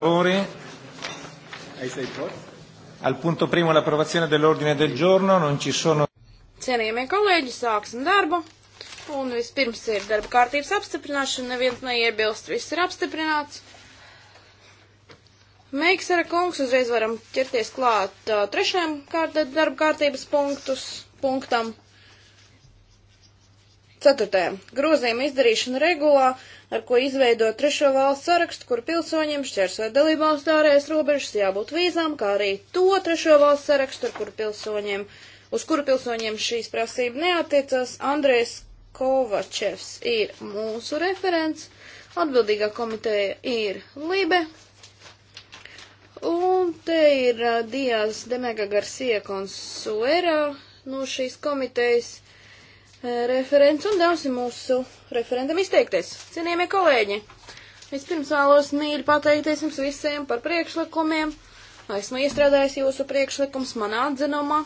Favore. Al punto primo l'approvazione dell'ordine del giorno, non ci sono. Cienījamie kolēģi, sāksim darbu. Un vispirms ir darba kārtības apstiprināšana, neviens neiebilst, viss ir apstiprināts. Meiksera kungs, uzreiz varam ķerties klāt uh, trešajam kārt, darba kārtības punktus, punktam. Ceturtajam. Grozījuma izdarīšana regulā, ar ko izveido trešo valstu sarakstu, kur pilsoņiem šķērsoja dalībās tārējas robežas, jābūt vīzām, kā arī to trešo valstu sarakstu, ar kuru pilsoņiem, uz kuru pilsoņiem šīs prasība neatiecas. Andrēs Kovačevs ir mūsu referents, atbildīgā komiteja ir Libe. Un te ir uh, Dijas Demega Garcia Consuera no šīs komitejas referents un ļausim mūsu referentam izteikties. Cienījamie kolēģi, vispirms vēlos mīļi pateikties jums visiem par priekšlikumiem. Esmu iestrādājis jūsu priekšlikums manā atzinumā,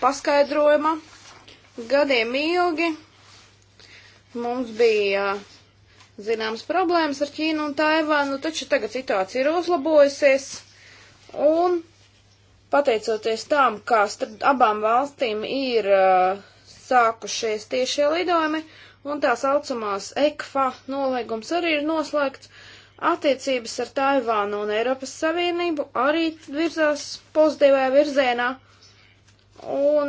paskaidrojumā. Gadiem ilgi mums bija zināmas problēmas ar Ķīnu un Taivānu, taču tagad situācija ir uzlabojusies. Un pateicoties tām, kā starp abām valstīm ir uh, sākušies tiešie lidojumi, un tā saucamās ECFA nolīgums arī ir noslēgts. Attiecības ar Taivānu un Eiropas Savienību arī virzās pozitīvajā virzienā, un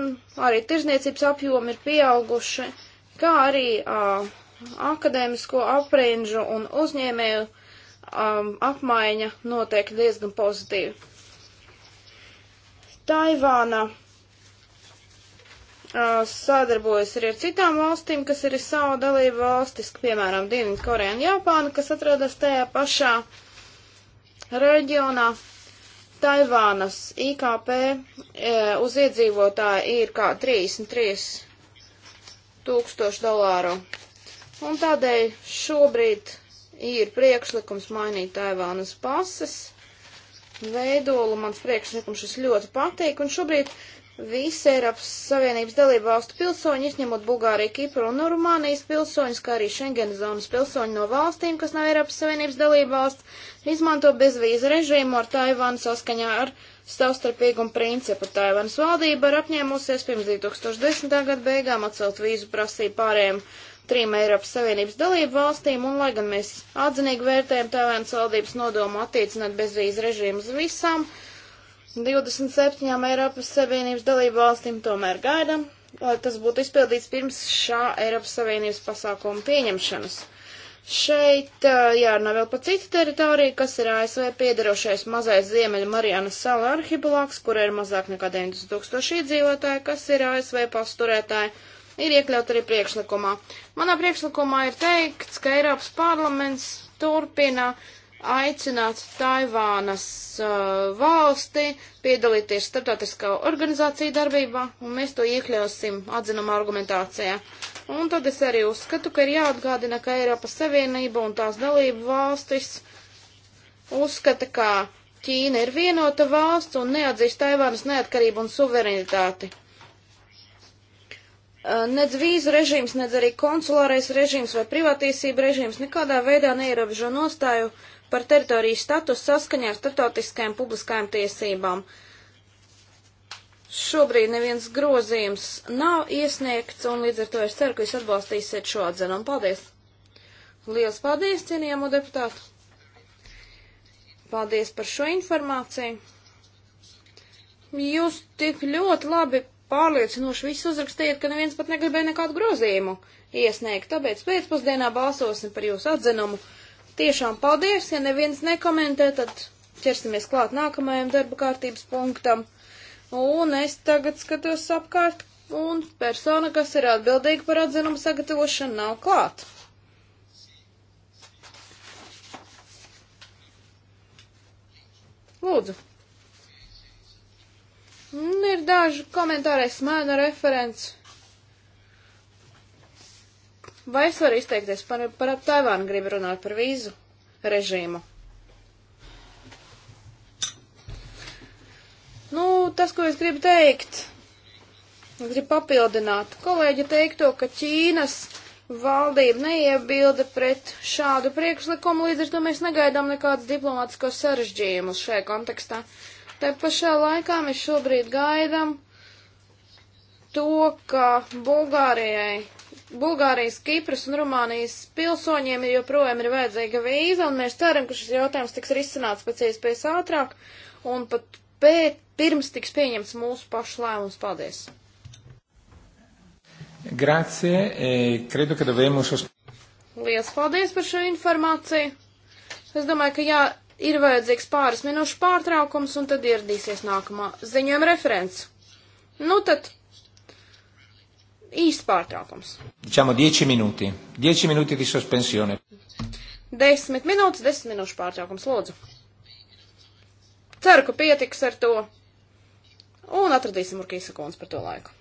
arī tirzniecības apjomi ir pieauguši, kā arī uh, akadēmisko aprindžu un uzņēmēju um, apmaiņa notiek diezgan pozitīvi. Taivāna sadarbojas arī ar citām valstīm, kas ir savu dalību valstis, piemēram, Dienvidkoreja un Japāna, kas atrodas tajā pašā reģionā. Taivānas IKP e, uz iedzīvotāju ir kā 33 tūkstoši dolāru. Un tādēļ šobrīd ir priekšlikums mainīt Taivānas pases veidolu. Mans priekšlikums šis ļoti patīk. Un šobrīd visi Eiropas Savienības dalību valstu pilsoņi, izņemot Bulgāriju, Kipru un Rumānijas pilsoņus, kā arī Schengen zonas pilsoņi no valstīm, kas nav Eiropas Savienības dalību valsts, izmanto bezvīzu režīmu ar Taivānu saskaņā ar savstarpīgumu principu. Taivānas valdība ir apņēmusies pirms 2010. gada beigām atcelt vīzu prasību pārējiem trim Eiropas Savienības dalību valstīm, un lai gan mēs atzinīgi vērtējam Taivānas valdības nodomu attiecināt bezvīzu režīmu uz visām, 27 Eiropas Savienības dalību valstīm tomēr gaidam, lai tas būtu izpildīts pirms šā Eiropas Savienības pasākuma pieņemšanas. Šeit jārunā vēl par citu teritoriju, kas ir ASV piedarošais mazais Ziemeļa Marianas sala arhipelāgs, kur ir mazāk nekā 90 tūkstoši iedzīvotāji, kas ir ASV pasturētāji, ir iekļaut arī priekšlikumā. Manā priekšlikumā ir teikts, ka Eiropas parlaments turpina uh, aicināt Taivānas uh, valsti piedalīties starptautiskā organizācija darbībā, un mēs to iekļausim atzinuma argumentācijā. Un tad es arī uzskatu, ka ir jāatgādina, ka Eiropas Savienība un tās dalību valstis uzskata, ka Ķīna ir vienota valsts un neatzīst Taivānas neatkarību un suverenitāti. Uh, nedz vīzu režīms, nedz arī konsulārais režīms vai privātiesība režīms nekādā veidā neierobežo nostāju par teritoriju status saskaņā ar startautiskajām publiskajām tiesībām. Šobrīd neviens grozījums nav iesniegts, un līdz ar to es ceru, ka jūs atbalstīsiet šo atzinumu. Paldies! Lielas paldies, cienījamo deputātu! Paldies par šo informāciju! Jūs tik ļoti labi pārliecinoši visu uzrakstījāt, ka neviens pat negribēja nekādu grozījumu iesniegt, tāpēc pēcpusdienā balsosim par jūsu atzinumu. Tiešām paldies, ja neviens nekomentē, tad ķersimies klāt nākamajam darba kārtības punktam. Un es tagad skatos apkārt, un persona, kas ir atbildīga par atzinumu sagatavošanu, nav klāt. Lūdzu. Un ir daži komentāri, es mēnu referents Vai es varu izteikties par, par ap Taivānu, gribu runāt par vīzu režīmu? Nu, tas, ko es gribu teikt, es gribu papildināt kolēģi teikto, ka Ķīnas valdība neiebilda pret šādu priekšlikumu, līdz ar to mēs negaidām nekādus diplomātiskos sarežģījumus šajā kontekstā. Te pašā laikā mēs šobrīd gaidām to, ka Bulgārijai Bulgārijas, Kipras un Rumānijas pilsoņiem ir joprojām ir vajadzīga vīza, un mēs ceram, ka šis jautājums tiks risināts pēc iespējas ātrāk, un pat pēc, pirms tiks pieņemts mūsu pašu lēmums. Paldies! Grazie, e, credo, ka dovēmus uz. Lielas paldies par šo informāciju. Es domāju, ka jā, ir vajadzīgs pāris minūšu pārtraukums, un tad ieradīsies nākamā ziņojuma referents. Nu tad īsts pārtraukums. Diciamo 10 minūti. 10 minūti di sospensione. 10 minūtes, 10 minūšu pārtraukums, lūdzu. Ceru, ka pietiks ar to. Un atradīsim Urkīsa kundzi par to laiku.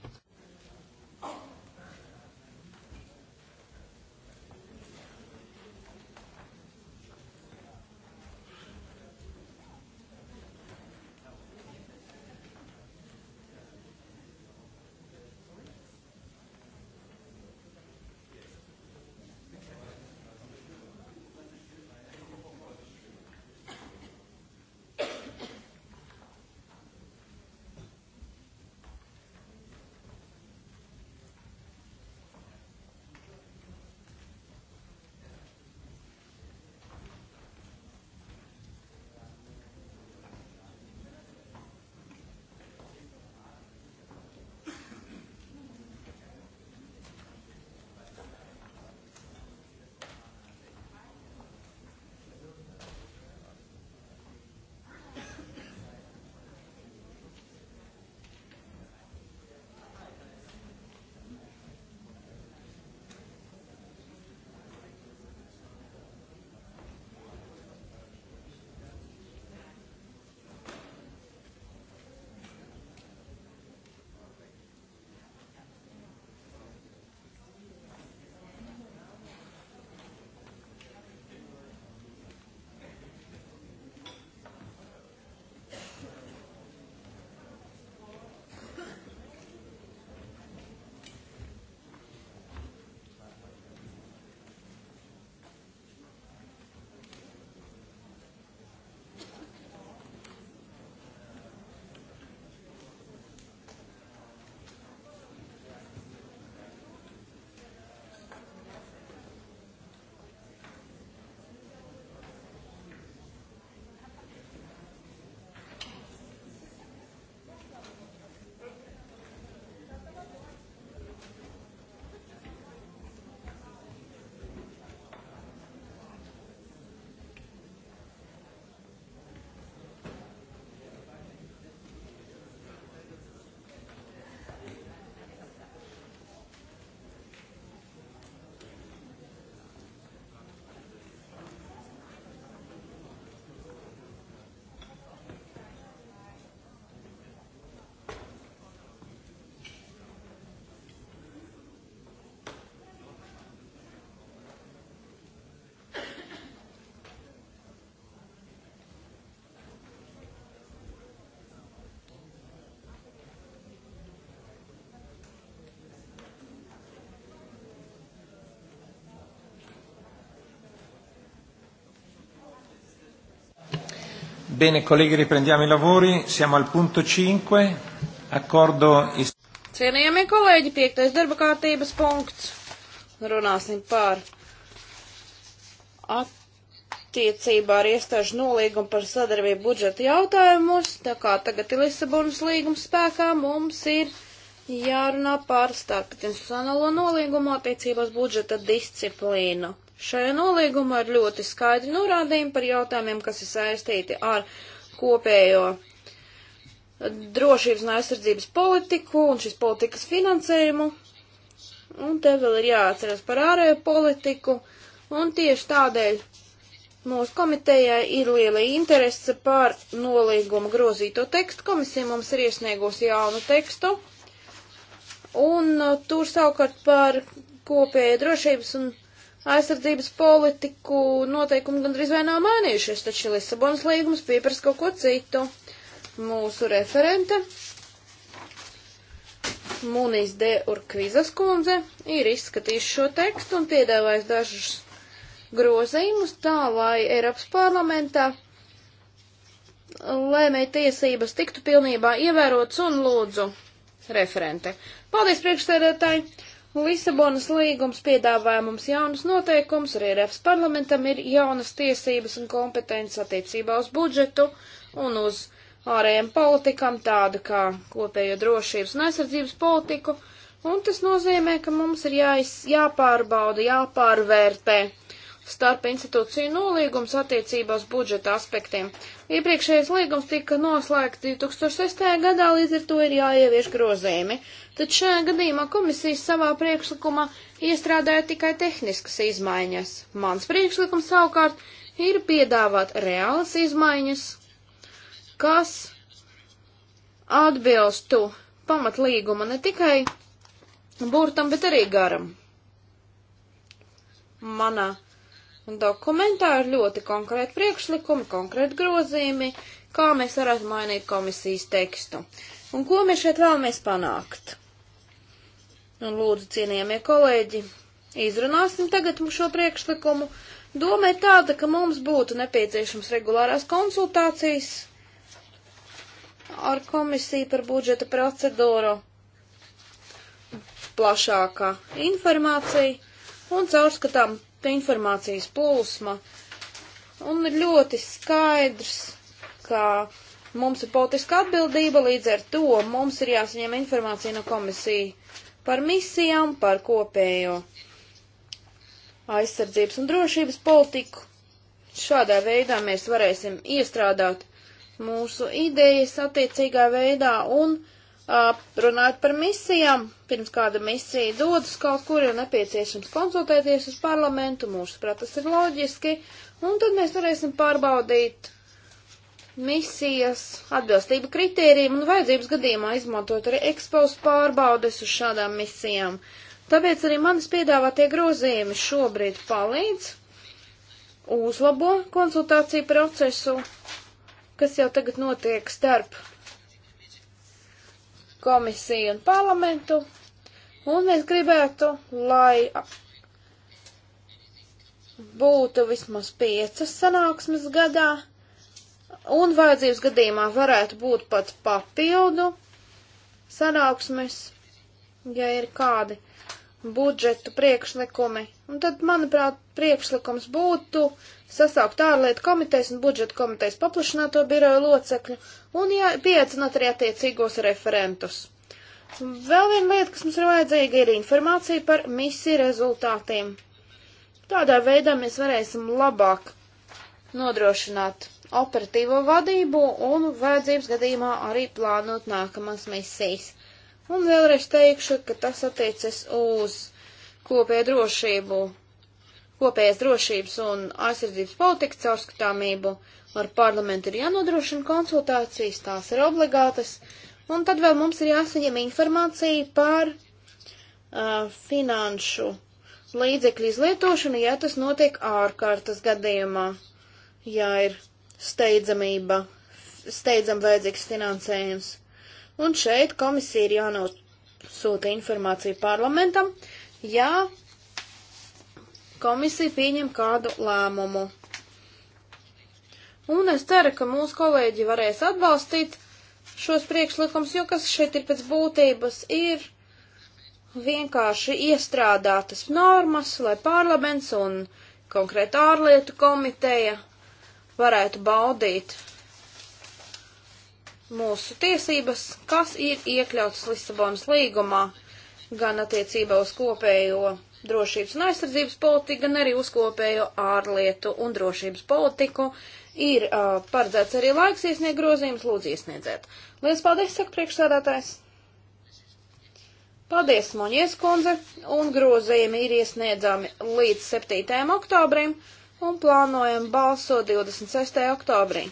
Bene, colleghi, riprendiamo i lavori. Siamo al punto 5. Accordo. Cienījamie kolēģi, piektais darba kārtības punkts. Runāsim par attiecībā ar iestāžu nolīgumu par sadarbību budžeta jautājumus. Tā kā tagad ir Lisabonas līgums spēkā, mums ir jārunā par starptautiskā nolīgumu attiecībās budžeta disciplīnu. Šajā nolīgumā ir ļoti skaidri norādījumi par jautājumiem, kas ir saistīti ar kopējo drošības un aizsardzības politiku un šīs politikas finansējumu. Un te vēl ir jāatceras par ārējo politiku. Un tieši tādēļ mūsu komitejai ir liela interese par nolīgumu grozīto tekstu. Komisija mums ir iesniegusi jaunu tekstu. Un uh, tur savukārt par kopēju drošības un aizsardzības politiku noteikumi gandrīz vai nav mainījušies, taču Lisabonas līgums pieprasa kaut ko citu. Mūsu referente Munīs D. Urkvizas kundze ir izskatījusi šo tekstu un piedāvājis dažus grozījumus tā, lai Eiropas parlamentā lēmēja tiesības tiktu pilnībā ievērots un lūdzu referente. Paldies priekšsēdētāji! Lisabonas līgums piedāvāja mums jaunus noteikumus, arī Eiropas parlamentam ir jaunas tiesības un kompetences attiecībā uz budžetu un uz ārējiem politikam, tādu kā kopējo drošības un aizsardzības politiku, un tas nozīmē, ka mums ir jāiz, jāpārbauda, jāpārvērtē starp institūciju nolīgums attiecībās budžeta aspektiem. Iepriekšējais līgums tika noslēgts 2006. gadā, līdz ar to ir jāievieš grozījumi. Tad šajā gadījumā komisijas savā priekšlikumā iestrādāja tikai tehniskas izmaiņas. Mans priekšlikums savukārt ir piedāvāt reālas izmaiņas, kas atbilstu pamatlīguma ne tikai burtam, bet arī garam. Manā Un dokumentā ir ļoti konkrēti priekšlikumi, konkrēti grozījumi, kā mēs varētu mainīt komisijas tekstu. Un ko mēs šeit vēlamies panākt? Un lūdzu, cienījamie kolēģi, izrunāsim tagad šo priekšlikumu. Doma ir tāda, ka mums būtu nepieciešams regulārās konsultācijas ar komisiju par budžeta procedūru, plašākā informācija un caurskatām te informācijas plūsma. Un ir ļoti skaidrs, ka mums ir politiska atbildība, līdz ar to mums ir jāsaņem informācija no komisija par misijām, par kopējo aizsardzības un drošības politiku. Šādā veidā mēs varēsim iestrādāt mūsu idejas attiecīgā veidā un uh, runājot par misijām, pirms kāda misija dodas kaut kur, ir nepieciešams konsultēties uz parlamentu, mūsuprāt, tas ir loģiski, un tad mēs varēsim pārbaudīt misijas atbilstību kritērijiem un vajadzības gadījumā izmantot arī ekspos pārbaudes uz šādām misijām. Tāpēc arī manis piedāvātie grozījumi šobrīd palīdz uzlabo konsultāciju procesu, kas jau tagad notiek starp komisiju un parlamentu, un mēs gribētu, lai būtu vismaz piecas sanāksmes gadā, un vajadzības gadījumā varētu būt pat papildu sanāksmes, ja ir kādi budžetu priekšlikumi. Un tad, manuprāt, priekšlikums būtu sasaukt ārlietu komitejas un budžeta komitejas paplašināto biroju locekļu un jā, pieaicināt arī attiecīgos referentus. Vēl viena lieta, kas mums ir vajadzīga, ir informācija par misiju rezultātiem. Tādā veidā mēs varēsim labāk nodrošināt operatīvo vadību un vajadzības gadījumā arī plānot nākamās misijas. Un vēlreiz teikšu, ka tas attiecas uz kopēju drošību kopējās drošības un aizsardzības politikas caurskatāmību. Ar parlamentu ir jānodrošina konsultācijas, tās ir obligātas. Un tad vēl mums ir jāsaņem informācija par uh, finanšu līdzekļu izlietošanu, ja tas notiek ārkārtas gadījumā, ja ir steidzamība, steidzam vajadzīgs finansējums. Un šeit komisija ir jānosūta informācija parlamentam, ja komisija pieņem kādu lēmumu. Un es ceru, ka mūsu kolēģi varēs atbalstīt šos priekšlikums, jo kas šeit ir pēc būtības ir vienkārši iestrādātas normas, lai parlaments un konkrēta ārlietu komiteja varētu baudīt mūsu tiesības, kas ir iekļautas Lisabonas līgumā gan attiecībā uz kopējo drošības un aizsardzības politiku, gan arī uz kopējo ārlietu un drošības politiku. Ir uh, paredzēts arī laiks iesniegt grozījums, lūdzu iesniedziet. Lielas paldies, saka priekšsādātājs. Paldies, Moņies kundze, un grozījumi ir iesniedzami līdz 7. oktobrim un plānojam balsot 26. oktobrī.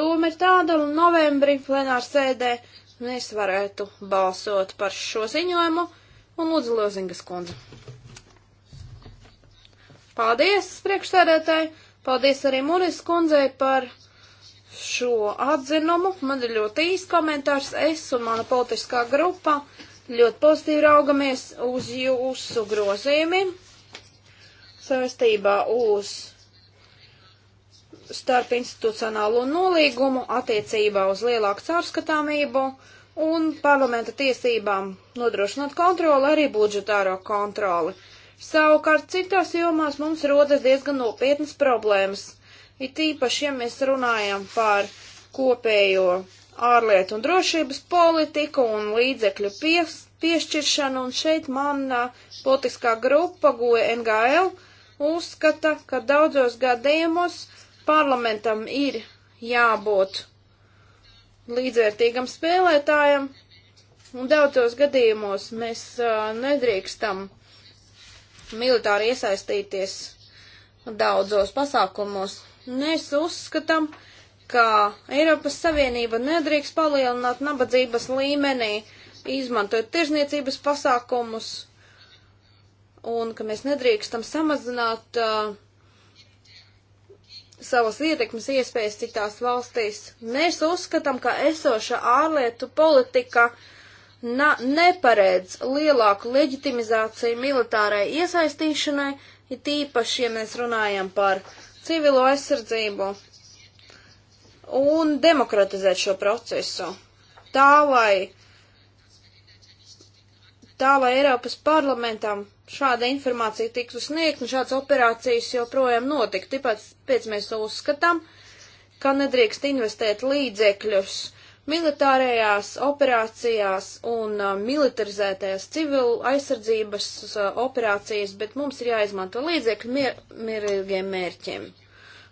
Doma ir tāda, un novembrī plenārsēdē mēs varētu balsot par šo ziņojumu. Un lūdzu, Lozingas kundze. Paldies, priekšstādētāji! Paldies arī Muris kundzei par šo atzinumu. Man ir ļoti īsts komentārs. Es un mana politiskā grupa ļoti pozitīvi raugamies uz jūsu grozījumiem saistībā uz starp institucionālo nolīgumu attiecībā uz lielāku caurskatāmību un parlamenta tiesībām nodrošināt kontroli, arī budžetāro kontroli. Savukārt citās jomās mums rodas diezgan nopietnas problēmas, it īpaši, ja mēs runājam par kopējo ārlietu un drošības politiku un līdzekļu pies, piešķiršanu, un šeit manā politiskā grupa GOE NGL uzskata, ka daudzos gadījumos parlamentam ir jābūt līdzvērtīgam spēlētājam. Un daudzos gadījumos mēs uh, nedrīkstam militāri iesaistīties daudzos pasākumos. Mēs uzskatām, ka Eiropas Savienība nedrīkst palielināt nabadzības līmenī, izmantojot tirzniecības pasākumus, un ka mēs nedrīkstam samazināt uh, savas ietekmes iespējas citās valstīs. Mēs uzskatām, ka esoša ārlietu politika na, neparedz lielāku leģitimizāciju militārai iesaistīšanai, ir ja tīpaši, ja mēs runājam par civilo aizsardzību un demokratizēt šo procesu. Tā, lai tā, lai Eiropas parlamentam šāda informācija tiktu sniegta un šādas operācijas joprojām notiktu. Tāpēc mēs uzskatām, ka nedrīkst investēt līdzekļus militārajās operācijās un uh, militarizētajās civil aizsardzības uh, operācijas, bet mums ir jāizmanto līdzekļi mier mierīgiem mērķiem.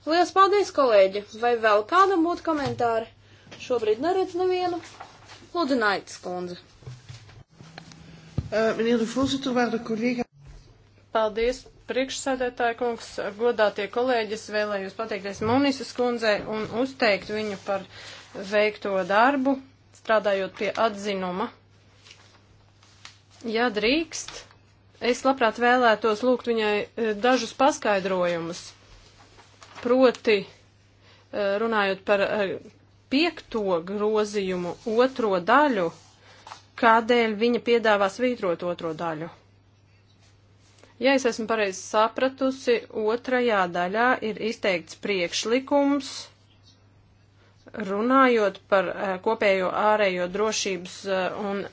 Lielas paldies, kolēģi! Vai vēl kādam būtu komentāri? Šobrīd neredz nevienu. Lūdzu, Naitas kundze! Eh, meneer de voorzitter, waarde collega. Paldies, priekšsēdētāja kungs, godātie kolēģis, vēlējos pateikties Munisas kundzei un uzteikt viņu par veikto darbu, strādājot pie atzinuma. Ja drīkst, es labprāt vēlētos lūgt viņai eh, dažus paskaidrojumus. Proti, eh, runājot par piekto grozījumu otro daļu kādēļ viņa piedāvā svītrot otro daļu. Ja es esmu pareizi sapratusi, otrajā daļā ir izteikts priekšlikums, runājot par eh, kopējo ārējo drošības eh, un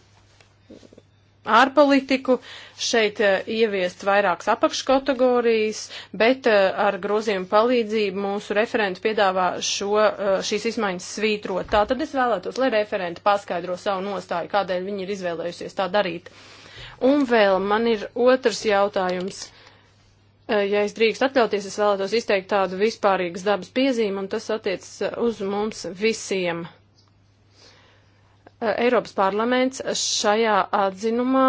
ārpolitiku, šeit eh, ieviest vairākas apakškategorijas, bet eh, ar grozījumu palīdzību mūsu referenti piedāvā šo, eh, šīs izmaiņas svītrot. Tā tad es vēlētos, lai referenti paskaidro savu nostāju, kādēļ viņi ir izvēlējusies tā darīt. Un vēl man ir otrs jautājums. Ja es drīkst atļauties, es vēlētos izteikt tādu vispārīgas dabas piezīmu, un tas attiecas uz mums visiem. Eh, Eiropas parlaments šajā atzinumā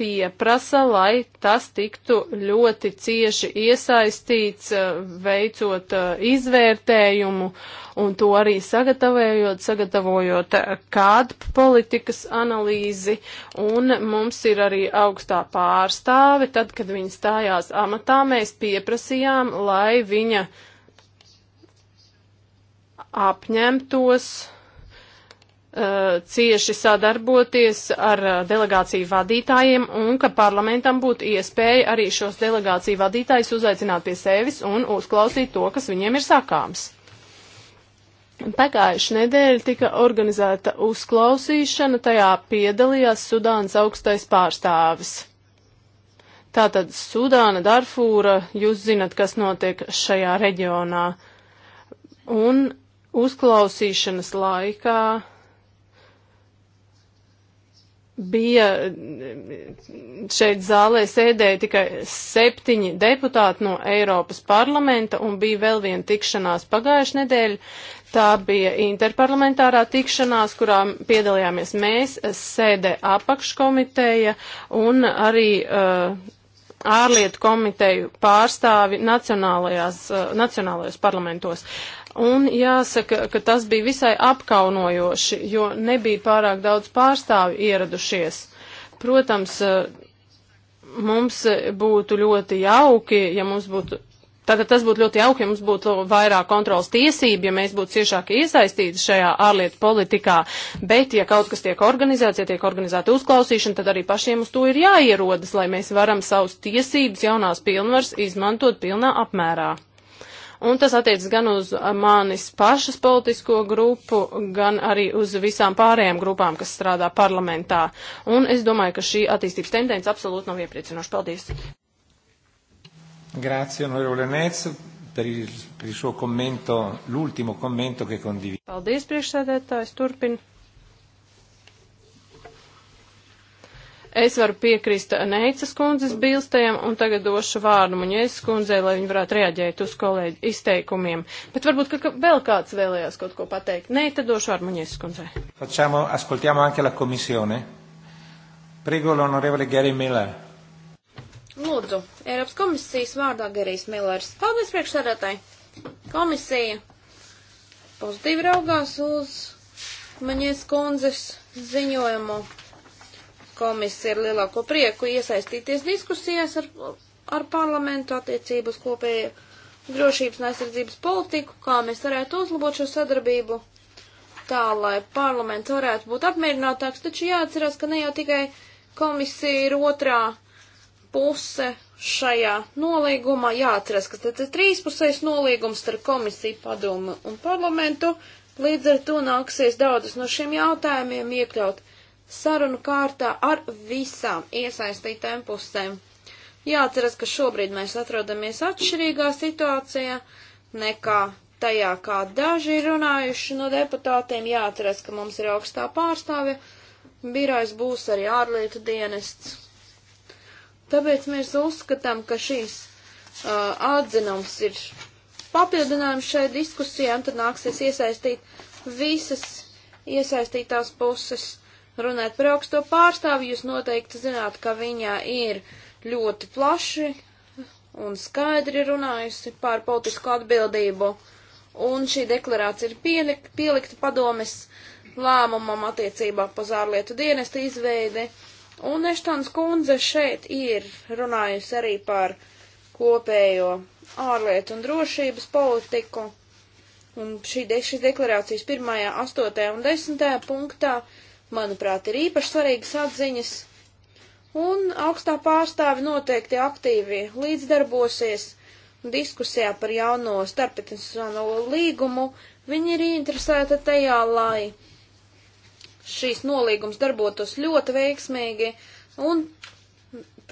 pieprasa, lai tas tiktu ļoti cieši iesaistīts, eh, veicot eh, izvērtējumu un to arī sagatavējot, sagatavojot kādu politikas analīzi. Un mums ir arī augstā pārstāve, tad, kad viņa stājās amatā, mēs pieprasījām, lai viņa apņemtos Eh, cieši sadarboties ar eh, delegāciju vadītājiem un ka parlamentam būtu iespēja arī šos delegāciju vadītājus uzaicināt pie sevis un uzklausīt to, kas viņiem ir sakāms. Pagājuši nedēļa tika organizēta uzklausīšana, tajā piedalījās Sudānas augstais pārstāvis. Tātad Sudāna, Darfūra, jūs zinat, kas notiek šajā reģionā. Un uzklausīšanas laikā bija šeit zālē sēdēja tikai septiņi deputāti no Eiropas parlamenta un bija vēl viena tikšanās pagājušajā nedēļā. Tā bija interparlamentārā tikšanās, kurā piedalījāmies mēs, sēdē apakškomiteja un arī uh, ārlietu komiteju pārstāvi nacionālajās, uh, nacionālajos parlamentos. Uh, Un jāsaka, ka tas bija visai apkaunojoši, jo nebija pārāk daudz pārstāvju ieradušies. Protams, eh, mums būtu ļoti jauki, ja mums būtu. Tātad tas būtu ļoti jauki, ja mums būtu vairāk kontrols tiesību, ja mēs būtu ciešāk iesaistīti šajā ārlietu politikā, bet ja kaut kas tiek organizēts, ja tiek organizēta uzklausīšana, tad arī pašiem uz to ir jāierodas, lai mēs varam savus tiesības jaunās pilnvars izmantot pilnā apmērā. Un tas attiec gan uz manis pašas politisko grupu, gan arī uz visām pārējām grupām, kas strādā parlamentā. Un es domāju, ka šī attīstības tendence absolūti nav iepriecinoša. Paldies! Grazie, onorevole Nec, per il, per il suo commento, l'ultimo commento che condivido. Paldies, priekšsēdētājs, turpina. Es varu piekrist Neicas kundzes bilstajam un tagad došu vārdu Muņēs kundzei, lai viņi varētu reaģēt uz kolēģi izteikumiem. Bet varbūt, ka vēl kāds vēlējās kaut ko pateikt. Nē, tad došu vārdu Muņēs kundzei. Facciamo, ascoltiamo anche la komisione. Prego l'onorevole Gary Miller. Lūdzu, Eiropas komisijas vārdā Gerijs Millers. Paldies priekšsēdētāji. Komisija pozitīvi raugās uz maņies kundzes ziņojumu komisija ar lielāko prieku iesaistīties diskusijās ar, ar parlamentu attiecības kopēju drošības un aizsardzības politiku, kā mēs varētu uzlabot šo sadarbību, tā lai parlaments varētu būt apmierinātāks, taču jāatcerās, ka ne jau tikai komisija ir otrā puse šajā nolīgumā, jāatcerās, ka tad ir trīspusējs nolīgums starp komisiju, padomu un parlamentu, līdz ar to nāksies daudzas no šiem jautājumiem iekļaut sarunu kārtā ar visām iesaistītēm pusēm. Jāatceras, ka šobrīd mēs atrodamies atšķirīgā situācijā nekā tajā, kā daži ir runājuši no deputātiem. Jāatceras, ka mums ir augstā pārstāve, birājs būs arī ārlietu dienests. Tāpēc mēs uzskatām, ka šīs uh, atzinums ir papildinājums šai diskusijai, un tad nāksies iesaistīt visas iesaistītās puses runājat par augsto pārstāvi, jūs noteikti zināt, ka viņā ir ļoti plaši un skaidri runājusi par politisko atbildību, un šī deklarācija ir pielik, pielikta padomes lēmumam attiecībā par ārlietu dienesta izveidi, un Eštons kundze šeit ir runājusi arī par kopējo ārlietu un drošības politiku, un šī de, šīs deklarācijas pirmajā, astotajā un desmitajā punktā uh, manuprāt, ir īpaši svarīgas atziņas, un augstā pārstāve noteikti aktīvi līdzdarbosies diskusijā par jauno starpinstitucionālo līgumu. Viņi ir interesēti tajā, lai šīs nolīgums darbotos ļoti veiksmīgi, un,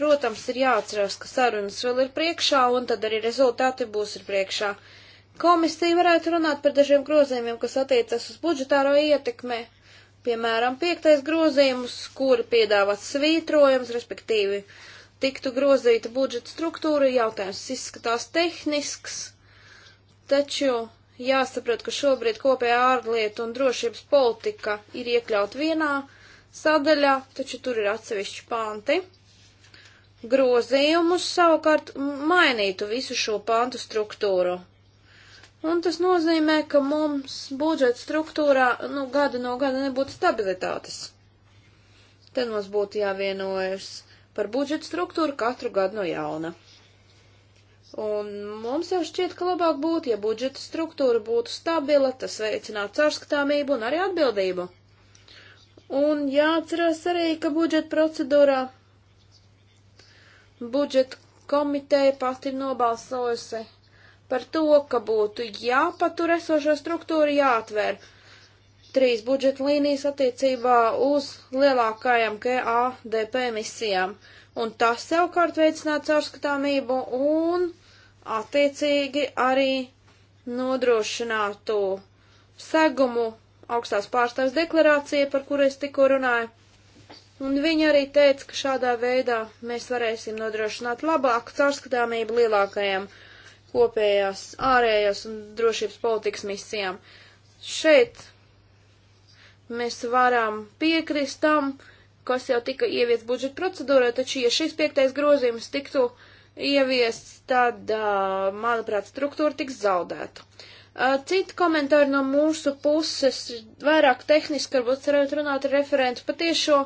protams, ir jāatcerās, ka sarunas vēl ir priekšā, un tad arī rezultāti būs ir priekšā. Komisija varētu runāt par dažiem grozījumiem, kas attiecas uz budžetāro ietekmi, Piemēram, piektais grozījums, kuri piedāvā svītrojums, respektīvi tiktu grozīta budžeta struktūra, jautājums izskatās tehnisks, taču jāsaprot, ka šobrīd kopējā ārlietu un drošības politika ir iekļaut vienā sadaļā, taču tur ir atsevišķi panti. Grozījumus savukārt mainītu visu šo pantu struktūru. Un tas nozīmē, ka mums budžeta struktūrā nu, gada no gada nebūtu stabilitātes. Te mums būtu jāvienojas par budžeta struktūru katru gadu no jauna. Un mums jau šķiet, ka labāk būtu, ja budžeta struktūra būtu stabila, tas veicinātu caurskatāmību un arī atbildību. Un jāatcerās arī, ka budžeta procedūrā budžeta komiteja pati ir nobalsojusi par to, ka būtu jāpatur esošo struktūru, jāatver trīs budžeta līnijas attiecībā uz lielākajām KADP misijām. Un tas savukārt veicinātu caurskatāmību un attiecīgi arī nodrošinātu segumu augstās pārstāvs deklarācija, par kuru es tikko runāju. Un viņa arī teica, ka šādā veidā mēs varēsim nodrošināt labāku caurskatāmību lielākajām kopējās ārējās un drošības politikas misijām. Šeit mēs varam piekrist tam, kas jau tika ieviests budžeta procedūrā, taču, ja šis piektais grozījums tiktu ieviests, tad, manuprāt, struktūra tiks zaudēta. Citi komentāri no mūsu puses, vairāk tehniski, varbūt cerētu runāt ar referentu patiešo,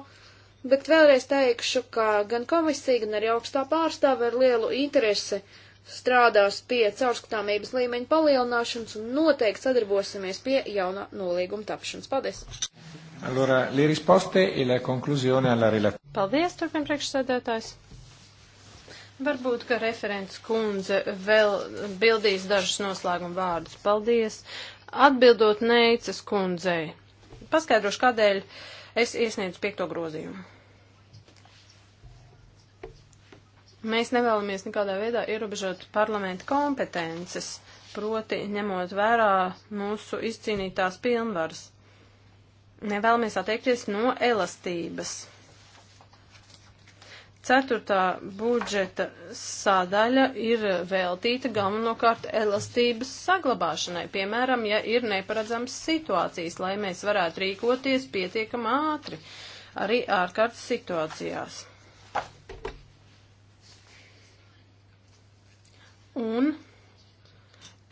bet vēlreiz teikšu, ka gan komisija, gan arī augstā pārstāve ar lielu interesi uh, strādās pie caurskatāmības līmeņa palielināšanas un noteikti sadarbosimies pie jaunā nolīguma tapšanas. Paldies! Allora, le risposte e la conclusione alla relazione. Paldies, turpin priekšsēdētājs. Varbūt, ka referents kundze vēl bildīs dažus noslēguma vārdus. Paldies. Atbildot Neicas kundzei, paskaidrošu, kādēļ es iesniedzu piekto grozījumu. Mēs nevēlamies nekādā veidā ierobežot parlamenta kompetences, proti ņemot vērā mūsu izcīnītās pilnvaras. Nevēlamies attiekties no elastības. Ceturtā budžeta sadaļa ir veltīta galvenokārt elastības saglabāšanai, piemēram, ja ir neparedzams situācijas, lai mēs varētu rīkoties pietiekam ātri arī ārkārtas situācijās. Un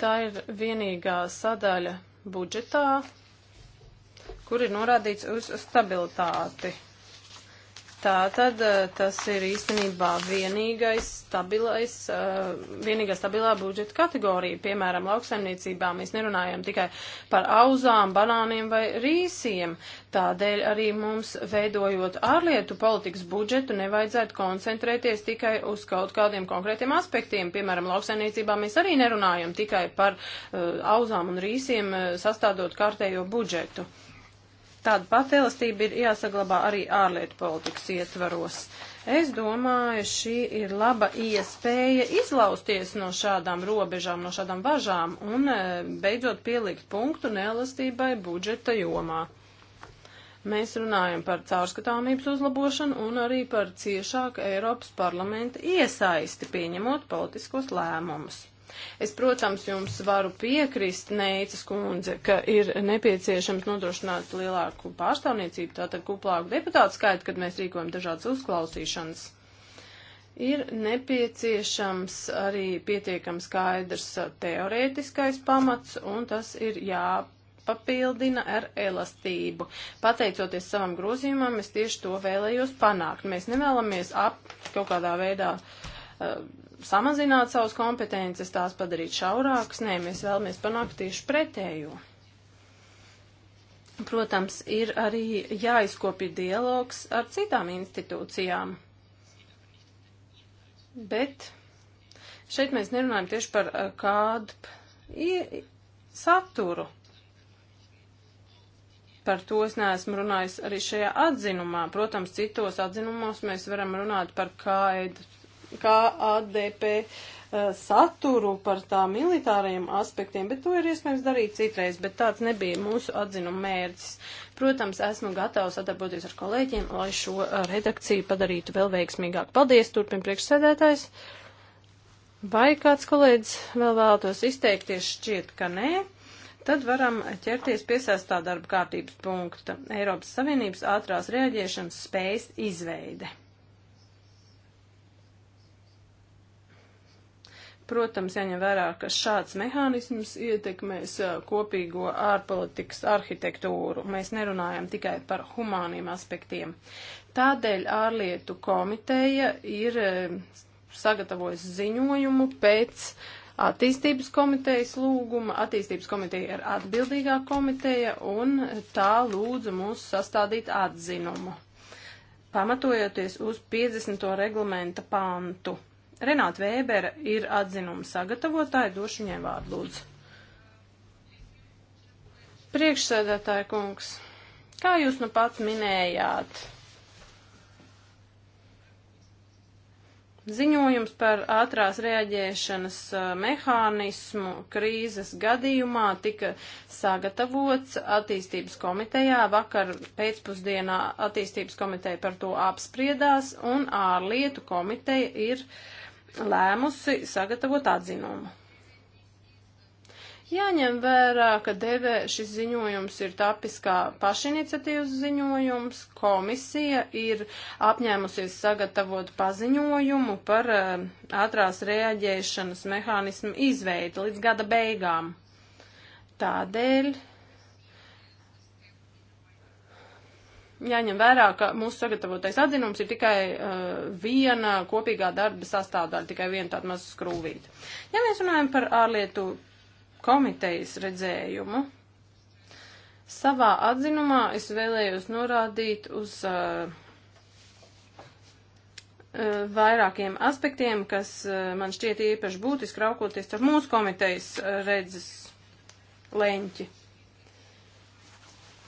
tā ir vienīgā sadaļa budžetā, kur ir norādīts uz stabilitāti. Tā tad eh, tas ir īstenībā vienīgais stabilais, eh, vienīgā stabilā budžeta kategorija. Piemēram, lauksaimniecībā mēs nerunājam tikai par auzām, banāniem vai rīsiem. Tādēļ arī mums, veidojot ārlietu politikas budžetu, nevajadzētu koncentrēties tikai uz kaut kādiem konkrētiem aspektiem. Piemēram, lauksaimniecībā mēs arī nerunājam tikai par eh, auzām un rīsiem, sastādot kārtējo budžetu. Uh, Tāda pati elastība ir jāsaglabā arī ārlietu politikas ietvaros. Es domāju, šī ir laba iespēja izlausties no šādām robežām, no šādām važām un e, beidzot pielikt punktu neelastībai budžeta jomā. Mēs runājam par caurskatāmības uzlabošanu un arī par ciešāku Eiropas parlamenta iesaisti pieņemot politiskos lēmumus. Es, protams, jums varu piekrist, Neicas kundze, ka ir nepieciešams nodrošināt lielāku pārstāvniecību, tātad kuplāku deputātu skaitu, kad mēs rīkojam dažādas uzklausīšanas ir nepieciešams arī pietiekams skaidrs teorētiskais pamats, un tas ir jāpapildina ar elastību. Pateicoties savam grozījumam, es tieši to vēlējos panākt. Mēs nevēlamies ap kaut kādā veidā uh, samazināt savas kompetences, tās padarīt šaurākas. Nē, mēs vēlamies panākt tieši pretējo. Protams, ir arī jāizkopja dialogs ar citām institūcijām. Bet šeit mēs nerunājam tieši par eh, kādu saturu. Par to es neesmu runājis arī šajā atzinumā. Protams, citos atzinumos mēs varam runāt par kādu e KADP eh, saturu par tā militārajiem aspektiem, bet to ir iespējams darīt citreiz, bet tāds nebija mūsu atzinuma mērķis. Protams, esmu gatavs sadarboties ar kolēģiem, lai šo eh, redakciju padarītu vēl veiksmīgāk. Paldies, turpin priekšsēdētājs. Vai kāds kolēģis vēl vēlētos izteikties? Šķiet, ka nē. Tad varam ķerties pie sestā darba kārtības punkta - Eiropas Savienības ātrās rēģēšanas spējas izveide. Protams, jāņem vērā, ka šāds mehānisms ietekmēs kopīgo ārpolitikas arhitektūru. Mēs nerunājam tikai par humāniem aspektiem. Tādēļ ārlietu komiteja ir sagatavojusi ziņojumu pēc attīstības komitejas lūguma. Attīstības komiteja ir atbildīgā komiteja un tā lūdza mūs sastādīt atzinumu, pamatojoties uz 50. reglamenta pantu. Renāta Vēbera ir atzinuma sagatavotāja, došu viņai vārdu lūdzu. Priekšsēdētāja kungs, kā jūs nu pats minējāt? Ziņojums par ātrās reaģēšanas uh, mehānismu krīzes gadījumā tika sagatavots attīstības komitejā. Vakar pēcpusdienā attīstības komiteja par to apspriedās un ārlietu komiteja ir uh, lēmusi sagatavot atzinumu. Jāņem vērā, ka DV šis ziņojums ir tapis kā pašiniciatīvas ziņojums. Komisija ir apņēmusies sagatavot paziņojumu par uh, ātrās reaģēšanas mehānismu izveidi līdz gada beigām. Tādēļ jāņem vērā, ka mūsu sagatavotais atzinums ir tikai uh, viena kopīgā darba sastāvdaļa, tikai viena tāda maza skrūvīta. Ja mēs runājam par ārlietu komitejas redzējumu, savā atzinumā es vēlējos norādīt uz uh, uh vairākiem aspektiem, kas uh, man šķiet īpaši būtiski raukoties ar mūsu komitejas uh, redzes leņķi.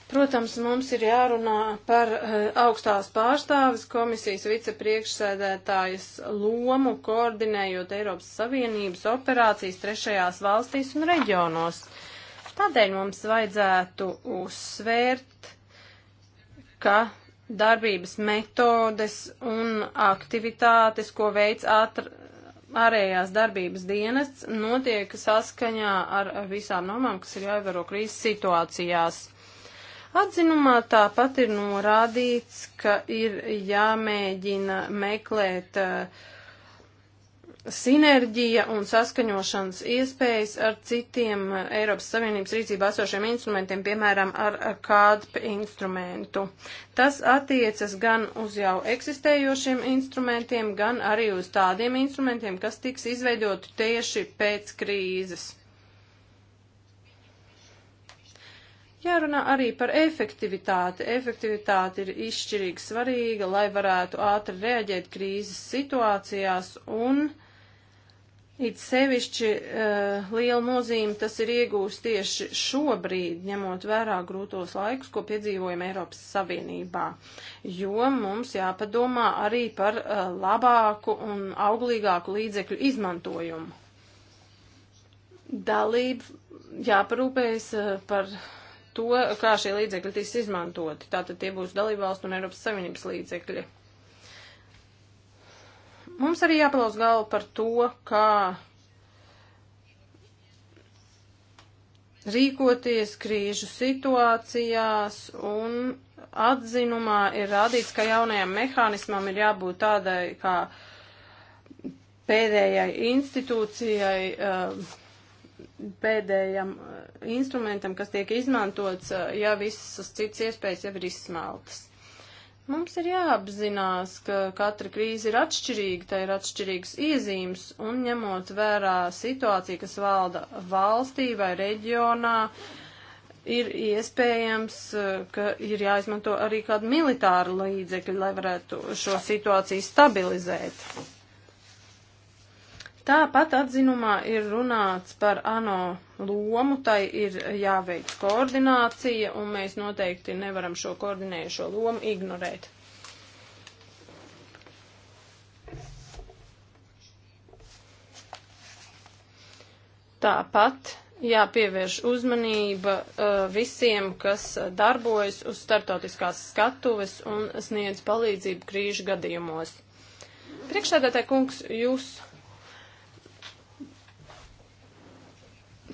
Protams, mums ir jārunā par eh, augstās pārstāvis komisijas vicepriekšsēdētājas lomu, koordinējot Eiropas Savienības operācijas trešajās valstīs un reģionos. Tādēļ mums vajadzētu uzsvērt, ka darbības metodes un aktivitātes, ko veids ārējās darbības dienests, notiek saskaņā ar visām normām, kas ir jāievēro krīzes situācijās. Atzinumā tāpat ir norādīts, ka ir jāmēģina meklēt uh, sinerģija un saskaņošanas iespējas ar citiem eh, Eiropas Savienības rīcībā esošiem instrumentiem, piemēram, ar KADP instrumentu. Tas attiecas gan uz jau eksistējošiem instrumentiem, gan arī uz tādiem instrumentiem, kas tiks izveidoti tieši pēc krīzes. Jārunā arī par efektivitāti. Efektivitāte ir izšķirīgi svarīga, lai varētu ātri reaģēt krīzes situācijās un it sevišķi uh, liela nozīme tas ir iegūst tieši šobrīd, ņemot vērā grūtos laikus, ko piedzīvojam Eiropas Savienībā, jo mums jāpadomā arī par uh, labāku un auglīgāku līdzekļu izmantojumu. Dalību jāparūpējas uh, par to, kā šie līdzekļi tiks izmantoti. Tātad tie būs dalībvalstu un Eiropas Savienības līdzekļi. Mums arī jāpalauz galvu par to, kā rīkoties krīžu situācijās un atzinumā ir rādīts, ka jaunajam mehānismam ir jābūt tādai kā pēdējai institūcijai, eh, pēdējam instrumentam, kas tiek izmantots, ja visas citas iespējas jau ir izsmeltas. Mums ir jāapzinās, ka katra krīze ir atšķirīga, tai ir atšķirīgas iezīmes, un ņemot vērā situāciju, kas valda valstī vai reģionā, ir iespējams, ka ir jāizmanto arī kādu militāru līdzekļu, lai varētu šo situāciju stabilizēt. Tāpat atzinumā ir runāts par ANO lomu, tai ir jāveic koordinācija, un mēs noteikti nevaram šo koordinējušo lomu ignorēt. Tāpat jāpievērš uzmanība uh, visiem, kas darbojas uz startautiskās skatuves un sniedz palīdzību krīžu gadījumos. Priekšsēdētāji kungs, jūs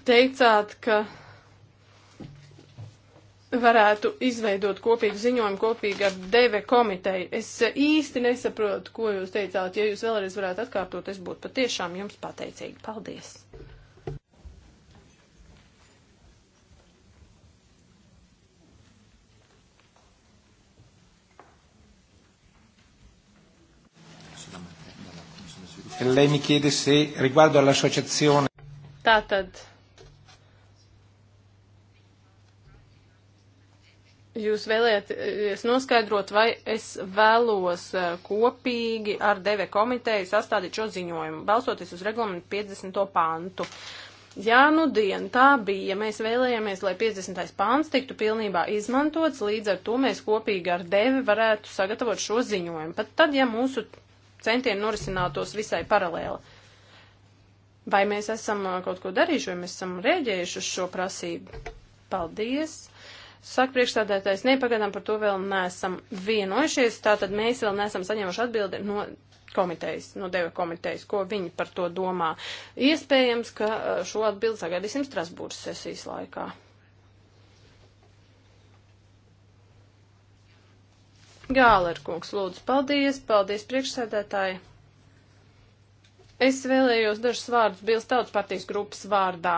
teicāt, ka varētu izveidot kopīgu ziņojumu kopīgi ar DV komiteju. Es īsti nesaprotu, ko jūs teicāt. Ja jūs vēlreiz varētu atkārtot, es būtu patiešām jums pateicīga. Paldies! E lei mi chiede se riguardo all'associazione. Tātad Jūs vēlēties noskaidrot, vai es vēlos eh, kopīgi ar DV komiteju sastādīt šo ziņojumu, balstoties uz reglamentu 50. pantu. Jā, nu dien, tā bija, ja mēs vēlējāmies, lai 50. pāns tiktu pilnībā izmantots, līdz ar to mēs kopīgi ar devi varētu sagatavot šo ziņojumu, pat tad, ja mūsu centieni norisinātos visai paralēli. Vai mēs esam eh, kaut ko darījuši, vai mēs esam rēģējuši uz šo prasību? Paldies! Saka priekšstādētais, nepagaidām par to vēl neesam vienojušies, tātad mēs vēl neesam saņēmuši atbildi no komitejas, no deva komitejas, ko viņi par to domā. Iespējams, ka uh, šo atbildi sagaidīsim Strasbūras sesijas laikā. Gālerkungs, lūdzu, paldies, paldies priekšsēdētāji. Es vēlējos dažus vārdus Bils tautas partijas grupas vārdā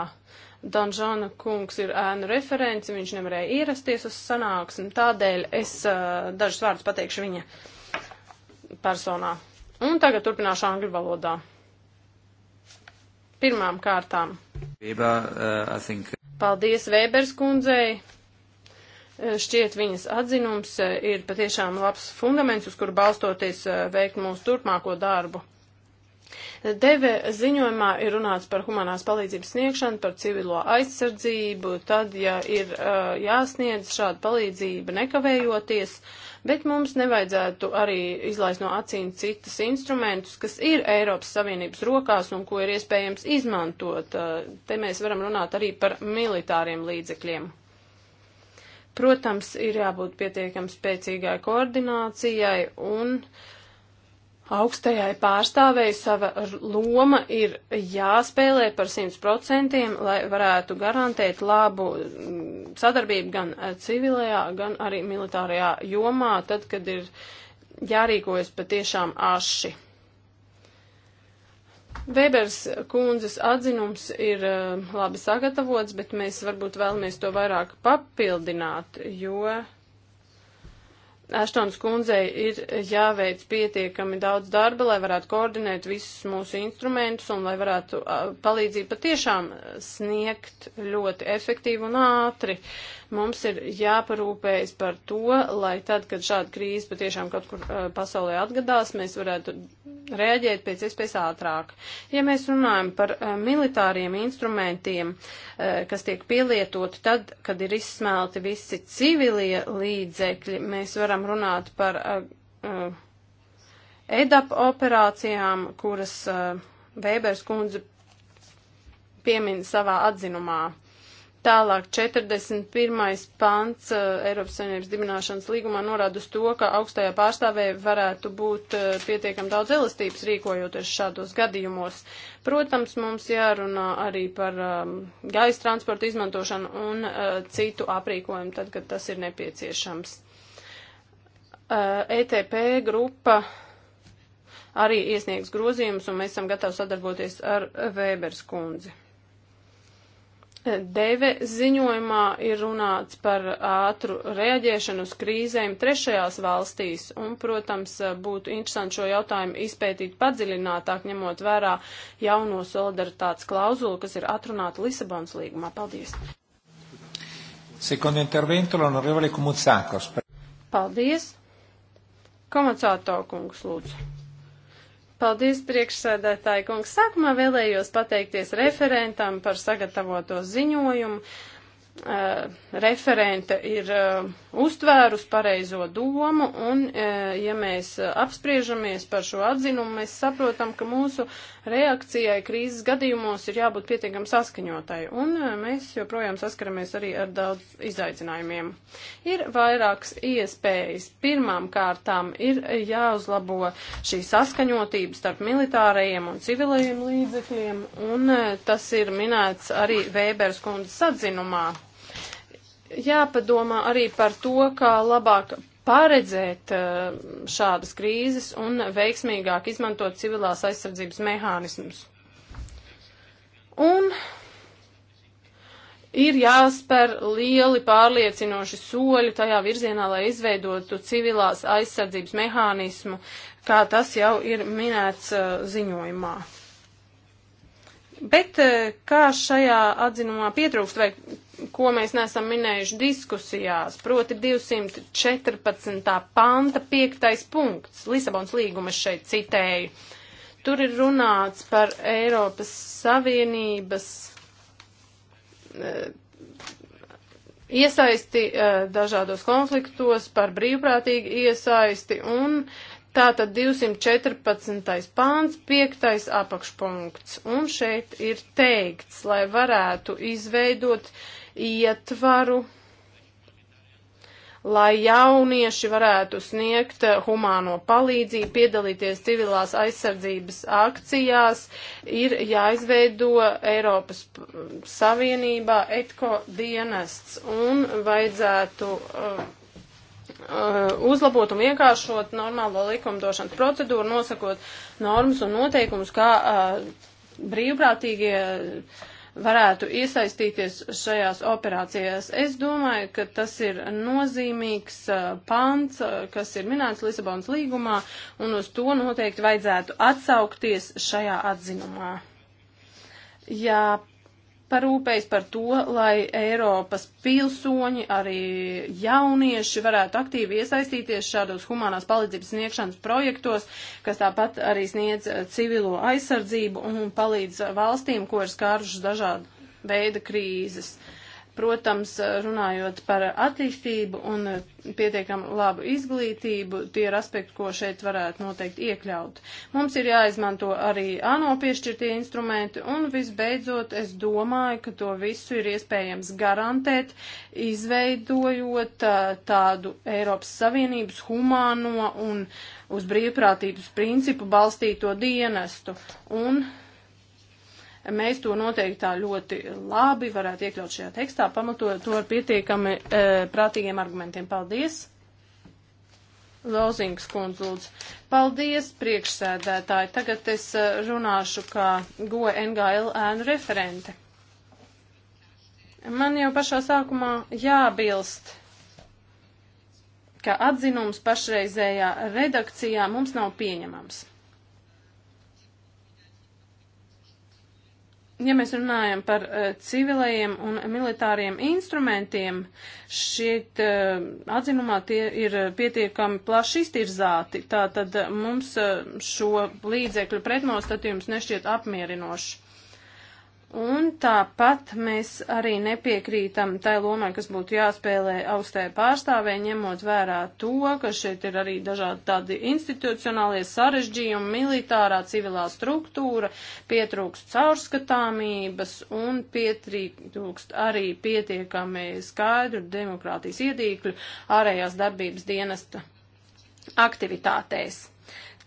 Danžana kungs ir ēnu referents, viņš nevarēja ierasties uz sanāksmi, tādēļ es uh, dažus vārdus pateikšu viņa personā. Un tagad turpināšu angļu valodā. Pirmām kārtām. Weber, uh, think... Paldies Vēbers kundzei. Šķiet viņas atzinums ir patiešām labs fundaments, uz kuru balstoties veikt mūsu turpmāko darbu. Deve ziņojumā ir runāts par humanās palīdzības sniegšanu, par civilo aizsardzību, tad, ja ir uh, jāsniedz šāda palīdzība nekavējoties, bet mums nevajadzētu arī izlaist no acīm citas instrumentus, kas ir Eiropas Savienības rokās un ko ir iespējams izmantot. Uh, te mēs varam runāt arī par militāriem līdzekļiem. Protams, ir jābūt pietiekam spēcīgai koordinācijai un uh, augstajai pārstāvēji sava loma ir jāspēlē par 100%, lai varētu garantēt labu mm, sadarbību gan eh, civilajā, gan arī militārajā jomā, tad, kad ir jārīkojas patiešām aši. Bebers kundzes atzinums ir eh, labi sagatavots, bet mēs varbūt vēlamies to vairāk papildināt, jo Aštons kundzei ir jāveic pietiekami daudz darba, lai varētu koordinēt visus mūsu instrumentus un lai varētu palīdzību patiešām sniegt ļoti efektīvi un ātri. Uh, Mums ir jāparūpējas par to, lai tad, kad šāda krīze patiešām kaut kur uh, pasaulē atgadās, mēs varētu reaģēt pēc iespējas ātrāk. Ja mēs runājam par uh, militāriem instrumentiem, uh, kas tiek pielietoti tad, kad ir izsmelti visi civilie līdzekļi, mēs varam runāt par EDAP operācijām, kuras Vēbers kundze piemin savā atzinumā. Tālāk 41. pants uh, Eiropas Savienības dibināšanas līgumā norāda uz to, ka augstajā pārstāvē varētu būt uh, pietiekam daudz elastības rīkojoties šādos gadījumos. Protams, mums jārunā arī par um, gaisa transporta izmantošanu un uh, citu aprīkojumu, tad, kad tas ir nepieciešams. Uh, ETP grupa arī iesniegs grozījumus, un mēs esam gatavi sadarboties ar Vēbers kundzi. Deve ziņojumā ir runāts par ātru reaģēšanu uz krīzēm trešajās valstīs, un, protams, būtu interesanti šo jautājumu izpētīt padziļinātāk, ņemot vērā jauno solidaritātes klauzulu, kas ir atrunāta Lisabonas līgumā. Paldies! Secondo intervento l'onorevole Kumutsakos. Paldies! Komatsāto kungs lūdzu. Paldies, priekšsēdētāji kungs. Sākumā vēlējos pateikties referentam par sagatavoto ziņojumu. Uh, referente ir uh, eh, uztvērus pareizo domu, un, uh, ja mēs apspriežamies par šo atzinumu, mēs saprotam, ka mūsu reakcijai krīzes gadījumos ir jābūt pietiekam saskaņotai, un mēs joprojām saskaramies arī ar daudz izaicinājumiem. Ir vairākas iespējas. Pirmām kārtām ir jāuzlabo šī saskaņotība starp militārajiem un civilajiem līdzekļiem, un tas ir minēts arī Vēbers kundzes atzinumā jāpadomā arī par to, kā labāk paredzēt uh, šādas krīzes un veiksmīgāk izmantot civilās aizsardzības mehānismus. Un ir jāspēr lieli pārliecinoši soļi tajā virzienā, lai izveidotu civilās aizsardzības mehānismu, kā tas jau ir minēts uh, ziņojumā. Bet uh, kā šajā atzinumā pietrūkst vai ko mēs nesam minējuši diskusijās, proti 214. panta 5. punkts, Lisabons līgumas šeit citēju. Tur ir runāts par Eiropas Savienības eh, iesaisti eh, dažādos konfliktos, par brīvprātīgu iesaisti un tātad 214. pāns, 5. apakšpunkts. Un šeit ir teikts, lai varētu izveidot uh, ietvaru, lai jaunieši varētu sniegt eh, humāno palīdzību, piedalīties civilās aizsardzības akcijās, ir jāizveido Eiropas Savienībā etko dienests un vajadzētu uh, uzlabot un vienkāršot normālo likumdošanas procedūru, nosakot normas un noteikumus, kā uh, brīvprātīgie uh, varētu iesaistīties šajās operācijās. Es domāju, ka tas ir nozīmīgs uh, pants, uh, kas ir minēts Lisabonas līgumā, un uz to noteikti vajadzētu atsaukties šajā atzinumā. Jā, jāparūpējas par to, lai Eiropas pilsoņi, arī jaunieši varētu aktīvi iesaistīties šādos humanās palīdzības sniegšanas projektos, kas tāpat arī sniedz eh, civilo aizsardzību un palīdz eh, valstīm, ko ir skārušas dažādi veida krīzes. Uh, Protams, runājot par attīstību un eh, pietiekam labu izglītību, tie ir aspekti, ko šeit varētu noteikti iekļaut. Mums ir jāizmanto arī ANO piešķirtie instrumenti, un visbeidzot, es domāju, ka to visu ir iespējams garantēt, izveidojot eh, tādu Eiropas Savienības humāno un uz brīvprātības principu balstīto dienestu. Un Mēs to noteikti tā ļoti labi varētu iekļaut šajā tekstā, pamatojot to ar pietiekami e, prātīgiem argumentiem. Paldies! Lozings kundz lūdzu. Paldies, priekšsēdētāji. Tagad es e, runāšu kā GOE NGL ēnu referente. Man jau pašā sākumā jābilst, ka atzinums pašreizējā redakcijā mums nav pieņemams. ja mēs runājam par uh, civilajiem un militāriem instrumentiem, šeit uh, eh, atzinumā tie ir eh, pietiekami plaši iztirzāti, tātad mums uh, šo līdzekļu pretnostatījums nešķiet apmierinošs. Un tāpat mēs arī nepiekrītam tai lomai, kas būtu jāspēlē augstē pārstāvē, ņemot vērā to, ka šeit ir arī dažādi tādi institucionālie sarežģījumi, militārā, civilā struktūra, pietrūkst caurskatāmības un pietrūkst arī pietiekami skaidru demokrātijas iedīkļu ārējās darbības dienesta aktivitātēs.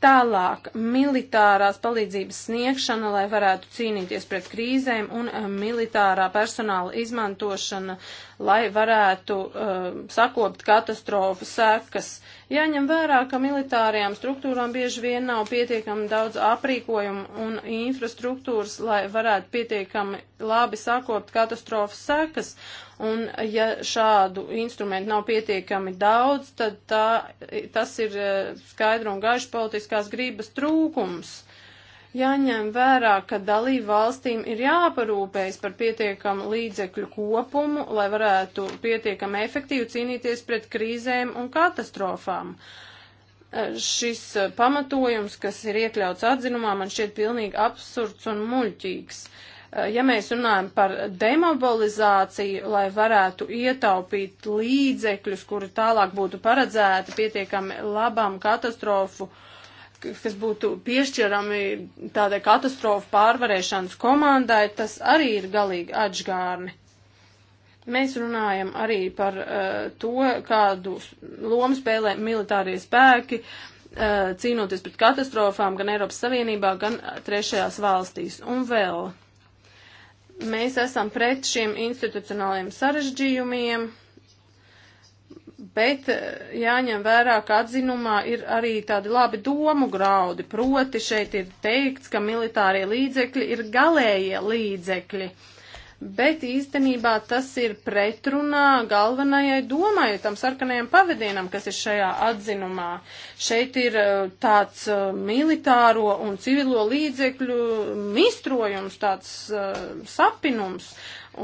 Tālāk militārās palīdzības sniegšana, lai varētu cīnīties pret krīzēm un eh, militārā personāla izmantošana, lai varētu um, sakopt katastrofu sekas. Jāņem vērā, ka militārajām struktūrām bieži vien nav pietiekami daudz aprīkojumu un infrastruktūras, lai varētu pietiekami labi sakopt katastrofu sekas. Un ja šādu instrumentu nav pietiekami daudz, tad tā, tas ir uh, skaidru un gaišu politiskās grības trūkums. Jāņem vērā, ka dalību valstīm ir jāparūpējas par pietiekamu līdzekļu kopumu, lai varētu pietiekami efektīvi cīnīties pret krīzēm un katastrofām. E, šis e, pamatojums, kas ir iekļauts atzinumā, man šķiet pilnīgi absurds un muļķīgs e, ja mēs runājam par demobilizāciju, lai varētu ietaupīt līdzekļus, kuri tālāk būtu paredzēti pietiekami labam katastrofu uh, kas būtu piešķirami tādai katastrofu pārvarēšanas komandai, tas arī ir galīgi atžgārni. Mēs runājam arī par uh, to, kādu lomu spēlē militārie spēki, uh, cīnoties pret katastrofām gan Eiropas Savienībā, gan trešajās valstīs. Un vēl mēs esam pret šiem institucionālajiem sarežģījumiem. Uh, bet eh, jāņem vērā, ka atzinumā ir arī tādi labi domu graudi, proti šeit ir teikts, ka militārie līdzekļi ir galējie līdzekļi bet īstenībā tas ir pretrunā galvenajai domai, tam sarkanajam pavadienam, kas ir šajā atzinumā. Šeit ir eh, tāds eh, militāro un civilo līdzekļu mistrojums, tāds sapinums,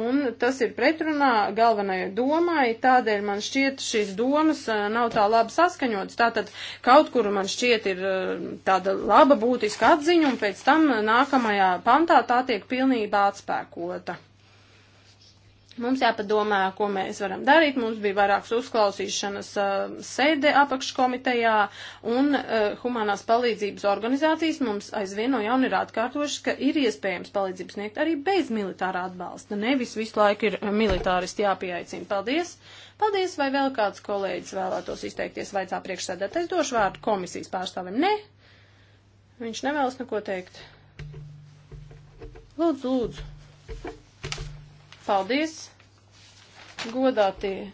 Un tas ir pretrunā galvenajai domai, tādēļ man šķiet šīs domas nav tā labi saskaņotas. Tātad kaut kur man šķiet ir tāda laba būtiska atziņa, un pēc tam nākamajā pantā tā tiek pilnībā atspēkota. Mums jāpadomā, ko mēs varam darīt. Mums bija vairākas uzklausīšanas uh, sēde apakškomitejā un uh, humanās palīdzības organizācijas mums aizvien no jauna ir atkārtošas, ka ir iespējams palīdzības sniegt arī bez militārā atbalsta. Nevis visu laiku ir uh, militāristi jāpieaicina. Paldies! Paldies! Vai vēl kāds kolēģis vēlētos izteikties vaicā priekšsēdētājs? Došu vārdu komisijas pārstāvim. Nē, ne? viņš nevēlas neko teikt. Lūdzu, lūdzu. Paldies, godātie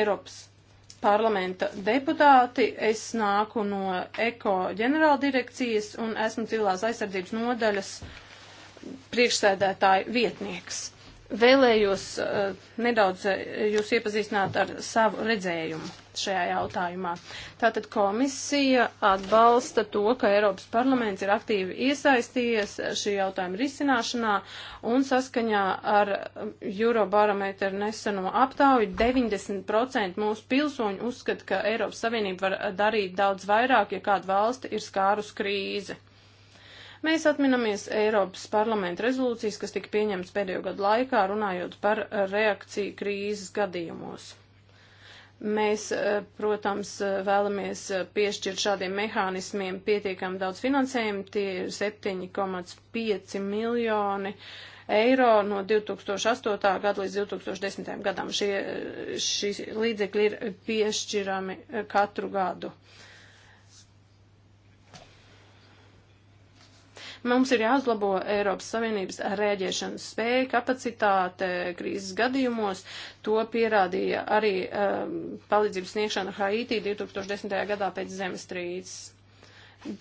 Eiropas parlamenta deputāti. Es nāku no Eko ģenerāldirekcijas un esmu civilās aizsardzības nodaļas priekšsēdētāja vietnieks. Vēlējos uh, nedaudz eh, jūs iepazīstināt ar savu redzējumu šajā jautājumā. Tātad komisija atbalsta to, ka Eiropas parlaments ir aktīvi iesaistījies šī jautājuma risināšanā un saskaņā ar Eurobarometru neseno aptauju 90% mūsu pilsoņu uzskata, ka Eiropas Savienība var darīt daudz vairāk, ja kāda valsti ir skārus krīze. Mēs atminamies Eiropas parlamenta rezolūcijas, kas tika pieņemtas pēdējo gadu laikā, runājot par reakciju krīzes gadījumos. Mēs, eh, protams, eh, vēlamies eh, piešķirt šādiem mehānismiem pietiekami daudz finansējumu, tie ir 7,5 miljoni eiro no 2008. gada līdz 2010. gadam. Šie, šie līdzekļi ir piešķirami katru gadu. Mums ir jāuzlabo Eiropas Savienības rēģēšanas spēja, kapacitāte krīzes gadījumos. To pierādīja arī um, palīdzības sniegšana Haitī 2010. gadā pēc zemestrīces.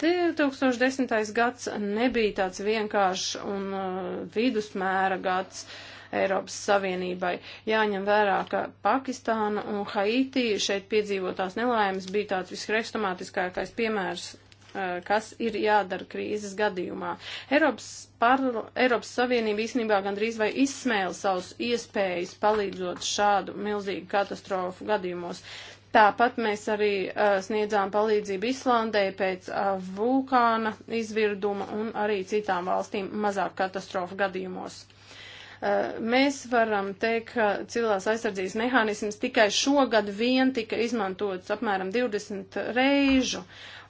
2010. gads nebija tāds vienkāršs un uh, vidusmēra gads. Eiropas Savienībai. Jāņem vērā, ka Pakistāna un Haiti šeit piedzīvotās nelaimes bija tāds vishrehstomātiskākais piemērs Eh, kas ir jādara krīzes gadījumā. Eiropas, parla, Eiropas Savienība īstenībā gandrīz vai izsmēla savus iespējas palīdzot šādu milzīgu katastrofu gadījumos. Tāpat mēs arī uh, sniedzām palīdzību Islandē pēc uh, vulkāna izvirduma un arī citām valstīm mazāk katastrofu gadījumos. Uh, mēs varam teikt, ka cilvēks aizsardzības mehānisms tikai šogad vien tika izmantots apmēram 20 reižu. Uh,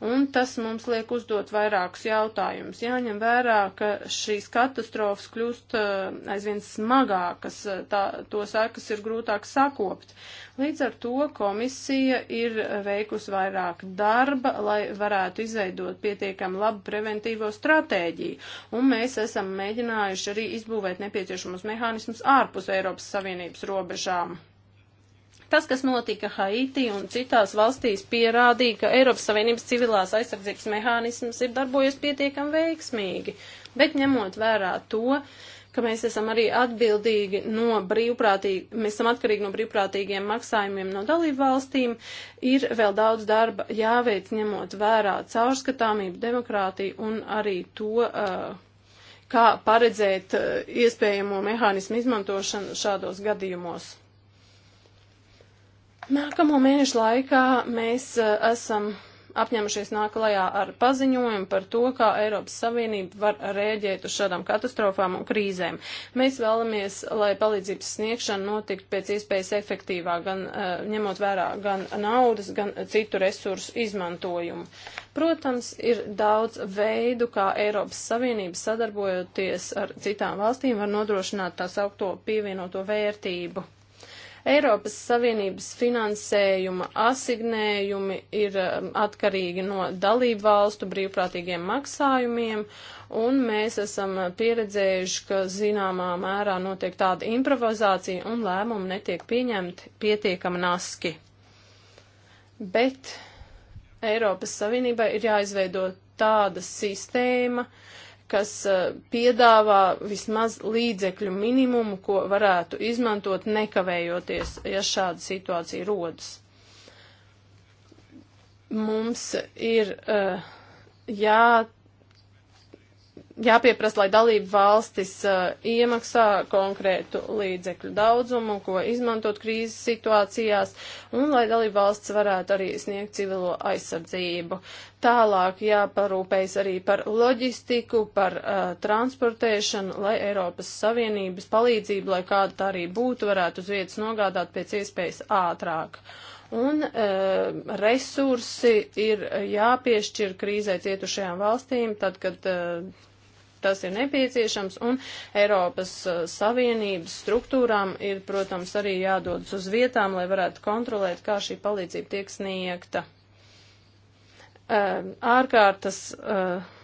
un tas mums liek uzdot vairākus jautājumus. Jāņem vērā, ka šīs katastrofas kļūst eh, aizvien smagākas, eh, tā, to sekas ir grūtāk sakopt. Līdz ar to komisija ir veikusi vairāk darba, lai varētu izveidot pietiekam labu preventīvo stratēģiju, un mēs esam mēģinājuši arī izbūvēt nepieciešamos mehānismus ārpus Eiropas Savienības robežām. Tas, kas notika Haiti un citās valstīs, pierādīja, ka Eiropas Savienības civilās aizsardzības mehānisms ir darbojies pietiekami veiksmīgi. Bet ņemot vērā to, ka mēs esam arī atbildīgi no brīvprātīgi, mēs esam atkarīgi no brīvprātīgiem maksājumiem no dalību valstīm, ir vēl daudz darba jāveic ņemot vērā caurskatāmību, demokrātiju un arī to, uh, kā paredzēt uh, iespējamo mehānismu izmantošanu šādos gadījumos. Nākamo mēnešu laikā mēs e, esam apņēmušies nāk lajā ar paziņojumu par to, kā Eiropas Savienība var rēģēt uz šādām katastrofām un krīzēm. Mēs vēlamies, lai palīdzības sniegšana notiktu pēc iespējas efektīvāk, gan e, ņemot vērā gan naudas, gan citu resursu izmantojumu. Protams, ir daudz veidu, kā Eiropas Savienība sadarbojoties ar citām valstīm var nodrošināt tā saukto pievienoto vērtību. Eiropas Savienības finansējuma asignējumi ir um, atkarīgi no dalību valstu brīvprātīgiem maksājumiem, un mēs esam pieredzējuši, ka zināmā mērā notiek tāda improvizācija un lēmumi netiek pieņemti pietiekami naski. Bet Eiropas Savienībai ir jāizveido tāda sistēma, uh, kas eh, piedāvā vismaz līdzekļu minimumu, ko varētu izmantot nekavējoties, ja šāda situācija rodas. Mums ir uh, jā jāpieprasa, lai dalību valstis uh, iemaksā konkrētu līdzekļu daudzumu, ko izmantot krīzes situācijās, un lai dalību valsts varētu arī sniegt civilo aizsardzību. Tālāk jāparūpējas arī par loģistiku, par uh, transportēšanu, lai Eiropas Savienības palīdzību, lai kāda tā arī būtu, varētu uz vietas nogādāt pēc iespējas ātrāk un e, resursi ir jāpiešķir krīzē cietušajām valstīm, tad, kad e, tas ir nepieciešams, un Eiropas uh, Savienības struktūrām ir, protams, arī jādodas uz vietām, lai varētu kontrolēt, kā šī palīdzība tiek sniegta. Uh, ārkārtas uh,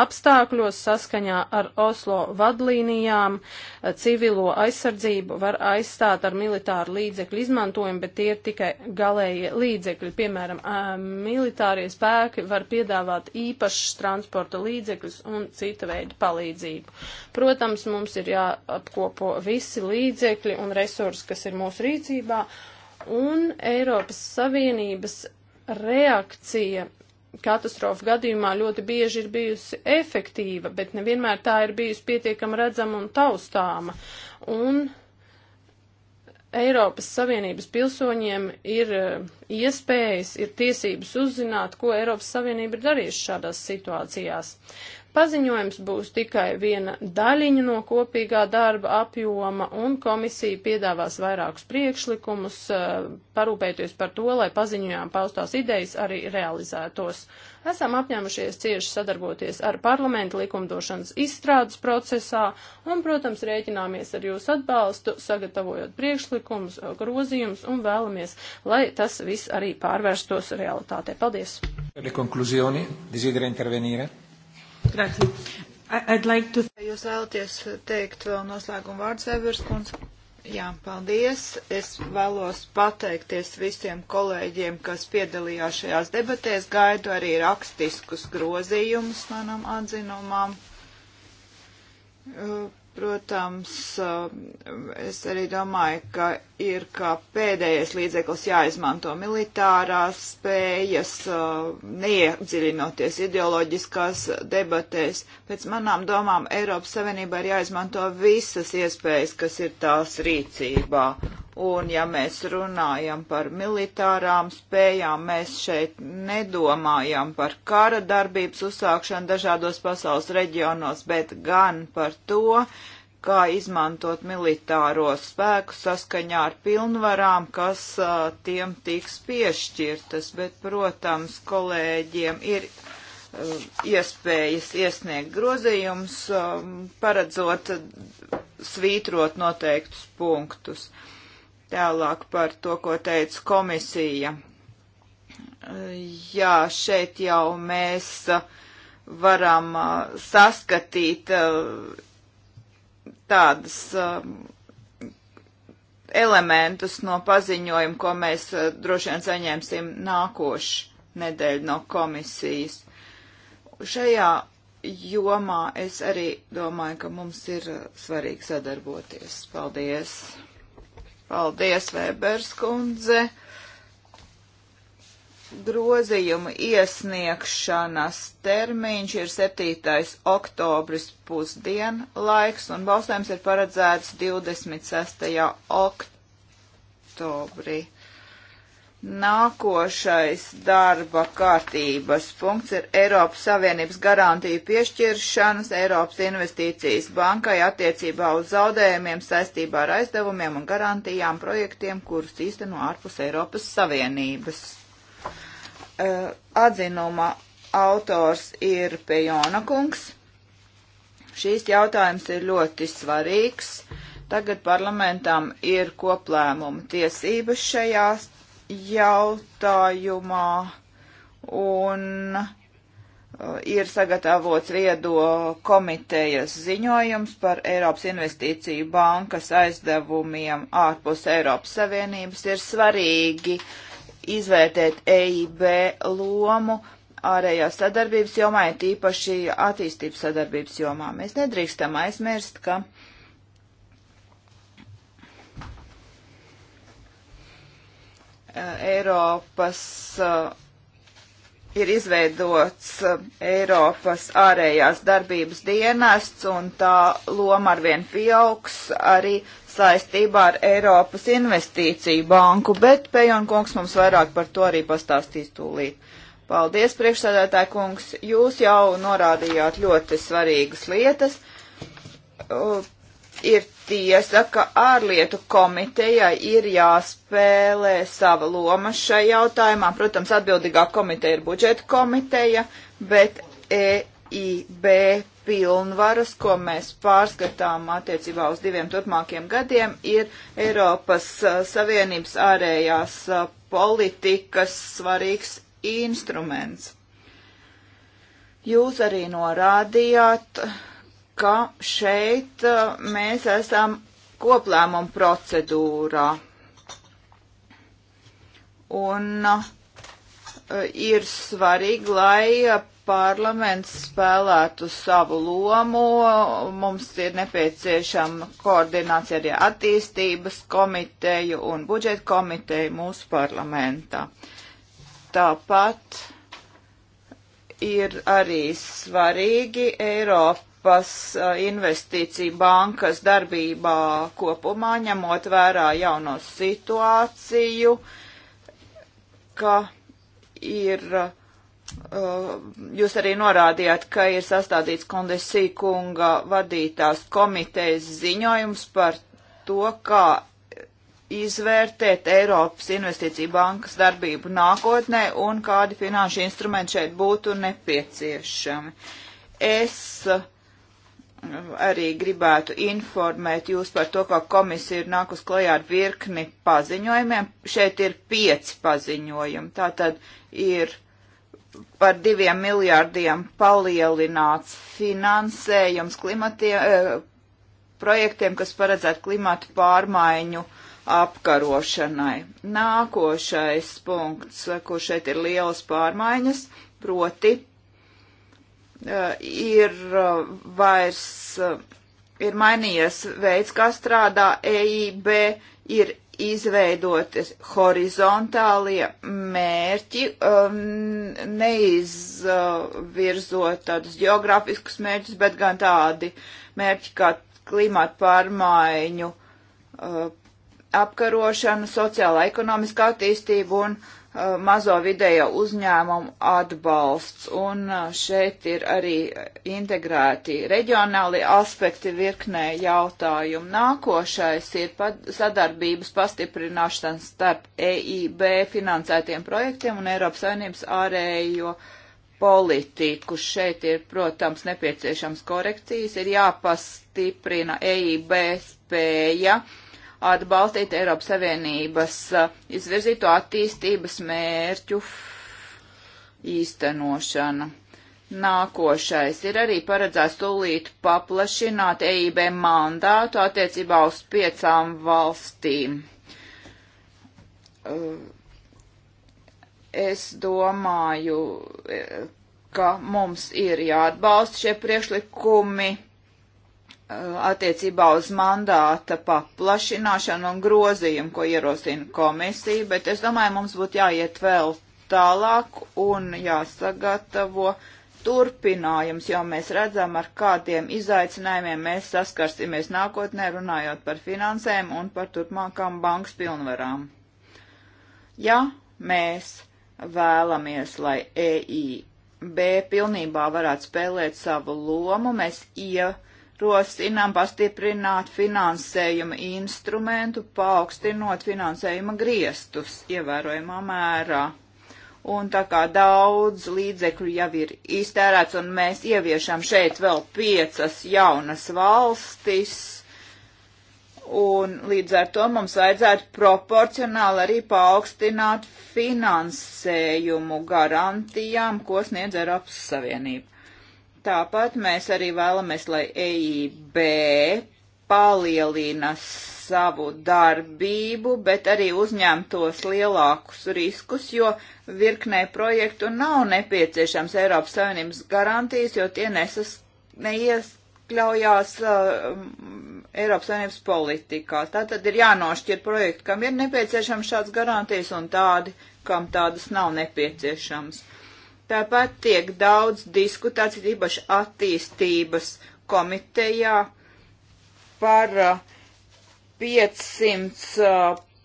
apstākļos saskaņā ar Oslo vadlīnijām civilo aizsardzību var aizstāt ar militāru līdzekļu izmantojumu, bet tie ir tikai galējie līdzekļi. Piemēram, militārie spēki var piedāvāt īpašas transporta līdzekļus un cita veida palīdzību. Protams, mums ir jāapkopo visi līdzekļi un resursi, kas ir mūsu rīcībā, un Eiropas Savienības reakcija katastrofu gadījumā ļoti bieži ir bijusi efektīva, bet nevienmēr tā ir bijusi pietiekama redzama un taustāma. Un Eiropas Savienības pilsoņiem ir eh, iespējas, ir tiesības uzzināt, ko Eiropas Savienība ir darījusi šādās situācijās. Paziņojums būs tikai viena daļiņa no kopīgā darba apjoma, un komisija piedāvās vairākus priekšlikumus, eh, parūpēties par to, lai paziņojām paustās idejas arī realizētos. Esam apņēmušies cieši sadarboties ar parlamentu likumdošanas izstrādes procesā, un, protams, rēķināmies ar jūsu atbalstu, sagatavojot priekšlikumus, grozījumus, un vēlamies, lai tas viss arī pārvērstos realitātē. Paldies! Le conclusioni, desidera intervenire? Grazie. I'd like to... Jūs vēlaties teikt vēl noslēgumu vārdu Severs kundze? Jā, paldies. Es vēlos pateikties visiem kolēģiem, kas piedalījās šajās debatēs. Gaidu arī rakstiskus grozījumus manam atzinumam. Uh, Protams, eh, es arī domāju, ka ir kā pēdējais līdzeklis jāizmanto militārās spējas, eh, neiedziļinoties ideoloģiskās debatēs. Pēc manām domām Eiropas Savienībā ir jāizmanto visas iespējas, kas ir tās rīcībā. Un ja mēs runājam par militārām spējām, mēs šeit nedomājam par kara darbības uzsākšanu dažādos pasaules reģionos, bet gan par to, kā izmantot militāros spēkus saskaņā ar pilnvarām, kas uh, tiem tiks piešķirtas. Bet, protams, kolēģiem ir uh, iespējas iesniegt grozījums, um, paredzot svītrot noteiktus punktus. Uh, Tālāk par to, ko teica komisija. Jā, šeit jau mēs uh, varam uh, saskatīt uh, tādas um, elementus no paziņojuma, ko mēs droši vien saņemsim nākošu nedēļu no komisijas. Šajā jomā es arī domāju, ka mums ir svarīgi sadarboties. Paldies! Paldies, Vēberskundze. Grozījuma iesniegšanas termiņš ir 7. oktobris pusdienlaiks un balsojums ir paredzēts 26. oktobrī. Nākošais darba kārtības punkts ir Eiropas Savienības garantiju piešķiršanas Eiropas Investīcijas bankai attiecībā uz zaudējumiem saistībā ar aizdevumiem un garantijām projektiem, kurus īsteno ārpus Eiropas Savienības. Eh, atzinuma autors ir Pejona kungs. Šīs jautājums ir ļoti svarīgs. Tagad parlamentam ir koplēmuma tiesības šajās jautājumā un uh, ir sagatavots viedo komitejas ziņojums par Eiropas investīciju bankas aizdevumiem ārpus Eiropas Savienības. Ir svarīgi izvērtēt EIB lomu ārējās sadarbības jomā, ir tīpaši attīstības sadarbības jomā. Mēs nedrīkstam aizmirst, ka uh, Eiropas eh, ir izveidots eh, Eiropas ārējās darbības dienests, un tā loma arvien pieaugs arī saistībā ar Eiropas investīciju banku, bet Pejon kungs mums vairāk par to arī pastāstīs tūlīt. Paldies, priekšsēdētāji kungs, jūs jau norādījāt ļoti svarīgas lietas. Uh, ir tiesa, ka ārlietu komitejai ir jāspēlē sava loma šajā jautājumā. Protams, atbildīgā komiteja ir budžeta komiteja, bet EIB pilnvaras, ko mēs pārskatām attiecībā uz diviem turpmākiem gadiem, ir Eiropas uh, Savienības ārējās uh, politikas svarīgs instruments. Jūs arī norādījāt, uh, ka šeit uh, mēs esam koplēmumu procedūrā. Un uh, ir svarīgi, lai uh, parlaments spēlētu savu lomu. Mums ir nepieciešama koordinācija arī attīstības komiteju un budžeta komiteju mūsu parlamentā. Tāpat ir arī svarīgi Eiropa Eiropas uh, investīcija bankas darbībā kopumā, ņemot vērā jauno situāciju, ka ir, uh, jūs arī norādījāt, ka ir sastādīts Kondesī kunga vadītās komitejas ziņojums par to, kā izvērtēt Eiropas Investīcija bankas darbību nākotnē un kādi finanšu instrumenti šeit būtu nepieciešami. Es uh, arī gribētu informēt jūs par to, ka komisija ir nākus klajā ar virkni paziņojumiem. Šeit ir pieci paziņojumi. Tātad ir par diviem miljārdiem palielināts finansējums klimatie, eh, projektiem, kas paredzētu klimatu pārmaiņu apkarošanai. Nākošais punkts, eh, kur šeit ir lielas pārmaiņas, proti Eh, ir eh, vairs, eh, ir mainījies veids, kā strādā EIB, ir izveidoti horizontālie mērķi, um, neizvirzot tādus geogrāfiskus mērķus, bet gan tādi mērķi kā klimata pārmaiņu uh, apkarošana, sociāla ekonomiska attīstība un uh, Uh, mazo vidējo uzņēmumu atbalsts. Un uh, šeit ir arī integrēti reģionāli aspekti virknē jautājumu. Nākošais ir sadarbības pastiprināšana starp EIB finansētiem projektiem un Eiropas Savienības ārējo politiku. Šeit ir, protams, nepieciešams korekcijas, ir jāpastiprina EIB spēja uh, atbalstīt Eiropas Savienības uh, izvirzīto attīstības mērķu īstenošanu. Nākošais ir arī paredzēts tūlīt paplašināt EIB mandātu attiecībā uz piecām valstīm. Uh, es domāju, eh, ka mums ir jāatbalsta šie priekšlikumi Uh, attiecībā uz mandāta paplašināšanu un grozījumu, ko ierosina komisija, bet es domāju, mums būtu jāiet vēl tālāk un jāsagatavo turpinājums, jo mēs redzam, ar kādiem izaicinājumiem mēs saskarsimies nākotnē, runājot par finansēm un par turpmākām bankas pilnvarām. Ja mēs vēlamies, lai EIB pilnībā varētu spēlēt savu lomu, mēs ievēlamies, rosinām pastiprināt finansējuma instrumentu, paaugstinot finansējuma griestus ievērojumā mērā. Un tā kā daudz līdzekļu jau ir iztērēts, un mēs ieviešam šeit vēl piecas jaunas valstis, un līdz ar to mums vajadzētu proporcionāli arī paaugstināt finansējumu garantijām, ko sniedz Eiropas Savienība. Tāpat mēs arī vēlamies, lai EIB palielina savu darbību, bet arī uzņemtos lielākus riskus, jo virknē projektu nav nepieciešams Eiropas Savienības garantijas, jo tie nesas, neieskļaujās uh, Eiropas Savienības politikā. Tātad ir jānošķir projekti, kam ir nepieciešams šāds garantijas un tādi, kam tādas nav nepieciešams. Uh, Tāpat tiek daudz diskutēts, īpaši attīstības komitejā par 500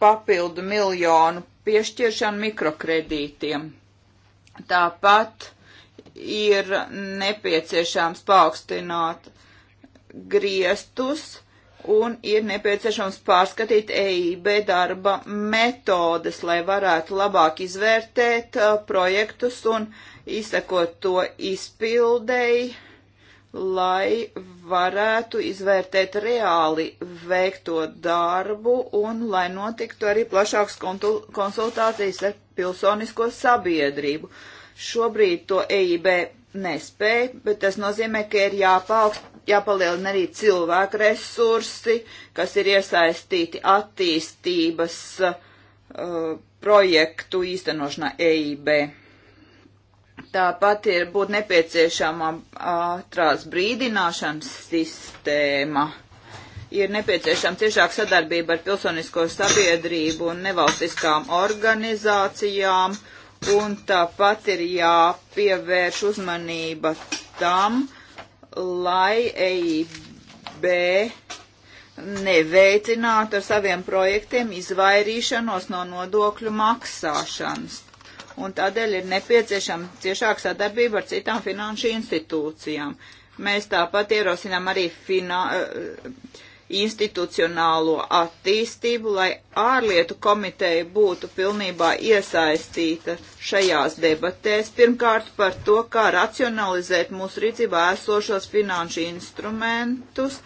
papildu miljonu piešķiršanu mikrokredītiem. Tāpat ir nepieciešams paaugstināt griestus un ir nepieciešams pārskatīt EIB darba metodes, lai varētu labāk izvērtēt uh, projektus un uh, izsekot to izpildēji, lai varētu izvērtēt reāli veikto darbu un lai notiktu arī plašāks konsultācijas ar pilsonisko sabiedrību. Šobrīd to EIB nespēja, bet tas nozīmē, ka ir jāpaugst, jāpalielina arī cilvēku resursi, kas ir iesaistīti attīstības uh, projektu īstenošanā EIB. Tāpat ir būt nepieciešama ātrās brīdināšanas sistēma. Ir nepieciešama ciešāka sadarbība ar pilsonisko sabiedrību un nevalstiskām organizācijām, un tāpat ir jāpievērš uzmanība tam, lai EIB neveicinātu ar saviem projektiem izvairīšanos no nodokļu maksāšanas un tādēļ ir nepieciešama ciešāka sadarbība ar citām finanšu institūcijām. Mēs tāpat ierosinām arī finā, eh, institucionālo attīstību, lai ārlietu komiteja būtu pilnībā iesaistīta šajās debatēs. Pirmkārt par to, kā racionalizēt mūsu rīcībā esošos finanšu instrumentus,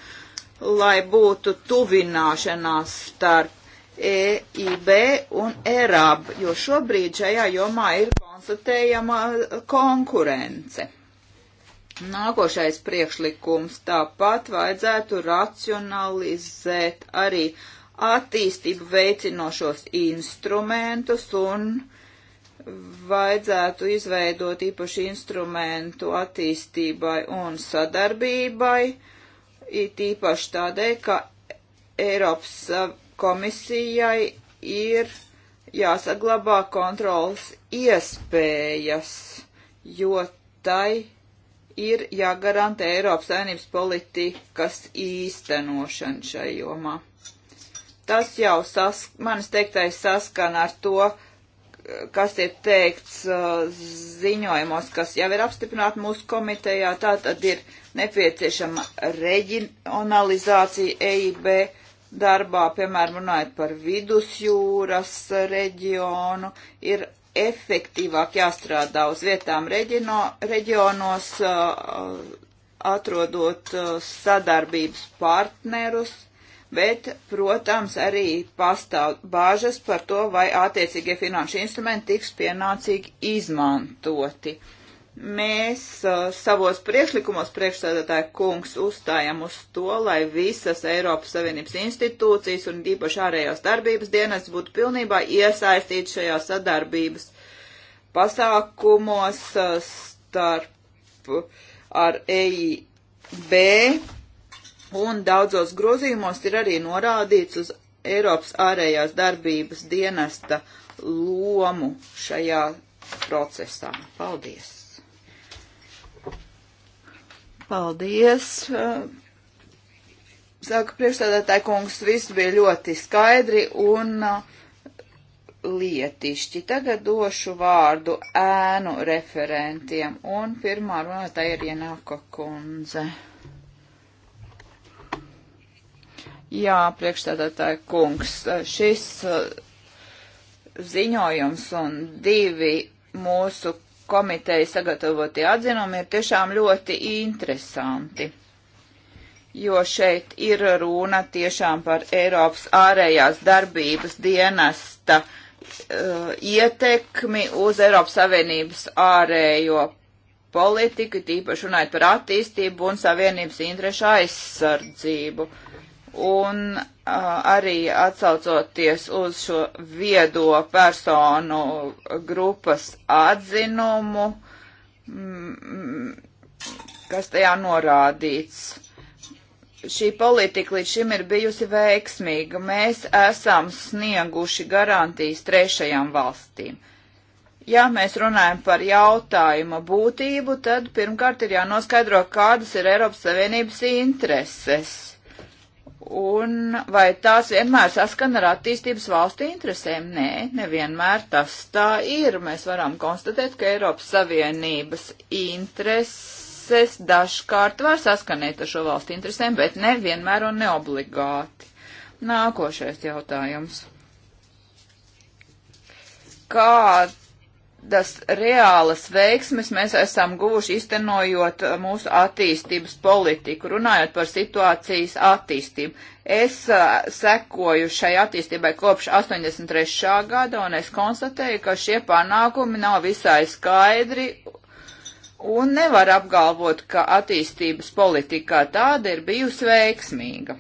lai būtu tuvināšanās starp EIB un ERAB, jo šobrīd šajā jomā ir konstatējama e, konkurence. Nākošais priekšlikums tāpat vajadzētu racionalizēt arī attīstību veicinošos instrumentus un vajadzētu izveidot īpaši instrumentu attīstībai un sadarbībai, it īpaši tādēļ, ka Eiropas komisijai ir jāsaglabā kontrols iespējas, jo tai ir jāgarantē Eiropas saimnības politikas īstenošana šai jomā. Tas jau sas, manis teiktais saskana ar to, kas ir teikts uh, ziņojumos, kas jau ir apstiprināti mūsu komitejā, tā tad ir nepieciešama reģionalizācija EIB darbā, piemēram, runājot par vidusjūras reģionu, ir efektīvāk jāstrādā uz vietām reģino, reģionos, uh, atrodot uh, sadarbības partnerus, bet, protams, arī pastāv bāžas par to, vai attiecīgie finanšu instrumenti tiks pienācīgi izmantoti. Uh, mēs uh, savos priekšlikumos priekšstādātāja kungs uzstājam uz to, lai visas Eiropas Savienības institūcijas un īpaši ārējās darbības dienas būtu pilnībā iesaistīts šajā sadarbības pasākumos uh, starp ar EIB un daudzos grozījumos ir arī norādīts uz Eiropas ārējās darbības dienesta lomu šajā procesā. Paldies! Paldies! Saka priekšstādātāji kungs, viss bija ļoti skaidri un uh, lietišķi. Tagad došu vārdu ēnu referentiem. Un pirmā runātāja ir Ienāka kundze. Jā, priekšstādātāja kungs, šis uh, ziņojums un divi mūsu komiteja sagatavotie atzinumi ir tiešām ļoti interesanti, jo šeit ir runa tiešām par Eiropas ārējās darbības dienesta uh, ietekmi uz Eiropas Savienības ārējo politiku, tīpaši runājot par attīstību un savienības interešu aizsardzību. Un arī atsaucoties uz šo viedo personu grupas atzinumu, mm, kas tajā norādīts. Šī politika līdz šim ir bijusi veiksmīga. Mēs esam snieguši garantijas trešajām valstīm. Ja mēs runājam par jautājuma būtību, tad pirmkārt ir jānoskaidro, kādas ir Eiropas Savienības intereses Un vai tās vienmēr saskana ar attīstības valstu interesēm? Nē, nevienmēr tas tā ir. Mēs varam konstatēt, ka Eiropas Savienības intereses dažkārt var saskanēt ar šo valstu interesēm, bet nevienmēr un neobligāti. Nākošais jautājums. Kāds kādas reālas veiksmes mēs esam guvuši iztenojot mūsu attīstības politiku, runājot par situācijas attīstību. Es uh, sekoju šai attīstībai kopš 83. gada, un es konstatēju, ka šie panākumi nav visai skaidri, un nevar apgalvot, ka attīstības politikā tāda ir bijusi veiksmīga.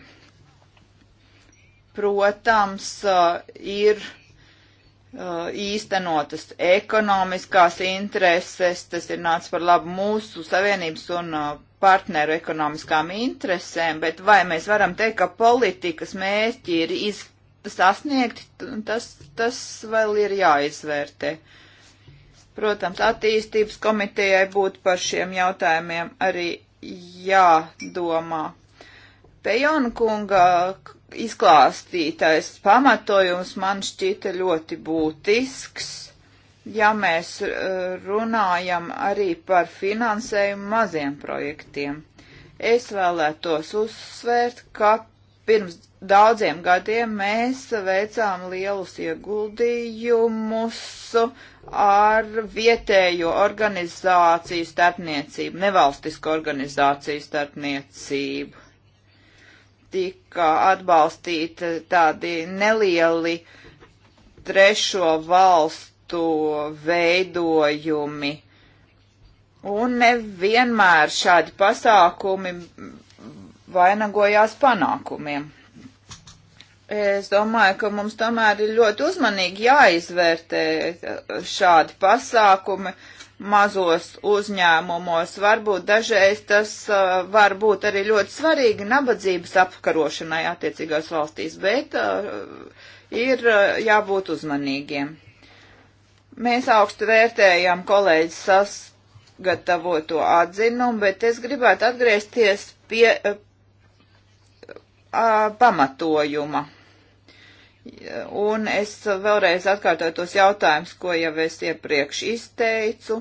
Protams, uh, ir Uh, īstenotas ekonomiskās intereses, tas ir nācis par labu mūsu savienības un uh, partneru ekonomiskām interesēm, bet vai mēs varam teikt, ka politikas mērķi ir iz, sasniegti, tas, tas vēl ir jāizvērtē. Protams, attīstības komitejai būtu par šiem jautājumiem arī jādomā. Pejona kunga izklāstītais pamatojums man šķita ļoti būtisks. Ja mēs e, runājam arī par finansējumu maziem projektiem, es vēlētos uzsvērt, ka pirms daudziem gadiem mēs veicām lielus ieguldījumus ar vietējo organizāciju starpniecību, nevalstisko organizāciju starpniecību tika atbalstīti tādi nelieli trešo valstu veidojumi. Un nevienmēr šādi pasākumi vainagojās panākumiem. Es domāju, ka mums tomēr ir ļoti uzmanīgi jāizvērtē šādi pasākumi mazos uzņēmumos. Varbūt dažreiz tas uh, var būt arī ļoti svarīgi nabadzības apkarošanai attiecīgās valstīs, bet uh, ir uh, jābūt uzmanīgiem. Mēs augstu vērtējam kolēģi sasgatavoto atzinumu, bet es gribētu atgriezties pie uh, uh, pamatojuma. Un es vēlreiz atkārtoju tos jautājumus, ko jau es iepriekš izteicu.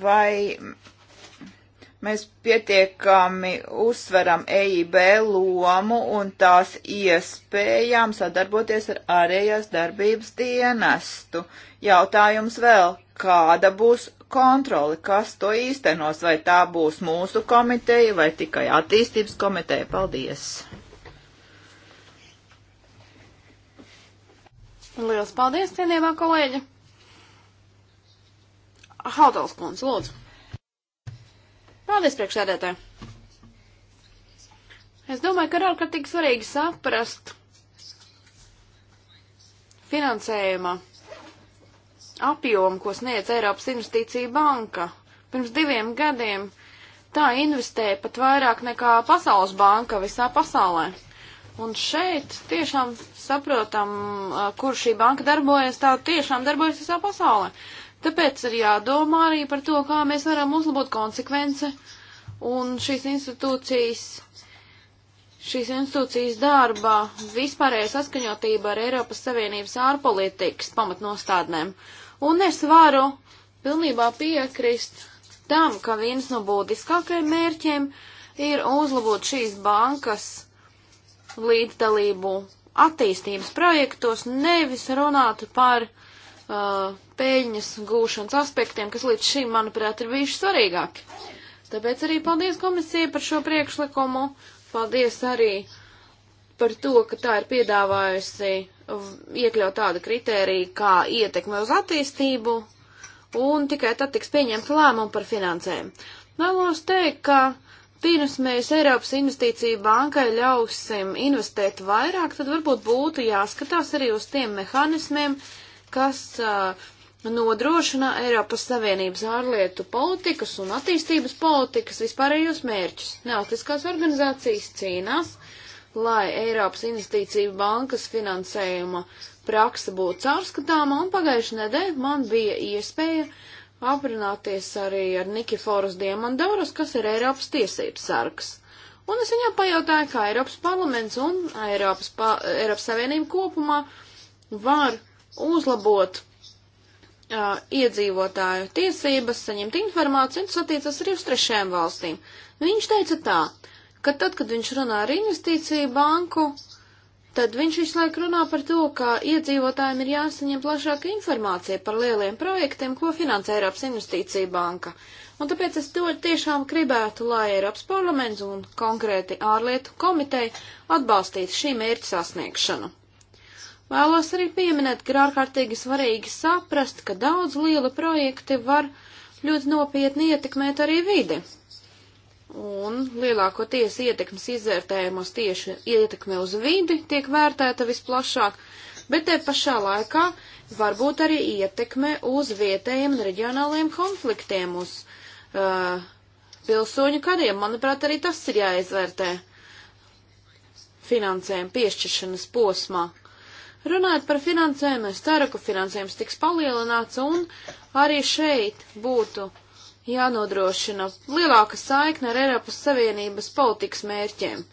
Vai mēs pietiekami uzsveram EIB lomu un tās iespējām sadarboties ar ārējās darbības dienestu. Jautājums vēl, kāda būs kontroli, kas to īstenos, vai tā būs mūsu komiteja vai tikai attīstības komiteja? Paldies! Lielas paldies, cienījamā kolēģa! Hautals kundz, lūdzu! Paldies, priekšsēdētāji! Es domāju, ka ir ārkārtīgi svarīgi saprast finansējuma apjomu, ko sniedz Eiropas Investīcija banka. Pirms diviem gadiem tā investēja pat vairāk nekā Pasaules banka visā pasaulē. Un šeit tiešām saprotam, kur šī banka darbojas, tā tiešām darbojas visā pasaulē. Tāpēc ir jādomā arī par to, kā mēs varam uzlabot konsekvence un šīs institūcijas, šīs institūcijas darba vispārējā saskaņotība ar Eiropas Savienības ārpolitikas pamatnostādnēm. Un es varu pilnībā piekrist tam, ka viens no būtiskākajiem mērķiem ir uzlabot šīs bankas līdzdalību attīstības projektos, nevis runātu par uh, peļņas gūšanas aspektiem, kas līdz šim, manuprāt, ir bijuši svarīgāki. Tāpēc arī paldies komisijai par šo priekšlikumu, paldies arī par to, ka tā ir piedāvājusi uh, iekļaut tādu kritēriju kā ietekme uz attīstību, un tikai tad tiks pieņemts lēmumu par finansēm. Vēlos teikt, ka pirms mēs Eiropas investīciju bankai ļausim investēt vairāk, tad varbūt būtu jāskatās arī uz tiem mehānismiem, kas uh, nodrošina Eiropas Savienības ārlietu politikas un attīstības politikas vispārējos mērķus. Nevalstiskās organizācijas cīnās, lai Eiropas investīciju bankas finansējuma praksa būtu caurskatāma, un pagājušajā nedēļā man bija iespēja uh, aprunāties arī ar Nikiforus Diemandorus, kas ir Eiropas tiesības sargs. Un es viņam pajautāju, kā Eiropas parlaments un Eiropas, pa, Eiropas Savienība kopumā var uzlabot uh, iedzīvotāju tiesības, saņemt informāciju, un tas attiecas arī uz trešajām valstīm. Viņš teica tā, ka tad, kad viņš runā ar investīciju banku, uh, tad viņš visu laiku runā par to, ka iedzīvotājiem ir jāsaņem plašāka informācija par lieliem projektiem, ko finansē Eiropas Investīcija banka. Un tāpēc es to tiešām gribētu, lai Eiropas parlaments un konkrēti ārlietu komiteja atbalstītu šī mērķa sasniegšanu. Vēlos arī pieminēt, ka ir ārkārtīgi svarīgi saprast, ka daudz liela projekti var ļoti nopietni ietekmēt arī vidi. Un lielākoties ietekmes izvērtējumos tieši ietekme uz vidi tiek vērtēta visplašāk, bet te pašā laikā varbūt arī ietekme uz vietējiem un reģionāliem konfliktiem, uz uh, pilsoņu kariem. Manuprāt, arī tas ir jāizvērtē finansējuma piešķiršanas posmā. Runājot par finansējumu, es ceru, ka finansējums tiks palielināts un arī šeit būtu jānodrošina lielāka saikne ar Eiropas Savienības politikas mērķiem.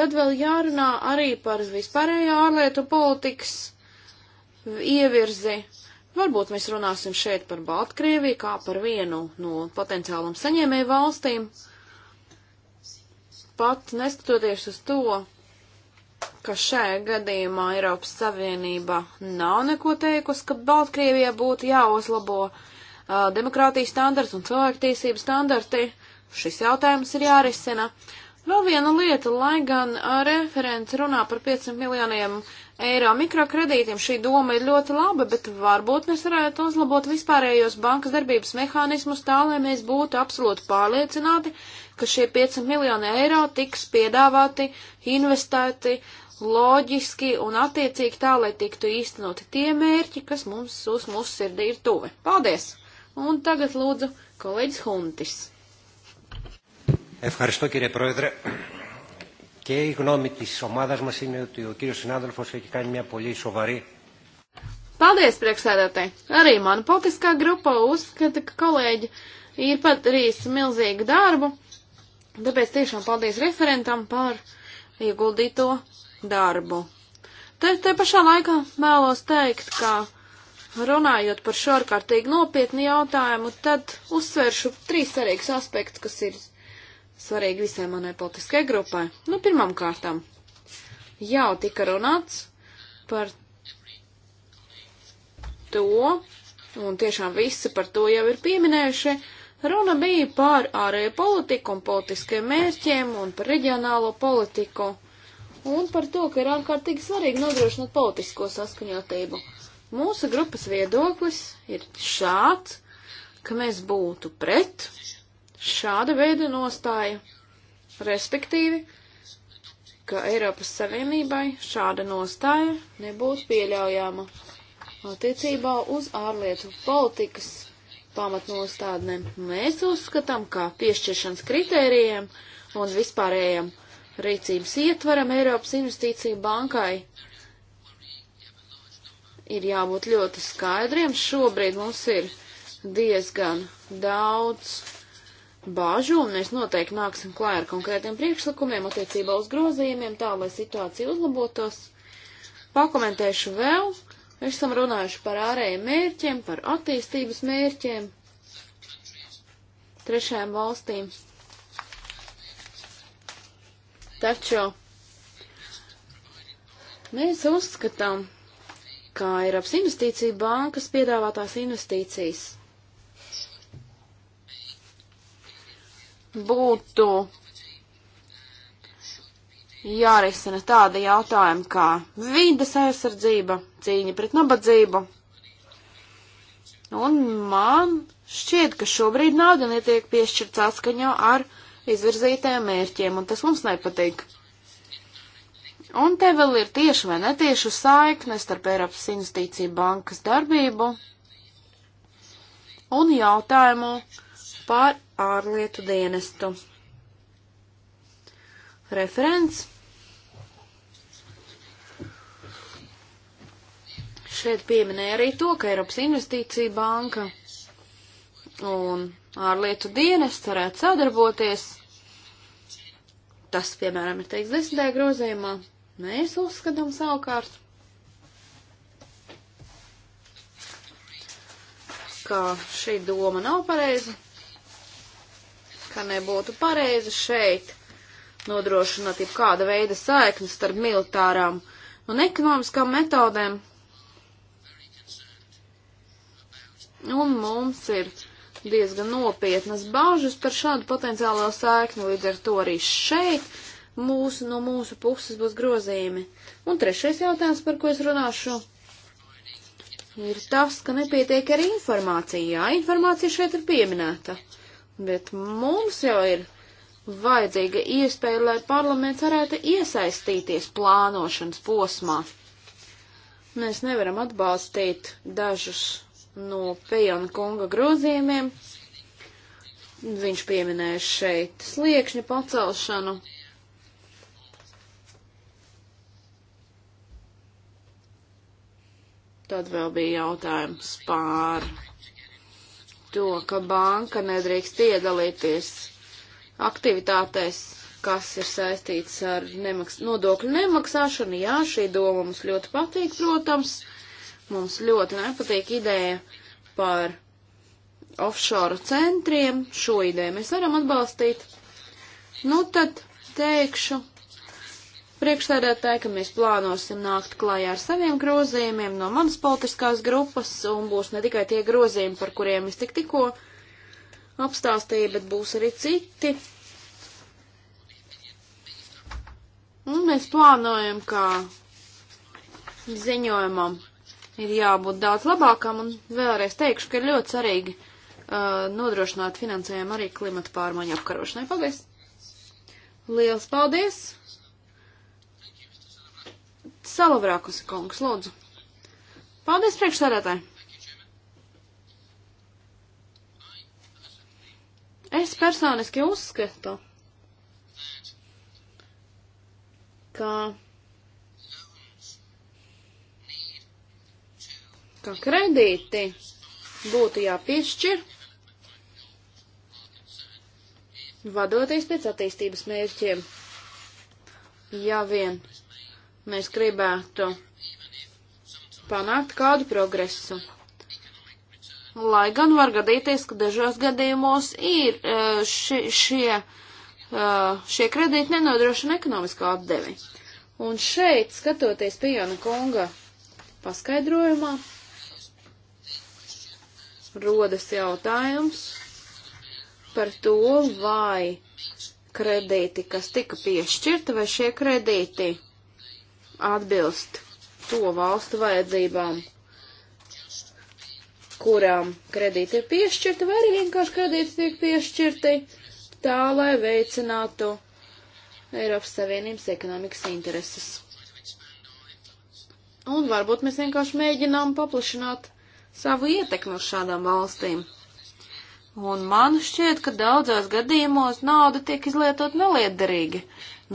Tad vēl jārunā arī par vispārējo ārlietu politikas ievirzi. Varbūt mēs runāsim šeit par Baltkrieviju kā par vienu no potenciālam saņēmēju valstīm. Pat neskatoties uz to, ka šajā gadījumā Eiropas Savienība nav neko teikusi, ka Baltkrievijā būtu jāuzlabo uh, demokrātijas standarts un cilvēktiesību standarti. Šis jautājums ir jārisina. Vēl viena lieta, lai gan referents runā par 500 miljoniem eiro mikrokredītiem, šī doma ir ļoti laba, bet varbūt mēs varētu uzlabot vispārējos bankas darbības mehānismus tā, lai mēs būtu absolūti pārliecināti, ka šie 500 miljoni eiro tiks piedāvāti, investēti loģiski un attiecīgi tā, lai tiktu īstenoti tie mērķi, kas mums uz mūsu sirdī ir tuvi. Paldies! Un tagad lūdzu kolēģis Huntis. Ευχαριστώ κύριε Πρόεδρε. Και η γνώμη της ομάδας μας είναι ότι ο κύριος συνάδελφος έχει κάνει μια πολύ σοβαρή Paldies, priekšsēdētāji! Arī mana politiskā grupa uzskata, ka kolēģi ir padarījis milzīgu darbu, tāpēc tiešām paldies referentam par ieguldīto darbu. Te, te pašā laikā vēlos teikt, ka Runājot par šo ārkārtīgi nopietnu jautājumu, tad uzsveršu trīs svarīgus aspektus, kas ir svarīgi visai manai politiskajai grupai. Nu, pirmām kārtām, jau tika runāts par to, un tiešām visi par to jau ir pieminējuši, runa bija par ārēju politiku un politiskiem mērķiem un par reģionālo politiku un par to, ka ir ārkārtīgi svarīgi nodrošināt politisko saskaņotību. Mūsu grupas viedoklis ir šāds, ka mēs būtu pret šāda veida nostāja, respektīvi, ka Eiropas Savienībai šāda nostāja nebūtu pieļaujama attiecībā uz ārlietu politikas pamatnostādnēm. Mēs uzskatām, ka piešķiršanas kritērijiem un vispārējiem rīcības ietvaram Eiropas Investīcija bankai ir jābūt ļoti skaidriem. Šobrīd mums ir diezgan daudz bāžu, un mēs noteikti nāksim klāj ar konkrētiem priekšlikumiem attiecībā uz grozījumiem, tā lai situācija uzlabotos. Pakomentēšu vēl. Mēs esam runājuši par ārējiem mērķiem, par attīstības mērķiem trešajām valstīm. Taču mēs uzskatām, kā Eiropas investīcija bankas piedāvātās investīcijas būtu jārisina tādi jautājumi kā vides aizsardzība, cīņa pret nabadzību. Un man šķiet, ka šobrīd nauda netiek piešķirts atskaņā ar izvirzītajiem mērķiem, un tas mums nepatīk. Un te vēl ir tieši vai netieši saikne starp Eiropas Investīcija bankas darbību un jautājumu par ārlietu dienestu. Referents. Šeit pieminēja arī to, ka Eiropas Investīcija banka un ārlietu dienests varētu sadarboties. Tas, piemēram, ir teiks desmitajā grozījumā. Mēs uzskatām savukārt, ka šī doma nav pareiza, ka nebūtu pareizi šeit nodrošināt jau kāda veida saikni starp militārām un ekonomiskām metodēm. Un mums ir diezgan nopietnas bāžas par šādu potenciālo saikni, līdz ar to arī šeit mūsu no mūsu puses būs grozījumi. Un trešais jautājums, par ko es runāšu, ir tas, ka nepietiek ar informāciju. Jā, informācija šeit ir pieminēta, bet mums jau ir vajadzīga iespēja, lai parlaments varētu iesaistīties plānošanas posmā. Mēs nevaram atbalstīt dažus no Pejana kunga grozījumiem. Viņš pieminēja šeit sliekšņa pacelšanu, Tad vēl bija jautājums pār to, ka banka nedrīkst iedalīties aktivitātēs, kas ir saistīts ar nemaks nodokļu nemaksāšanu. Jā, šī doma mums ļoti patīk, protams. Mums ļoti nepatīk ideja par offshore centriem. Šo ideju mēs varam atbalstīt. Nu tad teikšu, priekšsēdētāji, ka mēs plānosim nākt klājā ar saviem grozījumiem no manas politiskās grupas, un būs ne tikai tie grozījumi, par kuriem es tik tikko apstāstīju, bet būs arī citi. Un mēs plānojam, ka ziņojumam ir jābūt daudz labākam, un vēlreiz teikšu, ka ir ļoti svarīgi uh, nodrošināt finansējumu arī klimata pārmaiņu apkarošanai. Paldies! Liels paldies! Salavrākus kungs, lūdzu. Paldies priekšsēdētāji. Es personiski uzskatu, ka, ka kredīti būtu jāpiešķir vadoties pēc attīstības mērķiem. Ja vien mēs gribētu panākt kādu progresu. Lai gan var gadīties, ka dažos gadījumos ir e, ši, šie, e, šie kredīti nenodrošina ekonomiskā atdevi. Un šeit, skatoties Pijana Konga paskaidrojumā, rodas jautājums par to, vai kredīti, kas tika piešķirta, vai šie kredīti atbilst to valstu vajadzībām, kurām kredīti ir piešķirti, vai arī vienkārši kredīti tiek piešķirti tā, lai veicinātu Eiropas Savienības ekonomikas intereses. Un varbūt mēs vienkārši mēģinām paplašināt savu ietekmi uz šādām valstīm. Un man šķiet, ka daudzos gadījumos nauda tiek izlietot neliederīgi,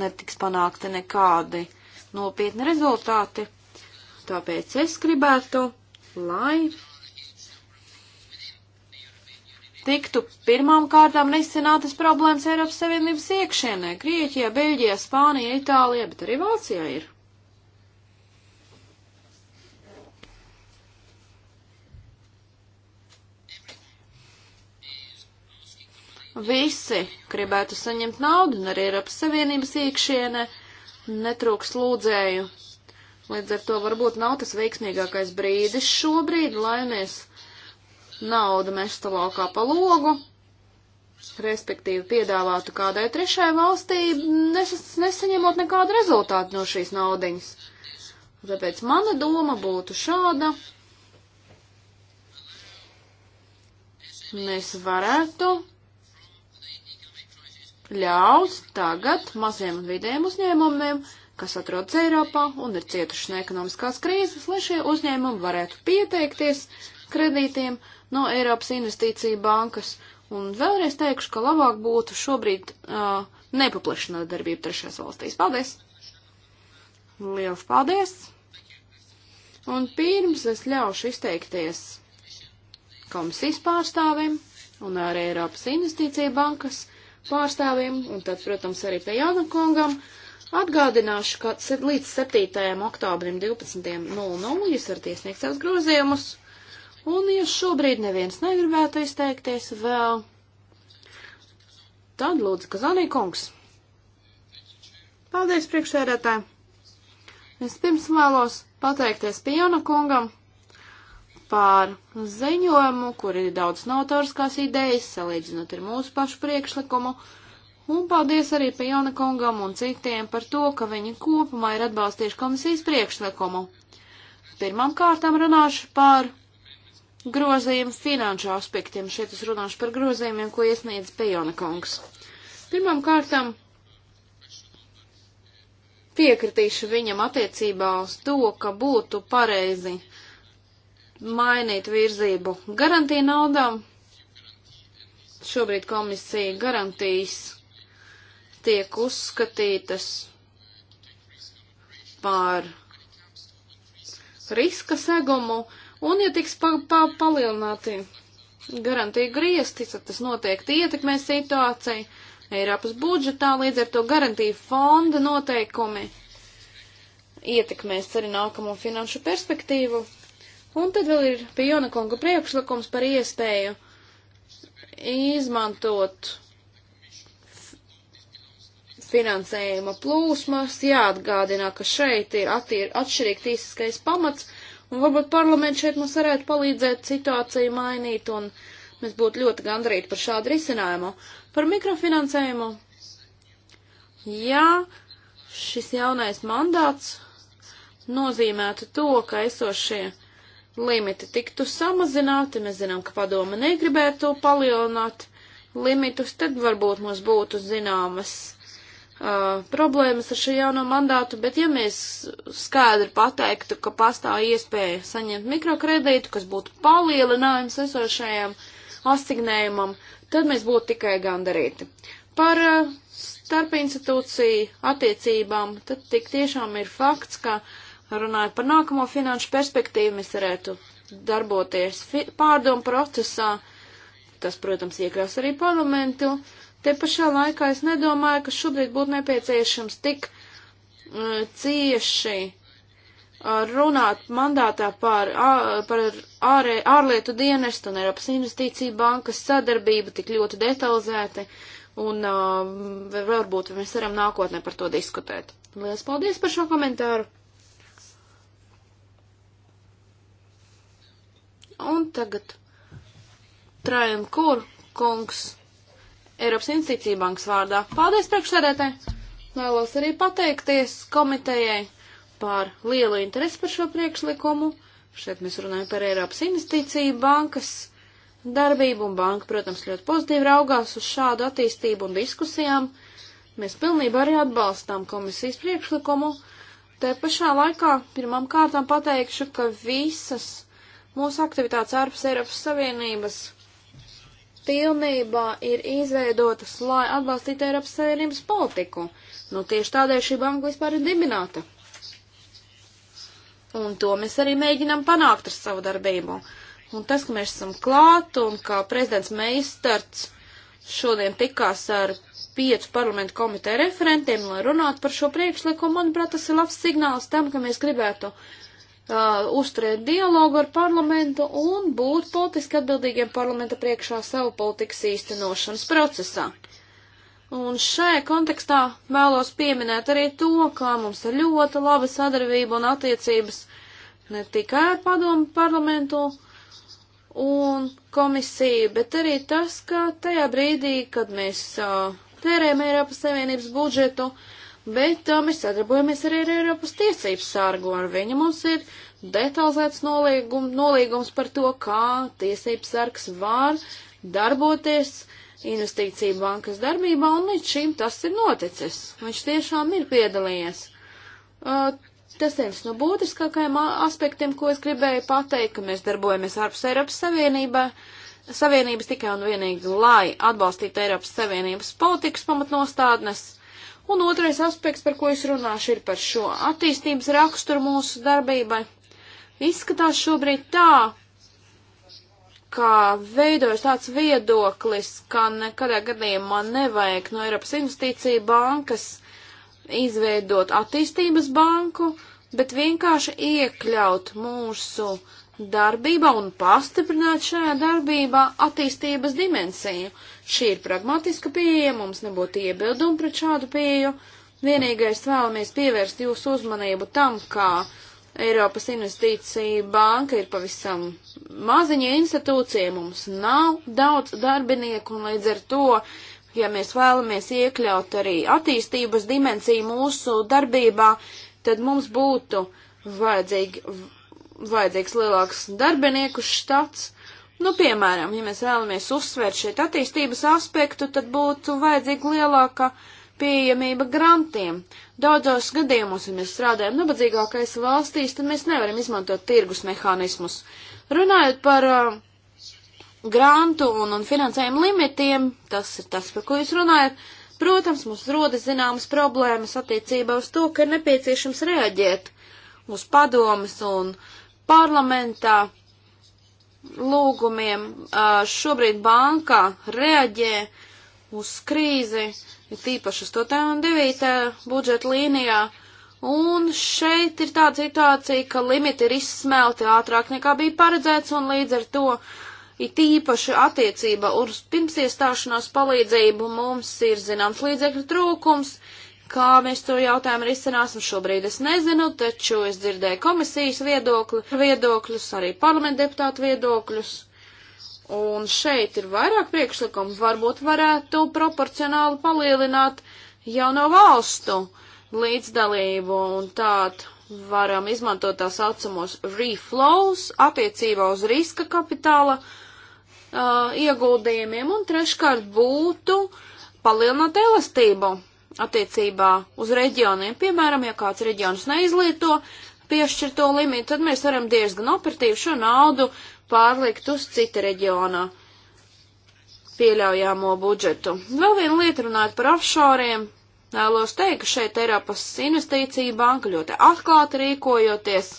netiks panākti nekādi nopietni rezultāti. Tāpēc es gribētu, lai tiktu pirmām kārtām risinātas problēmas Eiropas Savienības iekšienē - Grieķijā, Beļģijā, Spānijā, Itālijā, bet arī Vācijā ir. Visi gribētu saņemt naudu, un arī Eiropas Savienības iekšienē netrūks lūdzēju. Līdz ar to varbūt nav tas veiksmīgākais brīdis šobrīd, lai mēs naudu mestu laukā pa logu, respektīvi piedāvātu kādai trešai valstī, nes nesaņemot nekādu rezultātu no šīs naudiņas. Tāpēc mana doma būtu šāda. Mēs varētu ļaus tagad maziem un vidējiem uzņēmumiem, kas atrodas Eiropā un ir cietuši no ekonomiskās krīzes, lai šie uzņēmumi varētu pieteikties kredītiem no Eiropas investīcija bankas. Un vēlreiz teikšu, ka labāk būtu šobrīd uh, nepaplašināt darbību trešās valstīs. Paldies! Lielas paldies! Un pirms es ļaušu izteikties komisijas pārstāvim un arī Eiropas investīcija bankas pārstāvjiem un tad, protams, arī pie Jānakongam. Atgādināšu, ka līdz 7. oktobrim 12.00 jūs varat iesniegt savus grozījumus. Un, ja šobrīd neviens negribētu izteikties vēl, tad lūdzu, Kazanī kungs. Paldies, priekšsēdētāji! Vispirms vēlos pateikties Piona kungam pār ziņojumu, kur ir daudz novatoriskās idejas, salīdzinot ar mūsu pašu priekšlikumu, un paldies arī pie Jona kungam un citiem par to, ka viņi kopumā ir atbalstījuši komisijas priekšlikumu. Pirmām kārtām runāšu par grozījumu finanšu aspektiem. Šeit es runāšu par grozījumiem, ko iesniedz Pejona kungs. Pirmām kārtām piekritīšu viņam attiecībā uz to, ka būtu pareizi uh, mainīt virzību garantija naudām. Šobrīd komisija garantijas tiek uzskatītas par riska segumu, un ja tiks pa, pa, palielināti garantija griezti, tad tas noteikti ietekmēs situāciju Eiropas budžetā, līdz ar to garantija fonda noteikumi ietekmēs arī nākamo finanšu perspektīvu. Un tad vēl ir pie Jonakonga priekšlikums par iespēju izmantot finansējuma plūsmas, jāatgādina, ka šeit ir attīr, atšķirīgi tiesiskais pamats, un varbūt parlaments šeit mums varētu palīdzēt situāciju mainīt, un mēs būtu ļoti gandrīti par šādu risinājumu. Par mikrofinansējumu. Jā, šis jaunais mandāts nozīmētu to, ka esošie limiti tiktu samazināti, mēs zinām, ka padoma negribētu palielināt limitus, tad varbūt mums būtu zināmas uh, problēmas ar šo jauno mandātu, bet ja mēs skaidri pateiktu, ka pastāv iespēja saņemt mikrokredītu, kas būtu palielinājums esošajam asignējumam, tad mēs būtu tikai gandarīti. Par uh, starpinstitūciju attiecībām, tad tik tiešām ir fakts, ka uh, Runājot par nākamo finanšu perspektīvu, mēs varētu darboties pārdomu procesā. Tas, protams, iekļaus arī parlamentu. Te pašā laikā es nedomāju, ka šobrīd būtu nepieciešams tik uh, cieši uh, runāt mandātā par, par ārē, ārlietu dienestu un Eiropas investīciju bankas sadarbību tik ļoti detalizēti, un uh, varbūt mēs varam nākotnē par to diskutēt. Lielas paldies par šo komentāru! Un tagad Trajan Kur kungs Eiropas Investīcija bankas vārdā. Paldies priekšsēdētāji! Vēlos arī pateikties komitejai par lielu interesi par šo priekšlikumu. Šeit mēs runājam par Eiropas Investīciju bankas darbību, un banka, protams, ļoti pozitīvi raugās uz šādu attīstību un diskusijām. Mēs pilnībā arī atbalstām komisijas priekšlikumu. Te pašā laikā pirmām kārtām pateikšu, ka visas Mūsu aktivitātes ārpus Eiropas Savienības pilnībā ir izveidotas, lai atbalstītu Eiropas Savienības politiku. Nu, tieši tādēļ šī banka vispār ir dibināta. Un to mēs arī mēģinām panākt ar savu darbību. Un tas, ka mēs esam klāt un ka prezidents Meistarts šodien tikās ar piecu parlamentu komiteju referentiem, lai runātu par šo priekšlikumu, manuprāt, tas ir labs signāls tam, ka mēs gribētu uh, uzturēt dialogu ar parlamentu un būt politiski atbildīgiem parlamenta priekšā savu politikas īstenošanas procesā. Un šajā kontekstā vēlos pieminēt arī to, kā mums ir ļoti laba sadarbība un attiecības ne tikai ar padomu parlamentu, un komisiju, bet arī tas, ka tajā brīdī, kad mēs uh, tērējam Eiropas Savienības budžetu, uh, bet uh, mēs sadarbojamies arī ar Eiropas tiesību sargu. Ar viņu mums ir detalizēts nolīgum, nolīgums par to, kā tiesību sargs var darboties investīciju bankas darbībā, un līdz šim tas ir noticis. Viņš tiešām ir piedalījies. Uh, tas ir viens no būtiskākajiem aspektiem, ko es gribēju pateikt, ka mēs darbojamies ārpus Eiropas Savienībā. Savienības tikai un vienīgi, lai atbalstītu Eiropas Savienības politikas pamatnostādnes, Un otrais aspekts, par ko es runāšu, ir par šo attīstības raksturu mūsu darbībai. Izskatās šobrīd tā, ka veidojas tāds viedoklis, ka nekādā gadījumā nevajag no Eiropas investīcija bankas izveidot attīstības banku, bet vienkārši iekļaut mūsu darbībā un pastiprināt šajā darbībā attīstības dimensiju. Šī ir pragmatiska pieeja, mums nebūtu iebildumi pret šādu pieeju. Vienīgais vēlamies pievērst jūsu uzmanību tam, ka Eiropas investīcija banka ir pavisam maziņa institūcija, mums nav daudz darbinieku un līdz ar to ja mēs vēlamies iekļaut arī attīstības dimensiju mūsu darbībā, tad mums būtu vajadzīgi, vajadzīgs lielāks darbinieku štats, Nu, piemēram, ja mēs vēlamies uzsvērt šeit attīstības aspektu, tad būtu vajadzīga lielāka pieejamība grantiem. Daudzos gadījumos, ja mēs strādājam nabadzīgākais valstīs, tad mēs nevaram izmantot tirgus mehānismus. Runājot par uh, grantu un, un finansējumu limitiem, tas ir tas, par ko jūs runājat, protams, mums rodas zināmas problēmas attiecībā uz to, ka ir nepieciešams reaģēt uz padomas un parlamentā lūgumiem šobrīd bankā reaģē uz krīzi, ir tīpaši uz 8. un 9. budžeta līnijā. Un šeit ir tāda situācija, ka limiti ir izsmelti ātrāk nekā bija paredzēts, un līdz ar to ir tīpaši attiecība uz pirms iestāšanās palīdzību mums ir zināms līdzekļu trūkums, uh, Kā mēs to jautājumu risināsim šobrīd, es nezinu, taču es dzirdēju komisijas viedokli, viedokļus, arī parlamenta deputātu viedokļus. Un šeit ir vairāk priekšlikumu, varbūt varētu proporcionāli palielināt jauno valstu līdzdalību un tādu varam izmantot tā saucamos reflows attiecībā uz riska kapitāla uh, ieguldījumiem un treškārt būtu palielināt elastību attiecībā uz reģioniem. Piemēram, ja kāds reģions neizlieto piešķirto limitu, tad mēs varam diezgan operatīvi šo naudu pārlikt uz cita reģiona pieļaujamo budžetu. Vēl viena lieta runājot par offshoriem. Vēlos teikt, ka šeit Eiropas investīcija banka ļoti atklāti rīkojoties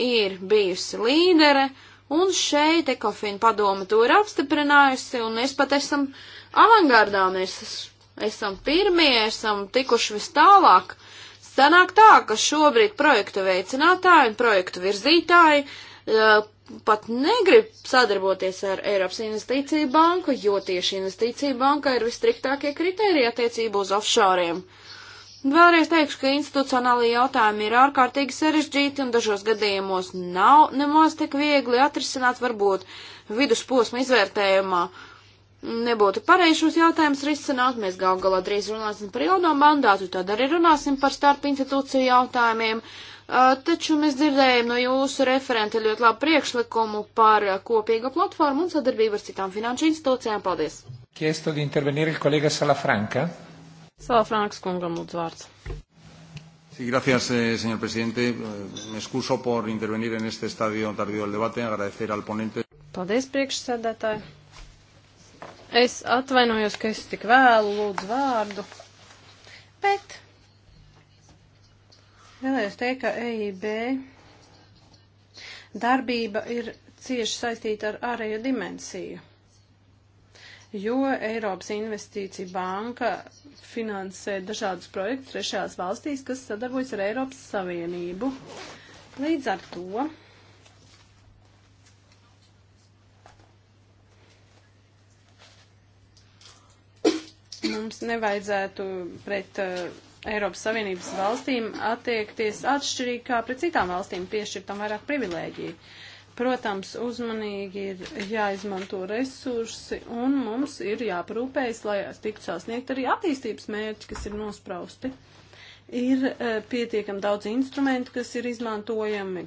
ir bijusi līdere, un šeit Ekofina padoma to ir apstiprinājusi, un mēs pat esam avangardā, mēs esam pirmie, esam tikuši vis tālāk. Sanāk tā, ka šobrīd projektu veicinātāji un projektu virzītāji uh, pat negrib sadarboties ar Eiropas investīciju banku, jo tieši investīcija banka ir vistriktākie kriteriji attiecību uz offshoriem. Vēlreiz teikšu, ka institucionālie jautājumi ir ārkārtīgi sarežģīti un dažos gadījumos nav nemaz tik viegli atrisināt varbūt vidusposma izvērtējumā. Uh, nebūtu pareizi šos jautājumus risināt. Mēs gal galā drīz runāsim par jauno mandātu, tad arī runāsim par starp institūciju jautājumiem. Uh, taču mēs dzirdējam no jūsu referenta ļoti labu priekšlikumu par kopīgu platformu un sadarbību ar citām finanšu institūcijām. Paldies! Chiesto di intervenire il collega Salafranca. Salafranca, kungam, lūdzu vārds. Sí, gracias, eh, señor presidente. Eh, me excuso por intervenir en este estadio tardío del debate. Agradecer al ponente. Paldies, priekšsēdētāji. Es atvainojos, ka es tik vēlu lūdzu vārdu, bet vēlējos teikt, ka EIB darbība ir cieši saistīta ar ārējo dimensiju, jo Eiropas investīcija banka finansē dažādus projektus trešajās valstīs, kas sadarbojas ar Eiropas Savienību. Līdz ar to Mums nevajadzētu pret uh, Eiropas Savienības valstīm attiekties atšķirīgi kā pret citām valstīm, piešķirtam vairāk privilēģiju. Protams, uzmanīgi ir jāizmanto resursi un mums ir jāparūpējas, lai tiktu sasniegt arī attīstības mērķi, kas ir nosprausti. Ir uh, pietiekam daudz instrumentu, kas ir izmantojami,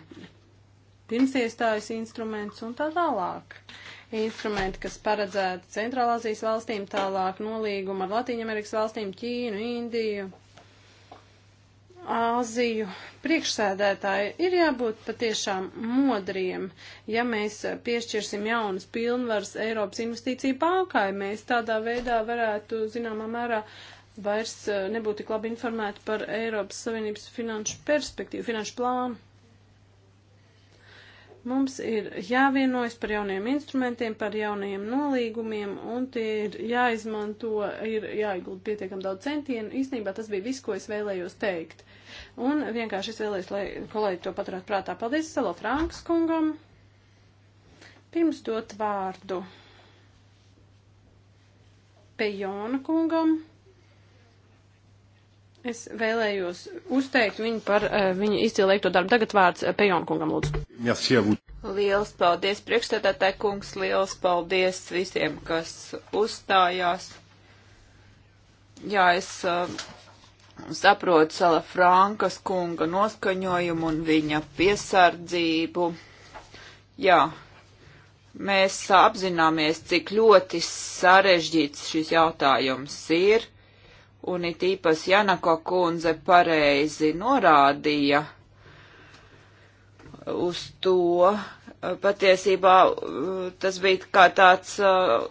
pirmsiestājas instruments un tā tālāk. Uh, instrumenti, kas paredzēti Centrālāzijas valstīm, tālāk nolīguma ar Latīņamerikas valstīm, Ķīnu, Indiju, Āziju priekšsēdētāji ir jābūt patiešām modriem. Ja mēs piešķirsim jaunas pilnvaras Eiropas investīciju bankai, mēs tādā veidā varētu, zināmā mērā, vairs eh, nebūt tik labi informēti par Eiropas Savienības finanšu perspektīvu, finanšu plānu. Mums ir jāvienojas par jauniem instrumentiem, par jaunajiem nolīgumiem, un tie ir jāizmanto, ir jāiegulda pietiekam daudz centienu. Īsnībā tas bija viss, ko es vēlējos teikt. Un vienkārši es vēlējos, lai kolēģi to paturētu prātā. Paldies Salo Franks kungam. Pirms dot vārdu Pejona kungam. Es vēlējos uzteikt viņu par uh, viņa izcilēkto darbu. Tagad vārds uh, eh, Pejonkungam, lūdzu. Merci, liels paldies, priekšstādātāji kungs, liels paldies visiem, kas uzstājās. Jā, es uh, saprotu Sala Frankas kunga noskaņojumu un viņa piesardzību. Jā, mēs apzināmies, cik ļoti sarežģīts šis jautājums ir un it īpas Janako kundze pareizi norādīja uz to. Patiesībā uh, tas bija kā tāds, uh,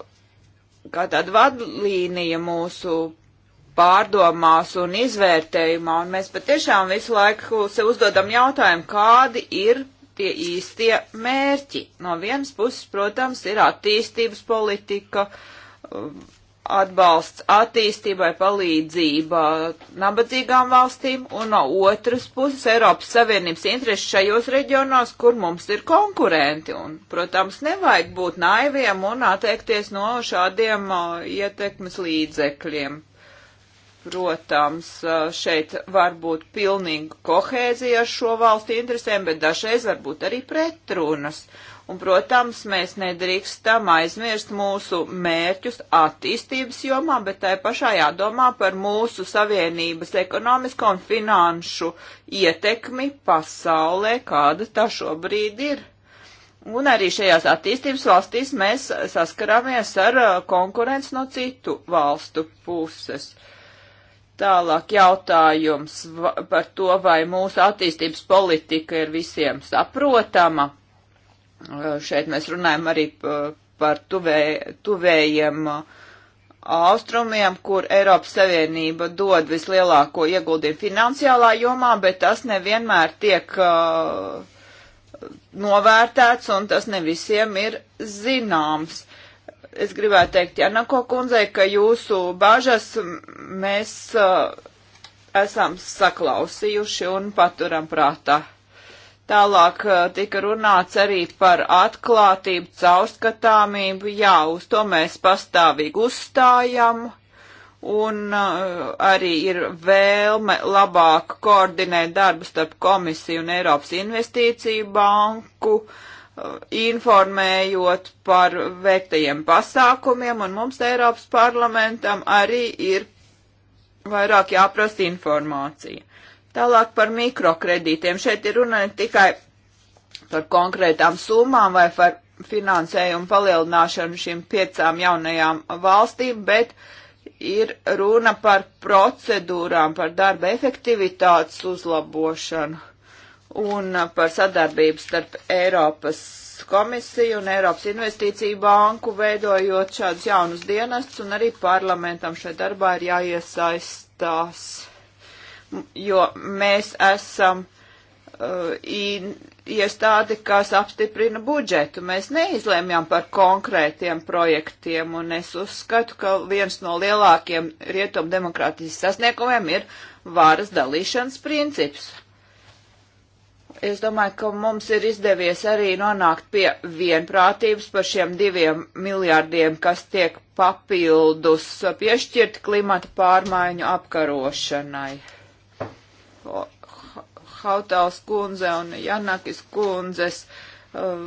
kā tāda vadlīnija mūsu pārdomās un izvērtējumā, un mēs patiešām visu laiku sev uzdodam jautājumu, kādi ir tie īstie mērķi. No vienas puses, protams, ir attīstības politika, um, atbalsts attīstībai, palīdzība nabadzīgām valstīm, un no otras puses Eiropas Savienības interesi šajos reģionos, kur mums ir konkurenti. Un, protams, nevajag būt naiviem un atteikties no šādiem uh, ietekmes līdzekļiem. Protams, uh, šeit var būt pilnīga kohēzija ar šo valstu interesēm, bet dažreiz var būt arī pretrunas. Uh, Un, protams, mēs nedrīkstam aizmirst mūsu mērķus attīstības jomā, bet tai pašā jādomā par mūsu savienības ekonomisko un finanšu ietekmi pasaulē, kāda tā šobrīd ir. Un arī šajās attīstības valstīs mēs saskaramies ar konkurenci no citu valstu puses. Tālāk jautājums par to, vai mūsu attīstības politika ir visiem saprotama Eh, šeit mēs runājam arī par tuvē, tuvējiem eh, austrumiem, kur Eiropas Savienība dod vislielāko ieguldījumu finansiālā jomā, bet tas nevienmēr tiek uh, novērtēts un tas ne visiem ir zināms. Es gribētu teikt Janako kundzei, ka jūsu bažas mēs uh, esam saklausījuši un paturam prātā. Tālāk eh, tika runāts arī par atklātību, caurskatāmību. Jā, uz to mēs pastāvīgi uzstājam. Un uh, arī ir vēlme labāk koordinēt darbu starp komisiju un Eiropas investīciju banku, uh, informējot par veiktajiem pasākumiem, un mums Eiropas parlamentam arī ir vairāk jāprasa informācija. Tālāk par mikrokredītiem. Šeit ir runa ne tikai par konkrētām summām vai par finansējumu palielināšanu šīm piecām jaunajām valstīm, bet ir runa par procedūrām, par darba efektivitātes uzlabošanu un par sadarbību starp Eiropas komisiju un Eiropas investīciju banku, veidojot šādus jaunus dienestus, un arī parlamentam šai darbā ir jāiesaistās jo mēs esam uh, iestādi, kas apstiprina budžetu. Mēs neizlēmjam par konkrētiem projektiem, un es uzskatu, ka viens no lielākiem rietumdemokrātijas sasniegumiem ir vāras dalīšanas princips. Es domāju, ka mums ir izdevies arī nonākt pie vienprātības par šiem diviem miljārdiem, kas tiek papildus piešķirt klimata pārmaiņu apkarošanai. Hautals kundze un Janakis kundzes uh,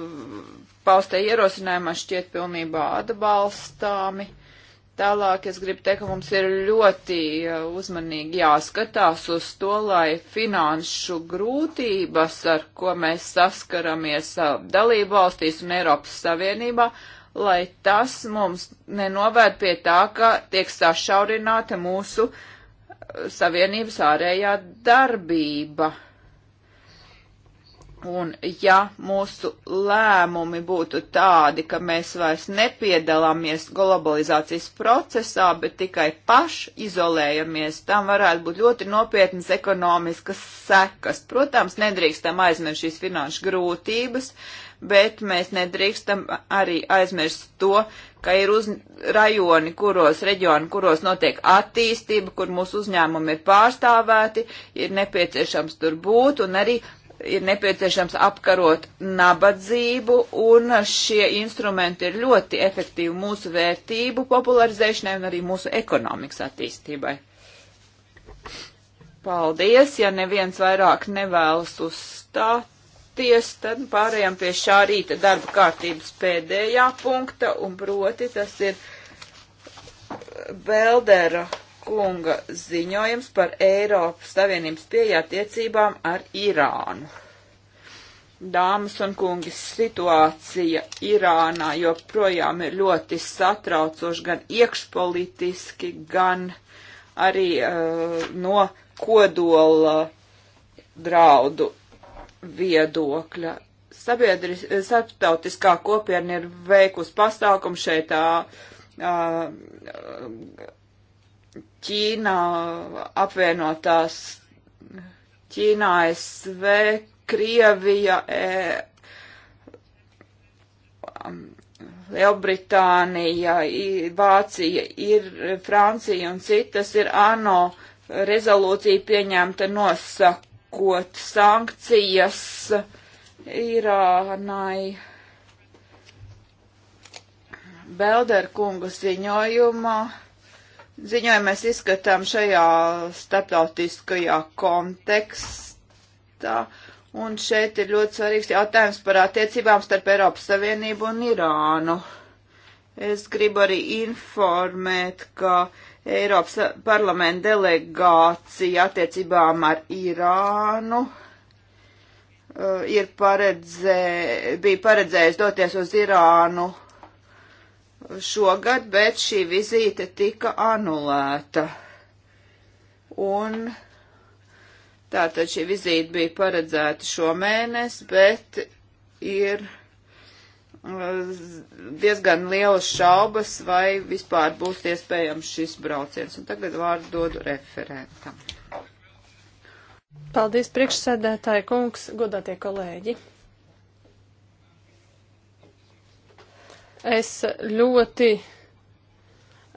paustie ierosinājumā šķiet pilnībā atbalstāmi. Tālāk es gribu teikt, ka mums ir ļoti uh, uzmanīgi jāskatās uz to, lai finanšu grūtības, ar ko mēs saskaramies uh, dalību valstīs un Eiropas Savienībā, lai tas mums nenovērt pie tā, ka tiek sašaurināta mūsu uh, Savienības ārējā darbība. Un ja mūsu lēmumi būtu tādi, ka mēs vairs nepiedalāmies globalizācijas procesā, bet tikai paši izolējamies, tam varētu būt ļoti nopietnas ekonomiskas sekas. Protams, nedrīkstam aizmirst šīs finanšu grūtības, uh, bet mēs nedrīkstam arī aizmirst to, ka ir uz rajoni, kuros, reģioni, kuros notiek attīstība, kur mūsu uzņēmumi ir pārstāvēti, ir nepieciešams tur būt un arī ir nepieciešams apkarot nabadzību, un šie instrumenti ir ļoti efektīvi mūsu vērtību popularizēšanai un arī mūsu ekonomikas attīstībai. Paldies, ja neviens vairāk nevēlas uzstāt vēlaties, tad pārējām pie šā rīta darba kārtības pēdējā punkta, un proti tas ir Beldera kunga ziņojums par Eiropas Savienības pieejātiecībām ar Irānu. Dāmas un kungi, situācija Irānā joprojām ir ļoti satraucoša gan iekšpolitiski, gan arī uh, no kodola draudu viedokļa. Sabiedris, starptautiskā kopiena ir veikusi pasākumu šeit tā, Ķīnā, apvienotās Ķīnā, SV, Krievija, e, um, Lielbritānija, Vācija, ir Francija un citas ir ANO rezolūcija pieņemta nosaka uzliekot sankcijas Irānai. Belderkunga ziņojumā. Ziņojumu mēs izskatām šajā starptautiskajā kontekstā, un šeit ir ļoti svarīgs jautājums par attiecībām starp Eiropas Savienību un Irānu. Es gribu arī informēt, ka uh, Eiropas parlamenta delegācija attiecībām ar Irānu uh, ir paredzē, bija paredzējis doties uz Irānu šogad, bet šī vizīte tika anulēta. Un tātad šī vizīte bija paredzēta šomēnes, bet ir diezgan lielas šaubas, vai vispār būs iespējams šis brauciens. Un tagad vārdu dodu referentam. Paldies, priekšsēdētāji kungs, godātie kolēģi. Es ļoti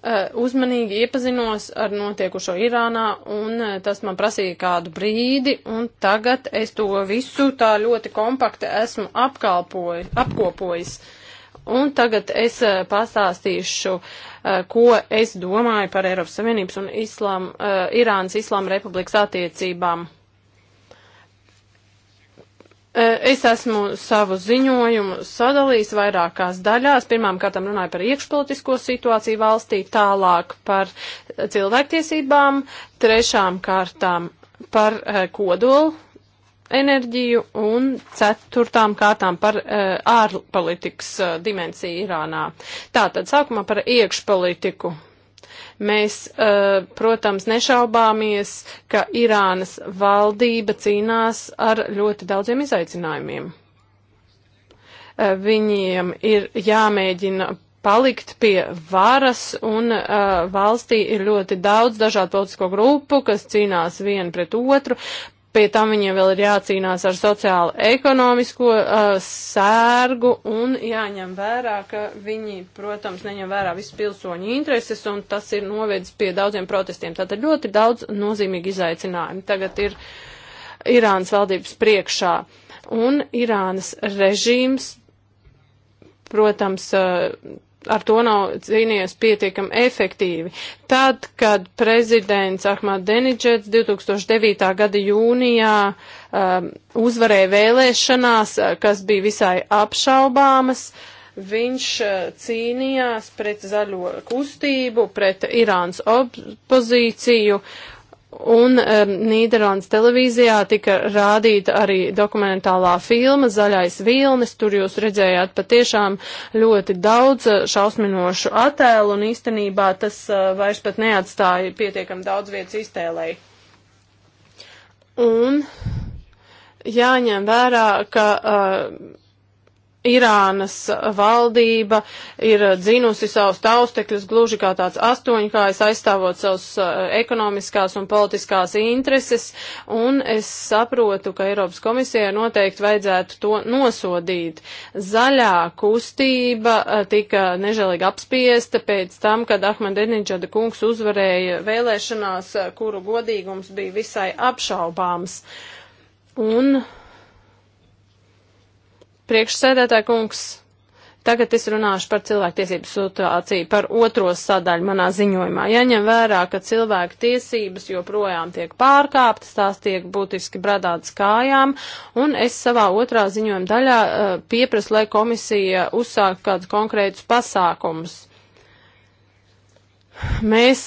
Eh, uzmanīgi iepazinos ar notiekušo Irānā, un eh, tas man prasīja kādu brīdi, un tagad es to visu tā ļoti kompakti esmu apkopojis. Un tagad es eh, pastāstīšu, ko es domāju par Eiropas Savienības un Islām, Irānas Islāma Republikas attiecībām. Es esmu savu ziņojumu sadalījis vairākās daļās. Pirmām kārtām runāju par iekšpolitisko situāciju valstī, tālāk par cilvēktiesībām, trešām kārtām par kodolu enerģiju un ceturtām kārtām par ārpolitikas dimensiju Irānā. Tātad sākumā par iekšpolitiku Mēs, eh, protams, nešaubāmies, ka Irānas valdība cīnās ar ļoti daudziem izaicinājumiem. Eh, viņiem ir jāmēģina palikt pie varas, un uh, valstī ir ļoti daudz dažādu politisko grupu, kas cīnās vienu pret otru. Pie tam viņiem vēl ir jācīnās ar sociālo ekonomisko uh, sērgu un jāņem vērā, ka viņi, protams, neņem vērā visu pilsoņu intereses un tas ir novedis pie daudziem protestiem. Tātad ļoti daudz nozīmīgi izaicinājumi tagad ir Irānas valdības priekšā. Un Irānas režīms, protams, uh, ar to nav cīnījies pietiekami efektīvi. Tad, kad prezidents Ahmad Deniģets 2009. gada jūnijā um, uzvarēja vēlēšanās, kas bija visai apšaubāmas, viņš uh, cīnījās pret zaļo kustību, pret Irānas opozīciju Un um, Nīderlandes televīzijā tika rādīta arī dokumentālā filma Zaļais vilnis. Tur jūs redzējāt patiešām ļoti daudz eh, šausminošu attēlu un īstenībā tas uh, vairs pat neatstāja pietiekam daudz vietas iztēlēji. Un jāņem vērā, ka. Uh, Irānas valdība ir dzinusi savus taustekļus gluži kā tāds astoņkājs, aizstāvot savus eh, ekonomiskās un politiskās intereses, un es saprotu, ka Eiropas komisijai noteikti vajadzētu to nosodīt. Zaļā kustība eh, tika nežēlīgi apspiesta pēc tam, kad Ahmedinidžada kungs uzvarēja vēlēšanās, eh, kuru godīgums bija visai apšaubāms. Un Priekšsēdētāja kungs, tagad es runāšu par cilvēktiesību situāciju, par otro sadaļu manā ziņojumā. Jaņem vērā, ka cilvēku tiesības joprojām tiek pārkāptas, tās tiek būtiski bradātas kājām, un es savā otrā ziņojuma daļā uh, pieprasu, lai komisija uzsāk kādus konkrētus pasākumus. Mēs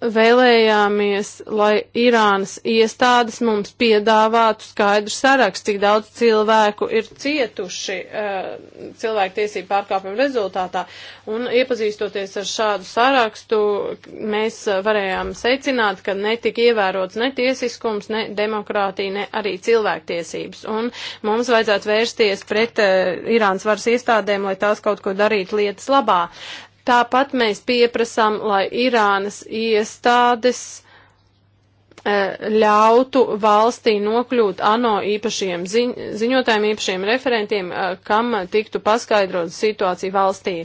vēlējāmies, lai Irānas iestādes mums piedāvātu skaidru sarakstu, cik daudz cilvēku ir cietuši eh, cilvēku tiesību pārkāpumu rezultātā. Un iepazīstoties ar šādu sarakstu, mēs varējām secināt, ka netika ievērots ne tiesiskums, ne demokrātija, ne arī cilvēktiesības. Un mums vajadzētu vērsties pret eh, Irānas varas iestādēm, lai tās kaut ko darītu lietas labā. Tāpat mēs pieprasām, lai Irānas iestādes e, ļautu valstī nokļūt ANO īpašiem ziņ, ziņotājiem, īpašiem referentiem, e, kam tiktu paskaidrot situācija valstī.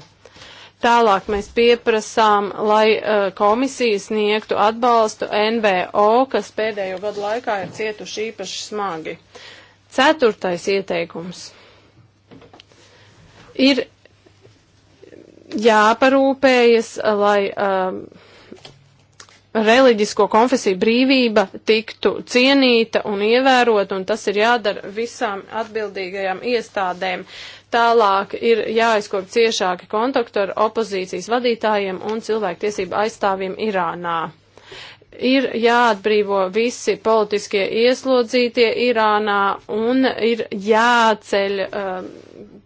Tālāk mēs pieprasām, lai e, komisija sniegtu atbalstu NVO, kas pēdējo gadu laikā ir cietuši īpaši smagi. Ceturtais ieteikums. Ir jāparūpējas, lai um, reliģisko konfesiju brīvība tiktu cienīta un ievērota, un tas ir jādara visām atbildīgajām iestādēm. Tālāk ir jāaizkop ciešāki kontakti ar opozīcijas vadītājiem un cilvēktiesību aizstāvjiem Irānā ir jāatbrīvo visi politiskie ieslodzītie Irānā un ir jāceļ um,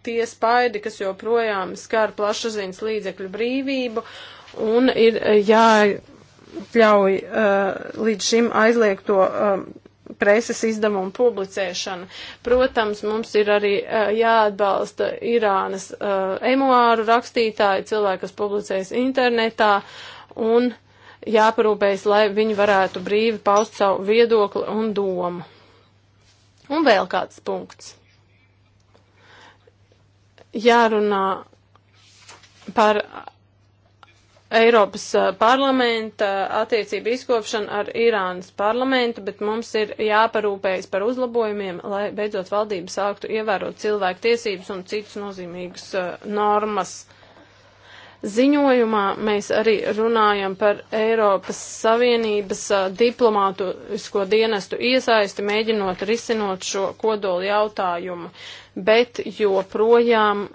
tie spaidi, kas joprojām skar plašsaziņas līdzekļu brīvību un ir eh, jāļauj uh, eh, līdz šim aizliegto. Uh, preses izdevumu publicēšana. Protams, mums ir arī uh, jāatbalsta Irānas uh, emuāru rakstītāji, cilvēki, kas publicējas internetā, un jāparūpējas, lai viņi varētu brīvi paust savu viedokli un domu. Un vēl kāds punkts jārunā par Eiropas parlamenta attiecību izkopšanu ar Irānas parlamentu, bet mums ir jāparūpējas par uzlabojumiem, lai beidzot valdība sāktu ievērot cilvēku tiesības un citas nozīmīgas normas. Ziņojumā mēs arī runājam par Eiropas Savienības diplomātisko dienestu iesaisti, mēģinot risinot šo kodolu jautājumu, bet joprojām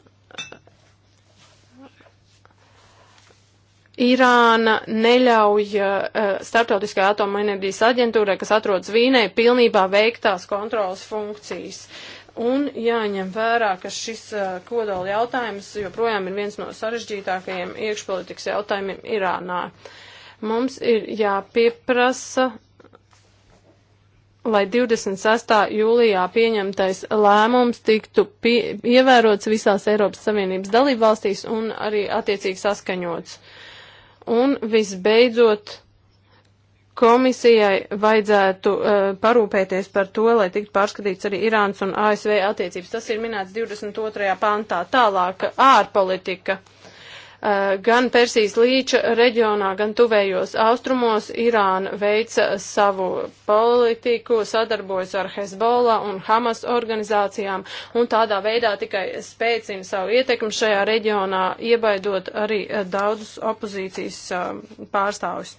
Irāna neļauj uh, Startautiskajai atomenerģijas aģentūrai, kas atrodas Vīnē, pilnībā veikt tās kontrolas funkcijas. Un jāņem vērā, ka šis kodola jautājums joprojām ir viens no sarežģītākajiem iekšpolitikas jautājumiem Irānā. Mums ir jāpieprasa, lai 26. jūlijā pieņemtais lēmums tiktu pie, ievērots visās Eiropas Savienības dalībvalstīs un arī attiecīgi saskaņots. Un visbeidzot, Komisijai vajadzētu uh, parūpēties par to, lai tiktu pārskatīts arī Irānas un ASV attiecības. Tas ir minēts 22. pantā. Tālāk ārpolitika. Uh, gan Persijas līča reģionā, gan tuvējos austrumos Irāna veica savu politiku, sadarbojas ar Hezbollah un Hamas organizācijām un tādā veidā tikai spēcina savu ietekmi šajā reģionā, iebaidot arī uh, daudzus opozīcijas uh, pārstāvis.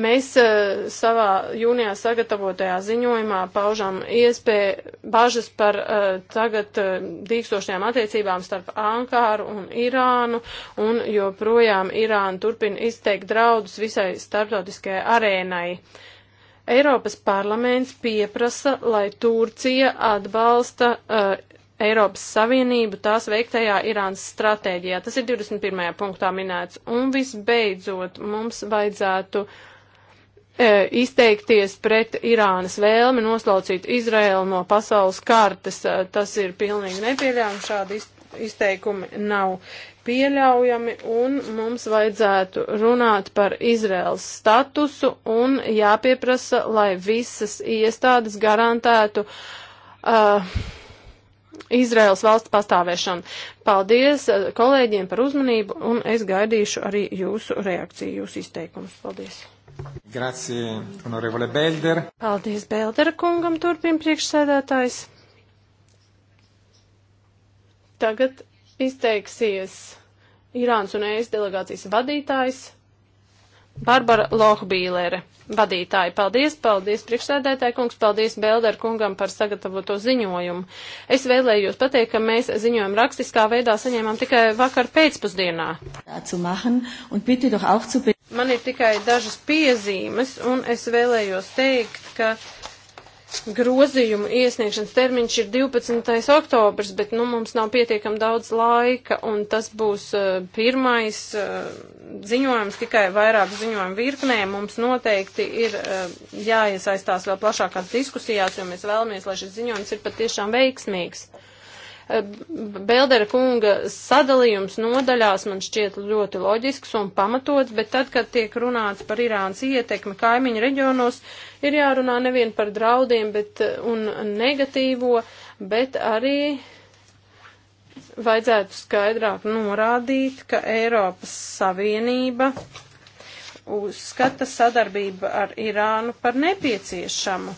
Mēs uh, savā jūnijā sagatavotajā ziņojumā paužam iespēju bažas par uh, tagad uh, dīkstošajām attiecībām starp Ankāru un Irānu, un joprojām Irāna turpina izteikt draudus visai starptautiskajai arēnai. Eiropas parlaments pieprasa, lai Turcija atbalsta uh, Eiropas Savienību tās veiktajā Irānas stratēģijā. Tas ir 21. punktā minēts. Un visbeidzot, mums vajadzētu uh, E, izteikties pret Irānas vēlmi noslaucīt Izraēlu no pasaules kartes. E, tas ir pilnīgi nepieļaujami, šādi izteikumi nav pieļaujami, un mums vajadzētu runāt par Izraels statusu un jāpieprasa, lai visas iestādes garantētu uh, e, Izraels valsts pastāvēšanu. Paldies kolēģiem par uzmanību, un es gaidīšu arī jūsu reakciju, jūsu izteikumus. Paldies! Grazie, honorevole Belder. Paldies Beldera kungam, turpina priekšsēdētājs. Tagad izteiksies Irāns un ES delegācijas vadītājs Barbara Lohbīlere. Vadītāji, paldies, paldies priekšsēdētāji kungs, paldies Belder kungam par sagatavoto ziņojumu. Es vēlējos pateikt, ka mēs ziņojumu rakstiskā veidā saņēmām tikai vakar pēcpusdienā man ir tikai dažas piezīmes, un es vēlējos teikt, ka grozījumu iesniegšanas termiņš ir 12. oktobrs, bet nu, mums nav pietiekam daudz laika, un tas būs uh, pirmais uh, ziņojums tikai vairāk ziņojumu virknē. Mums noteikti ir uh, jāiesaistās vēl plašākās diskusijās, jo mēs vēlamies, lai šis ziņojums ir patiešām veiksmīgs. Beldera kunga sadalījums nodaļās man šķiet ļoti loģisks un pamatots, bet tad, kad tiek runāts par Irānas ietekmi kaimiņu reģionos, ir jārunā nevien par draudiem bet, un negatīvo, bet arī vajadzētu skaidrāk norādīt, ka Eiropas Savienība uzskata sadarbību ar Irānu par nepieciešamu.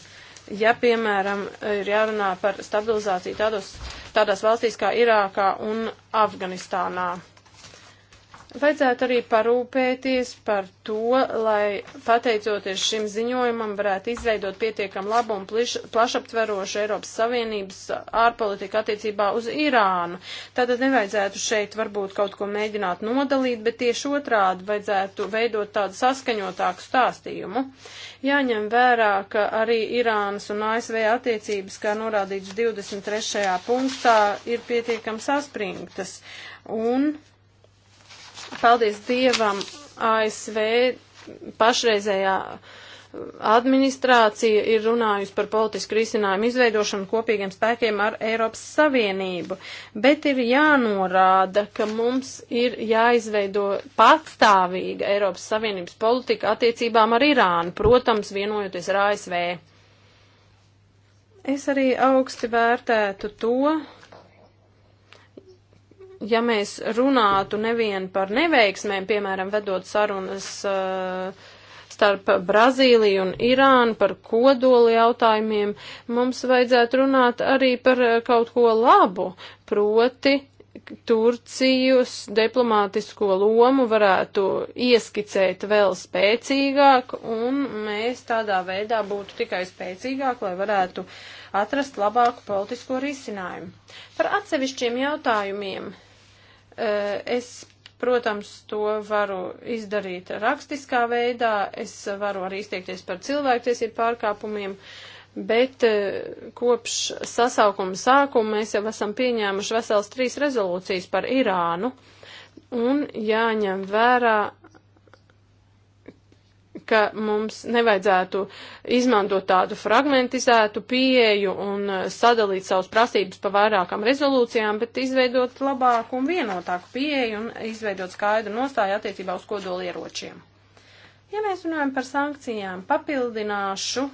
Ja, piemēram, ir jārunā par stabilizāciju tādos uh, tādās valstīs kā Irākā un Afganistānā. Vajadzētu arī parūpēties par to, lai pateicoties šim ziņojumam varētu izveidot pietiekam labu un pliš, plašaptverošu Eiropas Savienības ārpolitiku attiecībā uz Irānu. Tātad nevajadzētu šeit varbūt kaut ko mēģināt nodalīt, bet tieši otrādi vajadzētu veidot tādu saskaņotāku stāstījumu. Jāņem vērā, ka arī Irānas un ASV attiecības, kā norādīts 23. punktā, ir pietiekam saspringtas. Un paldies Dievam, ASV pašreizējā administrācija ir runājusi par politisku risinājumu izveidošanu kopīgiem spēkiem ar Eiropas Savienību, bet ir jānorāda, ka mums ir jāizveido patstāvīga Eiropas Savienības politika attiecībām ar Irānu, protams, vienojoties ar ASV. Es arī augsti vērtētu to, ja mēs runātu nevien par neveiksmēm, piemēram, vedot sarunas uh, starp Brazīliju un Irānu par kodoli jautājumiem, mums vajadzētu runāt arī par uh, kaut ko labu, proti Turcijas diplomātisko lomu varētu ieskicēt vēl spēcīgāk, un mēs tādā veidā būtu tikai spēcīgāk, lai varētu atrast labāku politisko risinājumu. Par atsevišķiem jautājumiem Es, protams, to varu izdarīt rakstiskā veidā, es varu arī izteikties par cilvēktiesību pārkāpumiem, bet kopš sasaukuma sākuma mēs jau esam pieņēmuši vesels trīs rezolūcijas par Irānu. Un jāņem vērā ka mums nevajadzētu izmantot tādu fragmentizētu pieeju un eh, sadalīt savus prasības pa vairākām rezolūcijām, bet izveidot labāku un vienotāku pieeju un izveidot skaidru nostāju attiecībā uz kodolieročiem. Ja mēs runājam par sankcijām, papildināšu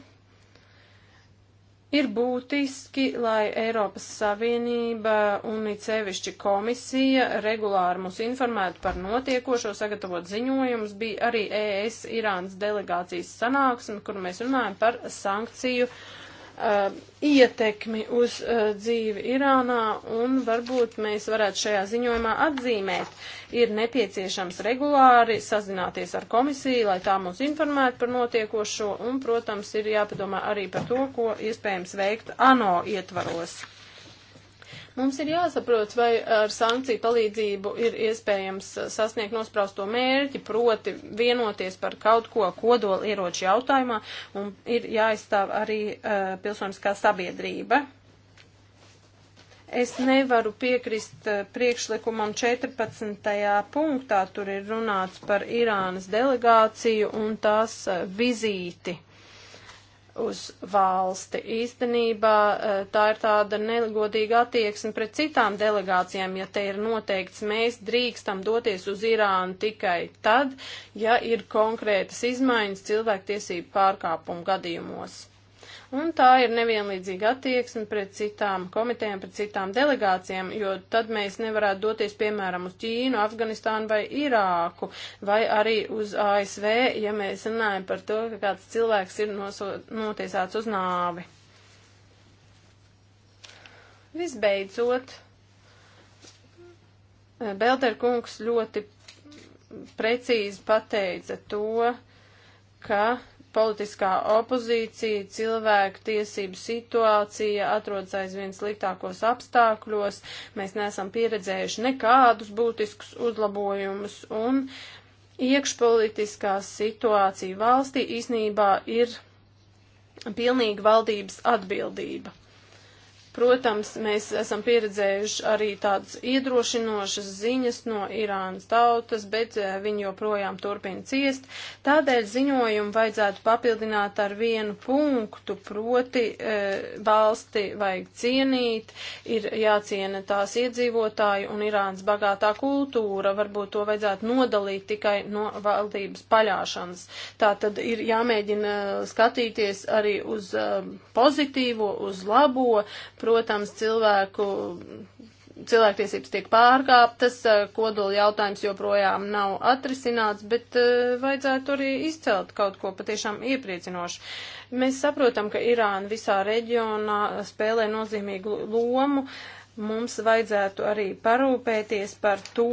Ir būtiski, lai Eiropas Savienība un it sevišķi komisija regulāri mūs informētu par notiekošo, sagatavot ziņojumus. Bija arī ES Irānas delegācijas sanāksme, kur mēs runājam par sankciju uh, uh, ietekmi uz uh, dzīvi Irānā, un varbūt mēs varētu šajā ziņojumā atzīmēt, ir nepieciešams regulāri sazināties ar komisiju, lai tā mūs informētu par notiekošo, un, protams, ir jāpadomā arī par to, ko iespējams veikt ANO ietvaros. Mums ir jāsaprot, vai ar sankciju palīdzību ir iespējams uh, sasniegt nospraustu mērķi, proti vienoties par kaut ko kodoli ieroču jautājumā, un ir jāizstāv arī uh, pilsoniskā sabiedrība. Es nevaru piekrist uh, priekšlikumam 14. punktā, tur ir runāts par Irānas delegāciju un tās uh, vizīti uz valsti. Īstenībā e, tā ir tāda negodīga attieksme pret citām delegācijām, ja te ir noteikts, mēs drīkstam doties uz Irānu tikai tad, ja ir konkrētas izmaiņas cilvēktiesību pārkāpumu gadījumos. Un tā ir nevienlīdzīga attieksme pret citām komitejām, pret citām delegācijām, jo tad mēs nevarētu doties, piemēram, uz Ķīnu, Afganistānu vai Irāku, vai arī uz ASV, ja mēs runājam par to, ka kāds cilvēks ir notiesāts uz nāvi. Visbeidzot, Belderkungs ļoti precīzi pateica to, ka politiskā opozīcija, cilvēku tiesību situācija atrodas aizvien sliktākos apstākļos, mēs neesam pieredzējuši nekādus būtiskus uzlabojumus, un iekšpolitiskā situācija valstī īsnībā ir pilnīgi valdības atbildība. Protams, mēs esam pieredzējuši arī tādas iedrošinošas ziņas no Irānas tautas, bet eh, viņi joprojām turpina ciest. Tādēļ ziņojumu vajadzētu papildināt ar vienu punktu, proti e, valsti vajag cienīt, ir jāciena tās iedzīvotāji un Irānas bagātā kultūra, varbūt to vajadzētu nodalīt tikai no valdības paļāšanas. Tā tad ir jāmēģina eh, skatīties arī uz pozitīvo, uz labo. Proti, protams, cilvēku cilvēktiesības tiek pārkāptas, eh, kodola jautājums joprojām nav atrisināts, bet uh, vajadzētu arī izcelt kaut ko patiešām iepriecinošu. Mēs saprotam, ka Irāna visā reģionā spēlē nozīmīgu lomu. Mums vajadzētu arī parūpēties par to,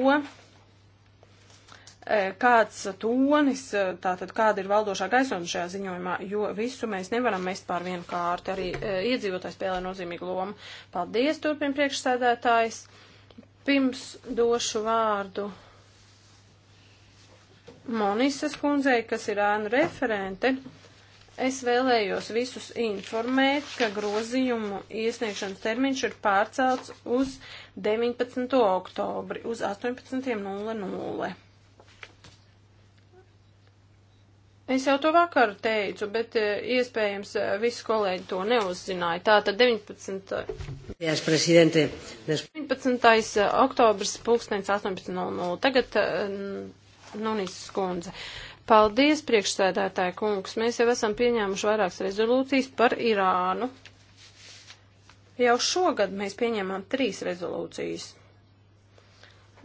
E, kāds tonis, e, tātad kāda ir valdošā gaisotne šajā ziņojumā, jo visu mēs nevaram mest pār vienu kārtu. Arī e, iedzīvotājs spēlē nozīmīgu lomu. Paldies, turpin priekšsēdētājs. Pirms došu vārdu Monisas kundzei, kas ir ēnu referente. Es vēlējos visus informēt, ka grozījumu iesniegšanas termiņš ir pārcelts uz 19. oktobri uz 18.00. Es jau to vakar teicu, bet eh, iespējams eh, visi kolēģi to neuzzināja. Tā tad 19. Jās, prezidente. 19. Eh, oktobrs, pulkstens 18.00. Tagad Nunis skundze. Paldies, priekšsēdētāja kungs. Mēs jau esam pieņēmuši vairākas rezolūcijas par Irānu. Jau šogad mēs pieņēmām trīs rezolūcijas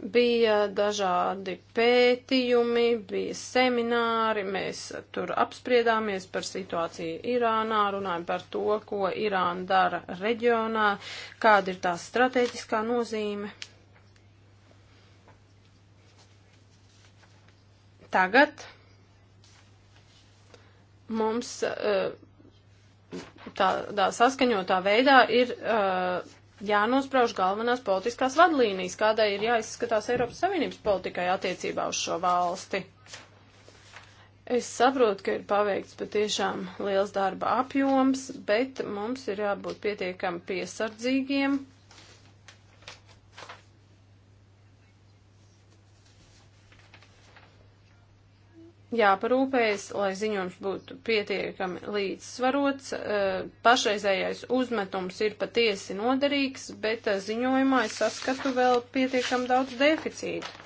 bija dažādi pētījumi, bija semināri, mēs tur apspriedāmies par situāciju Irānā, runājam par to, ko Irāna dara reģionā, kāda ir tās strateģiskā nozīme. Tagad mums eh, tā, tā saskaņotā veidā ir uh, jānosprauž galvenās politiskās vadlīnijas, kādai ir jāizskatās Eiropas Savienības politikai attiecībā uz šo valsti. Es saprotu, ka ir paveikts patiešām liels darba apjoms, bet mums ir jābūt pietiekami piesardzīgiem jāparūpējas, lai ziņojums būtu pietiekami līdzsvarots. Eh, pašreizējais uzmetums ir patiesi noderīgs, bet eh, ziņojumā es saskatu vēl pietiekami daudz deficītu.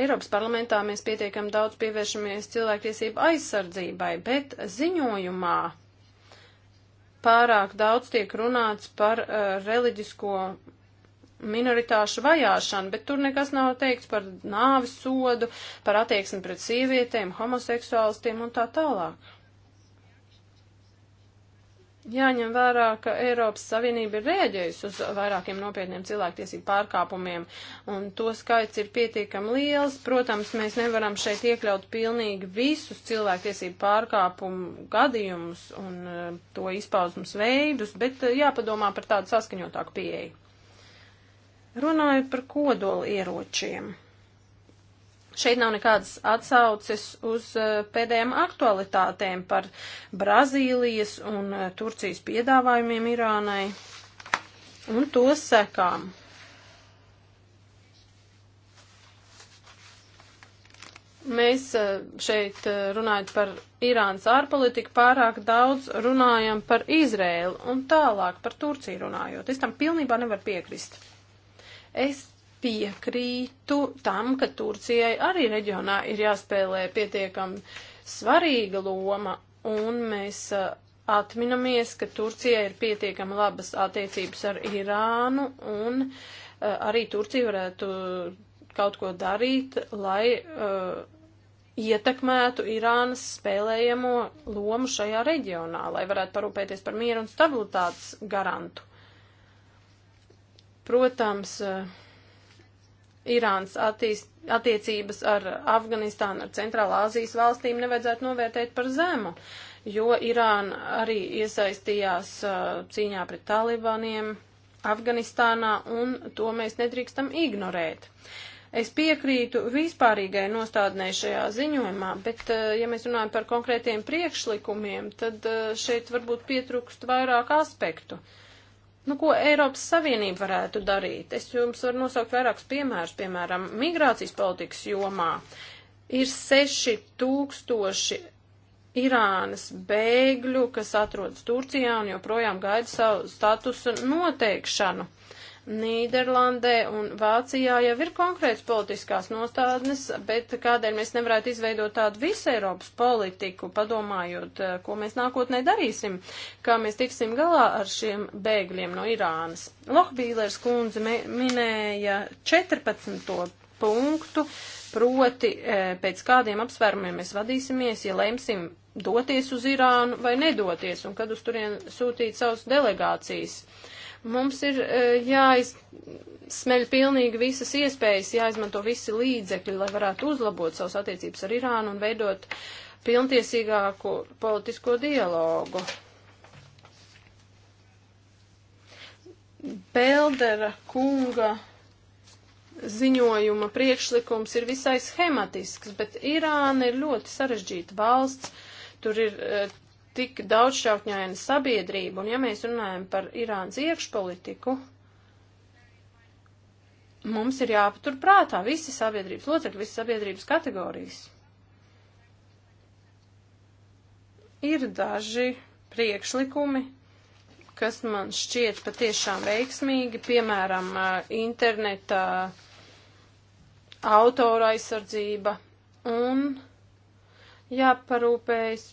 Eiropas parlamentā mēs pietiekami daudz pievēršamies cilvēktiesību aizsardzībai, bet ziņojumā pārāk daudz tiek runāts par uh, reliģisko minoritāšu vajāšanu, bet tur nekas nav teikts par nāvis sodu, par attieksmi pret sievietēm, homoseksuālistiem un tā tālāk. Jāņem vērā, ka Eiropas Savienība ir rēģējusi uz vairākiem nopietniem cilvēktiesību pārkāpumiem, un to skaits ir pietiekami liels. Protams, mēs nevaram šeit iekļaut pilnīgi visus cilvēktiesību pārkāpumu gadījumus un eh, to izpausmas veidus, bet eh, jāpadomā par tādu saskaņotāku pieeju. Runāju par kodoli ieročiem. Šeit nav nekādas atsauces uz eh, pēdējām aktualitātēm par Brazīlijas un eh, Turcijas piedāvājumiem Irānai un to sekām. Mēs eh, šeit runājot par Irānas ārpolitiku pārāk daudz runājam par Izrēlu un tālāk par Turciju runājot. Es tam pilnībā nevaru piekrist. Es piekrītu tam, ka Turcijai arī reģionā ir jāspēlē pietiekami svarīga loma, un mēs uh, atminamies, ka Turcijai ir pietiekami labas attiecības ar Irānu, un uh, arī Turcija varētu kaut ko darīt, lai uh, ietekmētu Irānas spēlējamo lomu šajā reģionā, lai varētu parūpēties par mieru un stabilitātes garantu. Protams, eh, Irānas attīst, attiecības ar Afganistānu, ar Centrālā Azijas valstīm nevajadzētu novērtēt par zemu, jo Irāna arī iesaistījās eh, cīņā pret talibaniem Afganistānā, un to mēs nedrīkstam ignorēt. Es piekrītu vispārīgai nostādnē šajā ziņojumā, bet, eh, ja mēs runājam par konkrētiem priekšlikumiem, tad šeit varbūt pietrūkst vairāk aspektu. Uh, Nu, ko Eiropas Savienība varētu darīt? Es jums varu nosaukt vairākus piemērus, piemēram, migrācijas politikas jomā. Ir seši tūkstoši Irānas bēgļu, kas atrodas Turcijā un joprojām gaida savu statusu noteikšanu. Nīderlandē un Vācijā jau ir konkrēts politiskās nostādnes, bet kādēļ mēs nevarētu izveidot tādu visu Eiropas politiku, padomājot, eh, ko mēs nākotnē darīsim, kā mēs tiksim galā ar šiem bēgļiem no Irānas. Lohbīlers kundze minēja 14. punktu, proti eh, pēc kādiem apsvērumiem mēs vadīsimies, ja lemsim doties uz Irānu vai nedoties, un kad uz turien sūtīt savus delegācijas. Mums ir e, jāizsmeļ pilnīgi visas iespējas, jāizmanto visi līdzekļi, lai varētu uzlabot savus attiecības ar Irānu un veidot pilntiesīgāku politisko dialogu. Beldera kunga ziņojuma priekšlikums ir visai schematisks, bet Irāna ir ļoti sarežģīta valsts, tur ir e, tik daudzšķautņaina sabiedrība, un ja mēs runājam par Irānas iekšpolitiku, mums ir jāpatur prātā visi sabiedrības locekļi, visas sabiedrības kategorijas. Ir daži priekšlikumi, kas man šķiet patiešām veiksmīgi, piemēram, interneta autora aizsardzība un jāparūpējas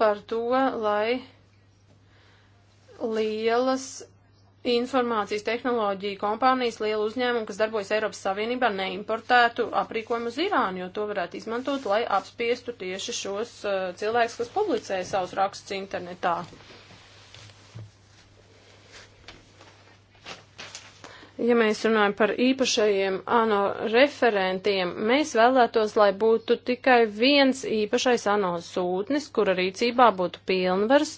par to, lai lielas informācijas tehnoloģiju kompānijas, liela uzņēmuma, kas darbojas Eiropas Savienībā, neimportētu aprīkojumu uz Irānu, jo to varētu izmantot, lai apspiestu tieši šos uh, cilvēkus, kas publicē savus rakstus internetā. Uh, Ja mēs runājam par īpašajiem ANO referentiem, mēs vēlētos, lai būtu tikai viens īpašais ANO sūtnis, kura rīcībā būtu pilnvars,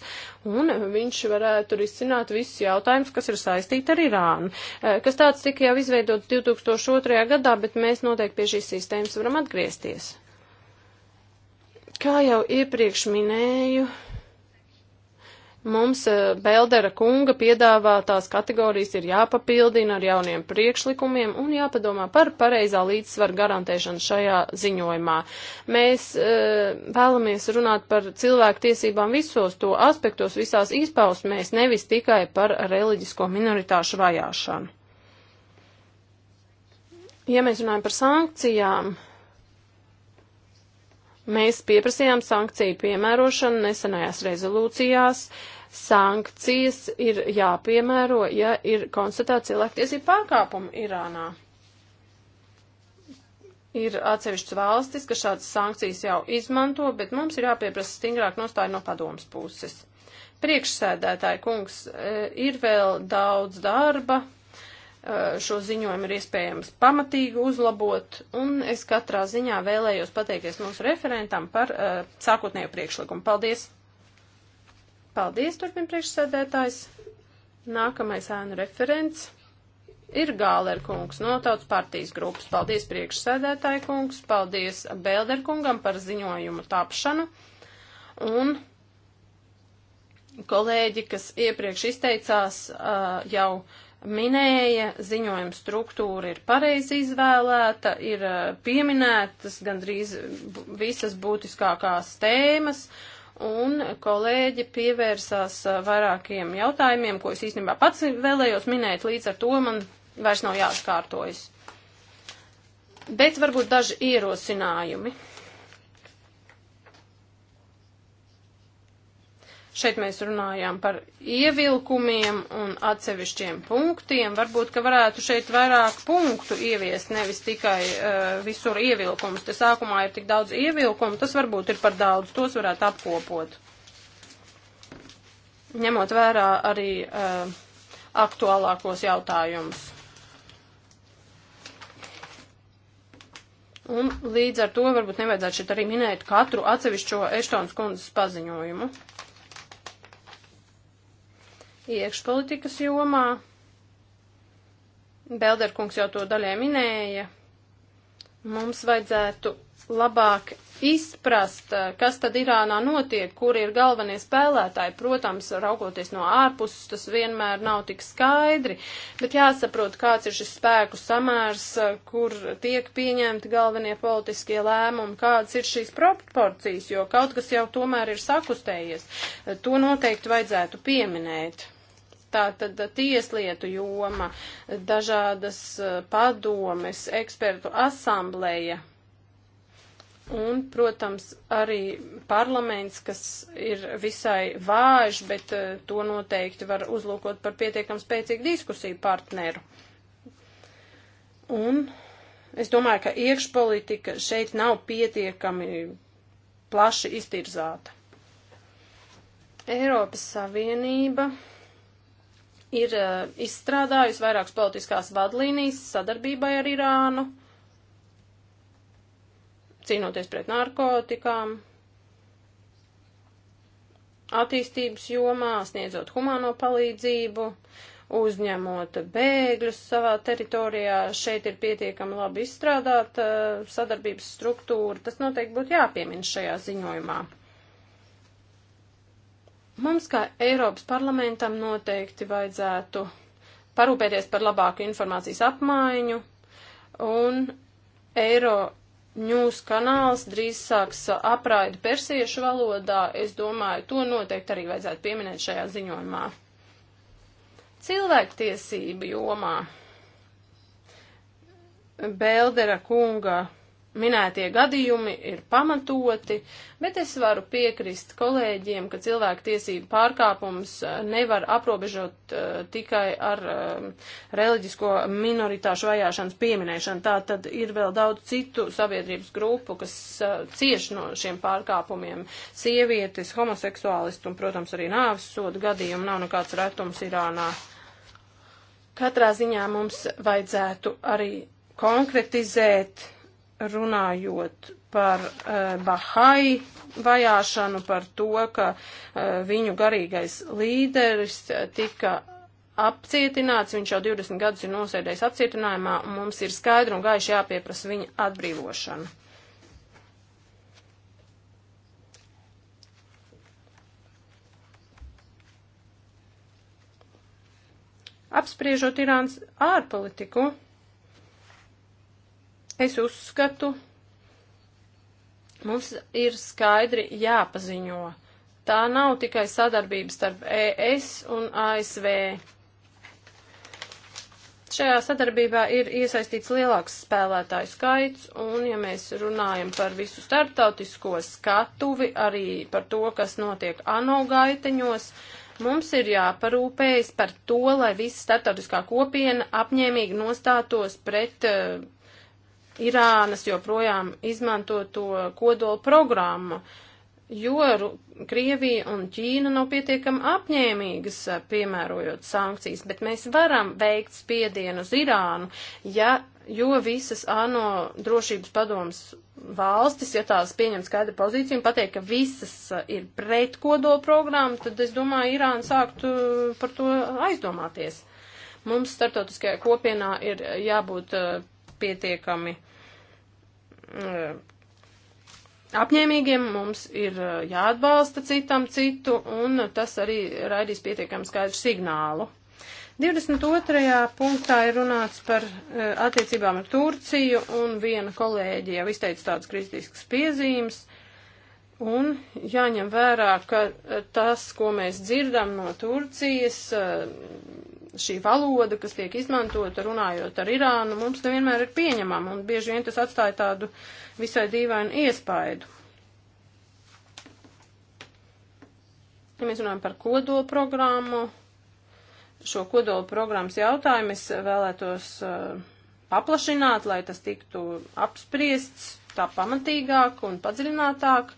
un viņš varētu risināt visus jautājumus, kas ir saistīti ar Irānu. E, kas tāds tika jau izveidots 2002. gadā, bet mēs noteikti pie šīs sistēmas varam atgriezties. Kā jau iepriekš minēju, Mums eh, Beldera kunga piedāvātās kategorijas ir jāpapildina ar jauniem priekšlikumiem un jāpadomā par pareizā līdzsvaru garantēšanu šajā ziņojumā. Mēs eh, vēlamies runāt par cilvēku tiesībām visos to aspektos, visās izpausmēs, nevis tikai par reliģisko minoritāšu vajāšanu. Ja mēs runājam par sankcijām, Mēs pieprasījām sankciju piemērošanu nesenajās rezolūcijās. Sankcijas ir jāpiemēro, ja ir konstatēta cilvēktiesība pārkāpuma Irānā. Ir atsevišķas valstis, kas šādas sankcijas jau izmanto, bet mums ir jāpieprasa stingrāk nostāja no padomas puses. Priekšsēdētāji kungs, eh, ir vēl daudz darba, šo ziņojumu ir iespējams pamatīgi uzlabot, un es katrā ziņā vēlējos pateikties mūsu referentam par uh, sākotnējo priekšlikumu. Paldies! Paldies, turpin priekšsēdētājs! Nākamais ēnu referents ir Gāler kungs no Tautas partijas grupas. Paldies priekšsēdētāji kungs, paldies Bēlder kungam par ziņojumu tapšanu. Un kolēģi, kas iepriekš izteicās, uh, jau minēja, ziņojuma struktūra ir pareizi izvēlēta, ir eh, pieminētas gandrīz visas būtiskākās tēmas, un kolēģi pievērsās eh, vairākiem jautājumiem, ko es īstenībā pats vēlējos minēt, līdz ar to man vairs nav jāatkārtojas. Bet varbūt daži ierosinājumi. Šeit mēs runājām par ievilkumiem un atsevišķiem punktiem. Varbūt, ka varētu šeit vairāk punktu ieviest, nevis tikai uh, visur ievilkumus. Te sākumā ir tik daudz ievilkumu, tas varbūt ir par daudz, tos varētu apkopot. Ņemot vērā arī uh, aktuālākos jautājumus. Un līdz ar to varbūt nevajadzētu šeit arī minēt katru atsevišķo Eštons kundzes paziņojumu iekšpolitikas jomā. Belderkungs jau to daļai minēja. Mums vajadzētu labāk izprast, eh, kas tad Irānā notiek, kur ir galvenie spēlētāji. Protams, raugoties no ārpuses, tas vienmēr nav tik skaidri, bet jāsaprot, kāds ir šis spēku samērs, eh, kur tiek pieņemti galvenie politiskie lēmumi, kādas ir šīs proporcijas, jo kaut kas jau tomēr ir sakustējies. Eh, to noteikti vajadzētu pieminēt tātad tieslietu joma, dažādas padomes, ekspertu asambleja. Un, protams, arī parlaments, kas ir visai vājš, bet eh, to noteikti var uzlūkot par pietiekam spēcīgu diskusiju partneru. Un es domāju, ka iekšpolitika šeit nav pietiekami plaši iztirzāta. Eiropas Savienība ir uh, izstrādājusi vairākas politiskās vadlīnijas sadarbībai ar Irānu cīnoties pret narkotikām, attīstības jomā, sniedzot humāno palīdzību, uzņemot bēgļus savā teritorijā. Šeit ir pietiekami labi izstrādāta eh, sadarbības struktūra. Tas noteikti būtu jāpiemina šajā ziņojumā. Mums, kā Eiropas parlamentam, noteikti vajadzētu parūpēties par labāku informācijas apmaiņu un Eiro ņūs kanāls drīz sāks apraidi persiešu valodā. Es domāju, to noteikti arī vajadzētu pieminēt šajā ziņojumā. Cilvēktiesība jomā. Beldera kunga minētie gadījumi ir pamatoti, bet es varu piekrist kolēģiem, ka cilvēku tiesību pārkāpums eh, nevar aprobežot uh, tikai ar uh, reliģisko minoritāšu vajāšanas pieminēšanu. Tā tad ir vēl daudz citu sabiedrības grupu, kas uh, cieš no šiem pārkāpumiem - sievietes, homoseksuālisti un, protams, arī nāves sodu gadījumi nav nekāds retums Irānā. Katrā ziņā mums vajadzētu arī konkretizēt runājot par uh, Bahai vajāšanu, par to, ka uh, viņu garīgais līderis eh, tika apcietināts, viņš jau 20 gadus ir nosēdējis apcietinājumā, un mums ir skaidri un gaiši jāpieprasa viņa atbrīvošana. Apspriežot Irānas ārpolitiku, Es uzskatu, mums ir skaidri jāpaziņo. Tā nav tikai sadarbība starp ES un ASV. Šajā sadarbībā ir iesaistīts lielāks spēlētāju skaits, un ja mēs runājam par visu starptautisko skatuvi, arī par to, kas notiek ANO gaiteņos, mums ir jāparūpējas par to, lai visa starptautiskā kopiena apņēmīgi nostātos pret uh, Irānas joprojām izmanto to kodolu programmu, jo Krievija un Ķīna nav pietiekami apņēmīgas eh, piemērojot sankcijas, bet mēs varam veikt spiedienu uz Irānu, ja, jo visas ANO drošības padomas valstis, ja tās pieņem skaidru pozīciju un pateikt, ka visas eh, ir pret kodolu programmu, tad es domāju, Irāna sāktu eh, par to aizdomāties mums startautiskajā kopienā ir jābūt pietiekami eh, apņēmīgiem, mums ir eh, jāatbalsta citam citu, un tas arī raidīs pietiekami skaidru signālu. 22. punktā ir runāts par eh, attiecībām ar Turciju, un viena kolēģi jau izteica tādas kritiskas piezīmes, un jāņem vērā, ka tas, ko mēs dzirdam no Turcijas, šī valoda, kas tiek izmantota runājot ar Irānu, mums nevienmēr ir pieņemama, un bieži vien tas atstāja tādu visai dīvainu iespaidu. Ja mēs runājam par kodolu programmu, šo kodolu programmas jautājumu es vēlētos uh, paplašināt, lai tas tiktu apspriests tā pamatīgāk un padziļinātāk.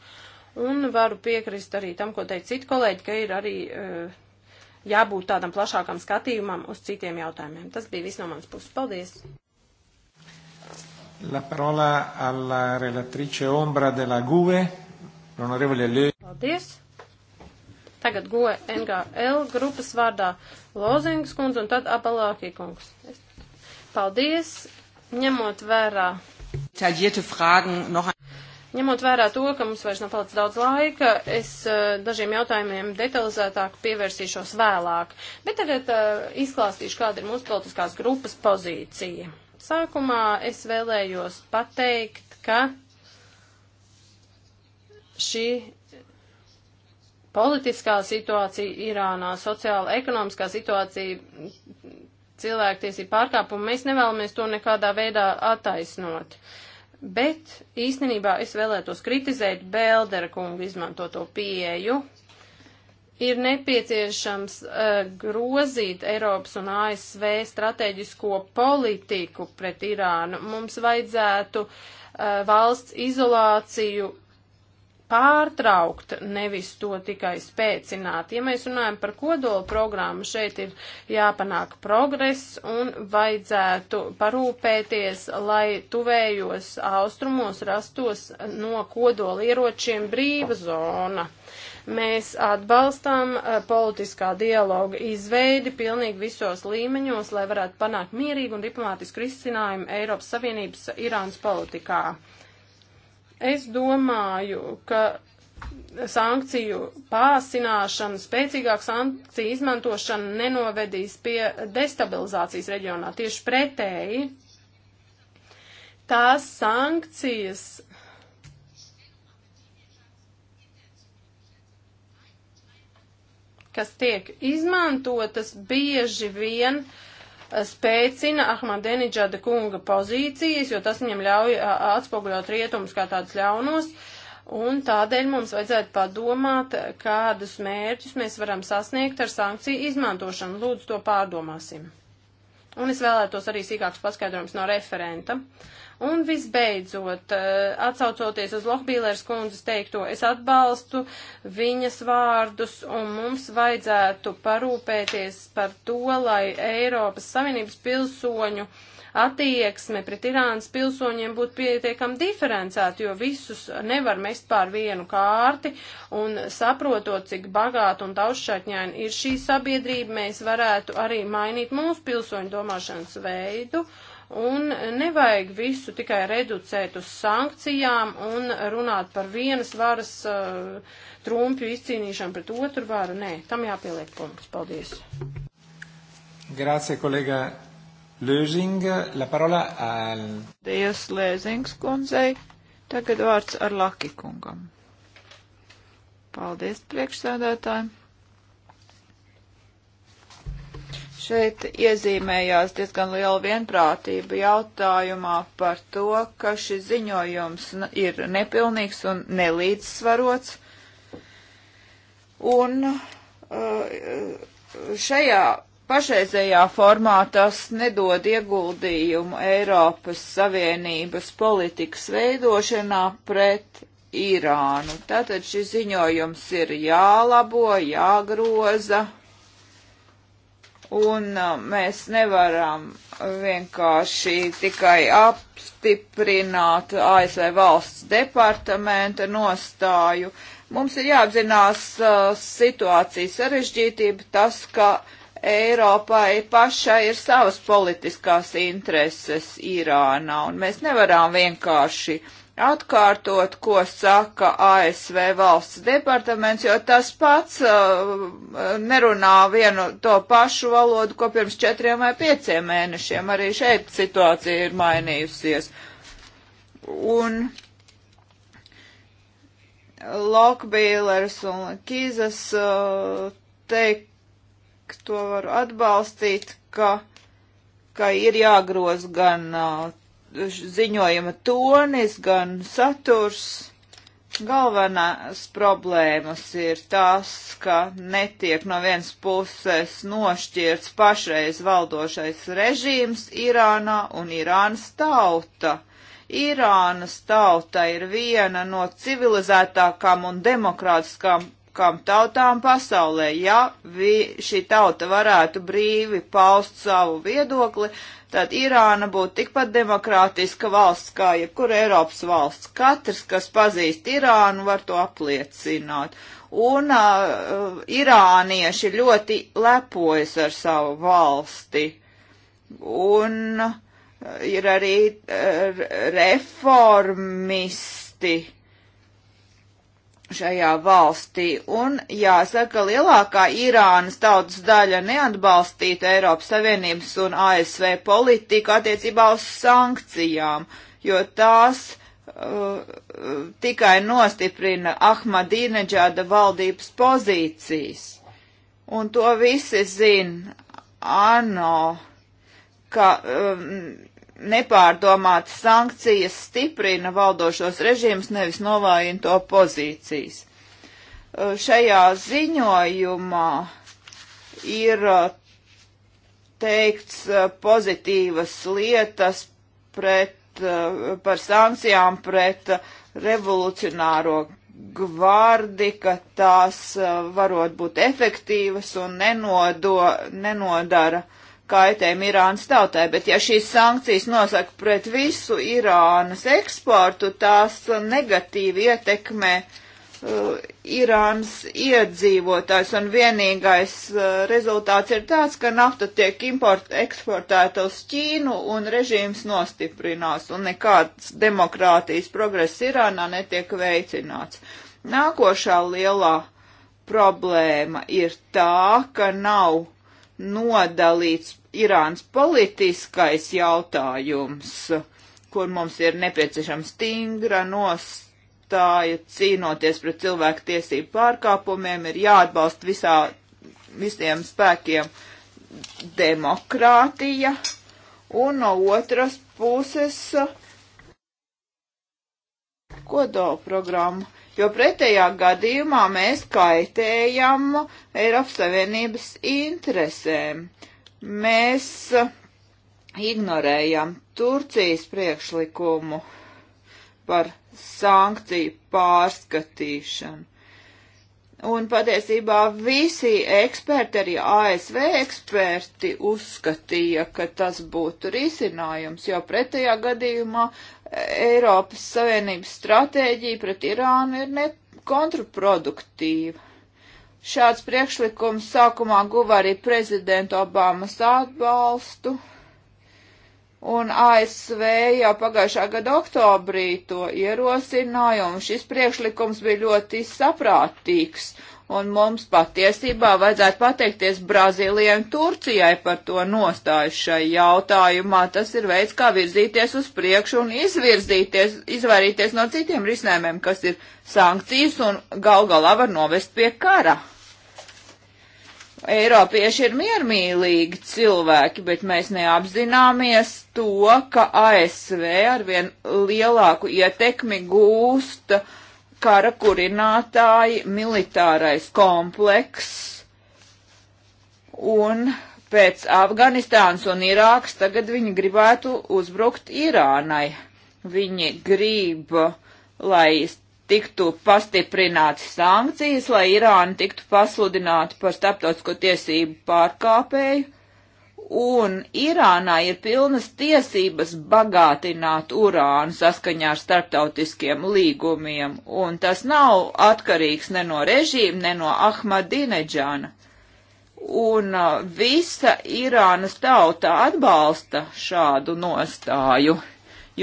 Un varu piekrist arī tam, ko teica citi kolēģi, ka ir arī uh, jābūt tādam plašākam skatījumam uz citiem jautājumiem. Tas bija viss no manas puses. Paldies! La parola alla relatrice ombra della GUE, l'onorevole Le. Paldies. Tagad GUE NGL grupas vārdā Lozings kundze un tad Apalākī kungs. Paldies, ņemot vērā. Ņemot vērā to, ka mums vairs nav palicis daudz laika, es eh, dažiem jautājumiem detalizētāk pievērsīšos vēlāk. Bet tagad uh, izklāstīšu, kāda ir mūsu politiskās grupas pozīcija. Sākumā es vēlējos pateikt, ka šī politiskā situācija Irānā, sociāla, ekonomiskā situācija, cilvēktiesība pārkāpuma, mēs nevēlamies to nekādā veidā attaisnot. Uh, Bet īstenībā es vēlētos kritizēt Bēldera kungu izmantoto pieeju. Ir nepieciešams uh, grozīt Eiropas un ASV strateģisko politiku pret Irānu. Mums vajadzētu uh, valsts izolāciju pārtraukt, nevis to tikai spēcināt. Ja mēs runājam par kodolu programmu, šeit ir jāpanāk progress un vajadzētu parūpēties, lai tuvējos austrumos rastos no kodola ieročiem brīva zona. Mēs atbalstām uh, politiskā dialoga izveidi pilnīgi visos līmeņos, lai varētu panākt mierīgu un diplomātisku risinājumu Eiropas Savienības Irānas politikā. Es domāju, ka sankciju pāsināšana, spēcīgāk sankciju izmantošana nenovedīs pie destabilizācijas reģionā. Tieši pretēji, tās sankcijas. kas tiek izmantotas bieži vien uh, spēcina Ahmadeniģada kunga pozīcijas, jo tas viņam ļauj atspoguļot rietumus kā tādus ļaunos. Un tādēļ mums vajadzētu padomāt, kādus mērķus mēs varam sasniegt ar sankciju izmantošanu. Lūdzu, to pārdomāsim. Un es vēlētos arī sīkāks paskaidrojums no referenta. Uh, Un visbeidzot, eh, atsaucoties uz Lohbīlērs kundzes teikto, es atbalstu viņas vārdus un mums vajadzētu parūpēties par to, lai Eiropas Savienības pilsoņu attieksme pret Irānas pilsoņiem būtu pietiekami diferencēta, jo visus nevar mest pār vienu kārti un saprotot, cik bagāta un daudzšķaitņaina ir šī sabiedrība, mēs varētu arī mainīt mūsu pilsoņu domāšanas veidu un nevajag visu tikai reducēt uz sankcijām un runāt par vienas varas uh, trumpju izcīnīšanu pret otru varu. Nē, tam jāpieliek punkts. Paldies. Grazie, kolēģa Lēzing. La parola al... Dievs Lēzings kundzei. Tagad vārds ar Laki kungam. Paldies priekšsēdētājiem. Šeit iezīmējās diezgan liela vienprātība jautājumā par to, ka šis ziņojums ir nepilnīgs un nelīdzsvarots. Un uh, šajā pašreizējā formā tas nedod ieguldījumu Eiropas Savienības politikas veidošanā pret Irānu. Tātad šis ziņojums ir jālabo, jāgroza un uh, mēs nevaram vienkārši tikai apstiprināt ASV valsts departamenta nostāju. Mums ir jāapzinās uh, situācijas sarežģītība, tas, ka Eiropai pašai ir savas politiskās intereses Irānā, un mēs nevaram vienkārši uh, atkārtot, ko saka ASV valsts departaments, jo tas pats uh, nerunā vienu to pašu valodu, ko pirms četriem vai pieciem mēnešiem. Arī šeit situācija ir mainījusies. Un Lokbīlers un Kīzas uh, teikt, to varu atbalstīt, ka, ka ir jāgroz gan uh, ziņojuma tonis, gan saturs. Galvenās problēmas ir tās, ka netiek no vienas puses nošķirts pašreiz valdošais režīms Irānā un Irānas tauta. Irānas tauta ir viena no civilizētākām un demokrātiskām kam tautām pasaulē. Ja vi, šī tauta varētu brīvi paust savu viedokli, tad Irāna būtu tikpat demokrātiska valsts kā jebkura Eiropas valsts. Katrs, kas pazīst Irānu, var to apliecināt. Un uh, irānieši ļoti lepojas ar savu valsti. Un uh, ir arī uh, reformisti šajā valstī. Un jāsaka, lielākā Irānas tautas daļa neatbalstīt Eiropas Savienības un ASV politiku attiecībā uz sankcijām, jo tās uh, tikai nostiprina Ahmadīneģāda valdības pozīcijas. Un to visi zina ANO, ka um, nepārdomātas sankcijas stiprina valdošos režīmus, nevis novājina to pozīcijas. Uh, šajā ziņojumā ir uh, teikts uh, pozitīvas lietas pret, par sankcijām pret revolucionāro gvardi, ka tās varot būt efektīvas un nenodo, nenodara uh, kaitējumu Irānas tautai, bet ja šīs sankcijas nosaka pret visu Irānas eksportu, tās negatīvi ietekmē uh, Irānas iedzīvotājs, un vienīgais uh, rezultāts ir tāds, ka nafta tiek import, eksportēta uz Ķīnu, un režīms nostiprinās, un nekāds demokrātijas progress Irānā netiek veicināts. Nākošā lielā problēma ir tā, ka nav nodalīts Irānas politiskais jautājums, kur mums ir nepieciešama stingra nostāja cīnoties pret cilvēku tiesību pārkāpumiem, ir jāatbalsta visā, visiem spēkiem demokrātija, un no otras puses kodola programma jo pretējā gadījumā mēs kaitējam Eiropas Savienības interesēm. Mēs eh, ignorējam Turcijas priekšlikumu par sankciju pārskatīšanu. Un patiesībā visi eksperti, arī ASV eksperti, uzskatīja, ka tas būtu risinājums, jo pretējā gadījumā Eiropas Savienības stratēģija pret Irānu ir kontraproduktīva. Šāds priekšlikums sākumā guva arī prezidenta Obamas atbalstu, un ASV jau pagājušā gada oktobrī to ierosināja, un šis priekšlikums bija ļoti saprātīgs un mums patiesībā vajadzētu pateikties Brazīlijai un Turcijai par to nostāju šai jautājumā. Tas ir veids, kā virzīties uz priekšu un izvirzīties, izvairīties no citiem risinājumiem, kas ir sankcijas un gal galā var novest pie kara. Eiropieši ir miermīlīgi cilvēki, bet mēs neapzināmies to, ka ASV arvien lielāku ietekmi gūsta uh, kara kurinātāji, militārais kompleks un pēc Afganistānas un Irākas tagad viņi gribētu uzbrukt Irānai. Viņi grib, lai tiktu pastiprināts sankcijas, lai Irāna tiktu pasludināta par starptautisko tiesību pārkāpēju un Irānā ir pilnas tiesības bagātināt urānu saskaņā ar starptautiskiem līgumiem, un tas nav atkarīgs ne no režīma, ne no Ahmadineģāna. Un uh, visa Irānas tauta atbalsta šādu nostāju,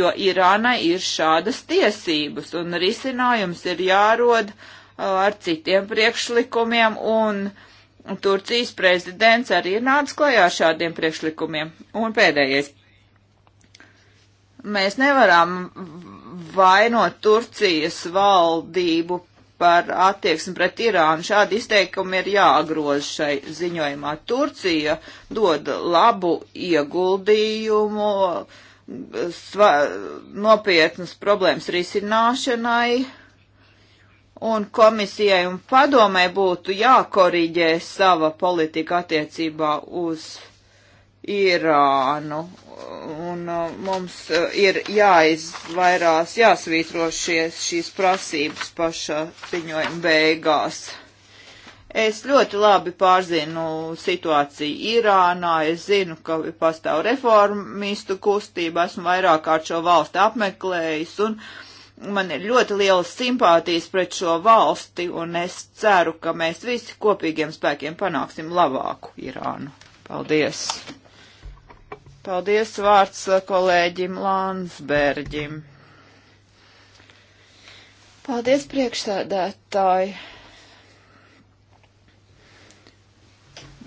jo Irānai ir šādas tiesības, un risinājums ir jārod uh, ar citiem priekšlikumiem un uh, Turcijas prezidents arī ir nācis klajā ar šādiem priekšlikumiem. Un pēdējais. Mēs nevaram vainot Turcijas valdību par attieksmi pret Irānu. Šādi izteikumi ir jāagroz šai ziņojumā. Turcija dod labu ieguldījumu, sva, nopietnas problēmas risināšanai un komisijai un padomē būtu jākoriģē sava politika attiecībā uz Irānu. Un uh, mums uh, ir jāizvairās, jāsvītro šies, šīs prasības pašā ziņojuma beigās. Es ļoti labi pārzinu situāciju Irānā, es zinu, ka pastāv reformistu kustība, esmu vairāk kārt šo valstu apmeklējis un uh, man ir ļoti liela simpātijas pret šo valsti, un es ceru, ka mēs visi kopīgiem spēkiem panāksim labāku Irānu. Paldies! Paldies vārds eh, kolēģim Lansberģim. Paldies priekšsēdētāji.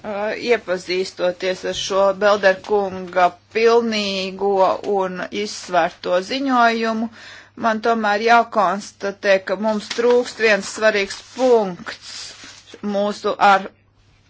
Eh, iepazīstoties ar šo Belderkunga pilnīgo un izsvērto ziņojumu, uh, man tomēr jākonstatē, ka mums trūkst viens svarīgs punkts mūsu ar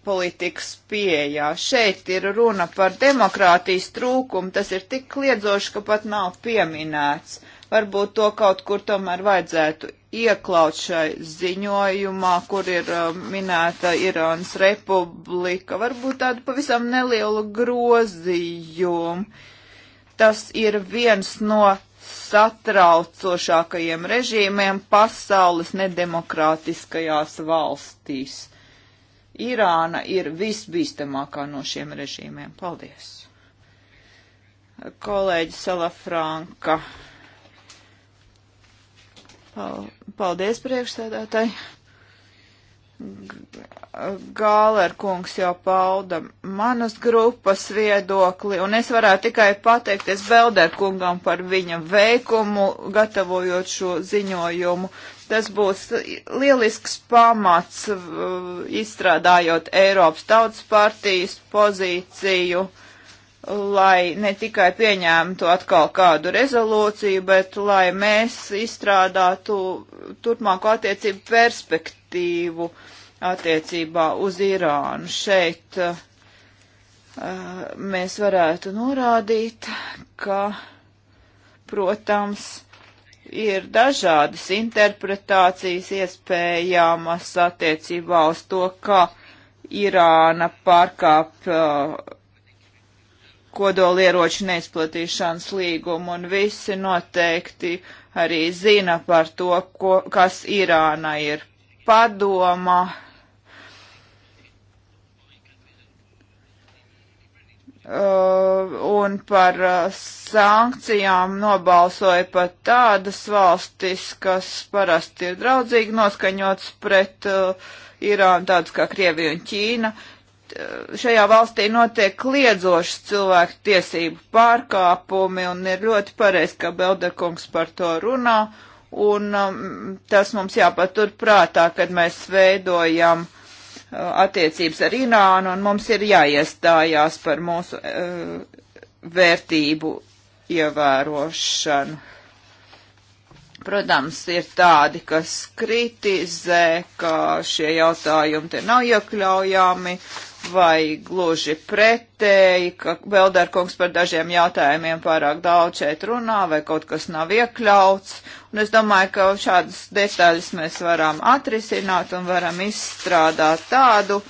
politikas pieejā. Šeit ir runa par demokrātijas trūkumu, tas ir tik kliedzoši, ka pat nav pieminēts. Varbūt to kaut kur tomēr vajadzētu iekļaut šai ziņojumā, kur ir uh, minēta Irānas republika, varbūt tādu pavisam nelielu grozījumu. Tas ir viens no satraucošākajiem režīmiem pasaules nedemokrātiskajās valstīs. Irāna ir visbīstamākā no šiem režīmiem. Paldies! Kolēģi Salafranka. Paldies priekšsēdētāji! Gālerkungs jau pauda manas grupas viedokli, un es varētu tikai pateikties Belderkungam par viņa veikumu, gatavojot šo ziņojumu. Tas būs lielisks pamats, uh, izstrādājot Eiropas tautas partijas pozīciju, lai ne tikai pieņēmtu atkal kādu rezolūciju, bet lai mēs izstrādātu turpmāko attiecību perspektīvu perspektīvu attiecībā uz Irānu. Šeit uh, mēs varētu norādīt, ka, protams, ir dažādas interpretācijas iespējamas attiecībā uz to, kā Irāna pārkāp uh, kodolieroču neizplatīšanas līgumu, un visi noteikti arī zina par to, ko, kas Irāna ir padoma uh, un par uh, sankcijām nobalsoja pat tādas valstis, kas parasti ir draudzīgi noskaņots pret uh, Irānu, tādas kā Krievija un Ķīna. Šajā valstī notiek kliedzošas cilvēku tiesību pārkāpumi, un ir ļoti pareizi, ka Belderkungs par to runā un um, tas mums jāpatur prātā, kad mēs veidojam uh, attiecības ar Irānu, un mums ir jāiestājās par mūsu uh, vērtību ievērošanu. Protams, ir tādi, kas kritizē, ka šie jautājumi te nav iekļaujami vai gluži pretēji, ka Belderkungs par dažiem jautājumiem pārāk daudz šeit runā, vai kaut kas nav iekļauts. Un es domāju, ka šādas detaļas mēs varam atrisināt un varam izstrādāt tādu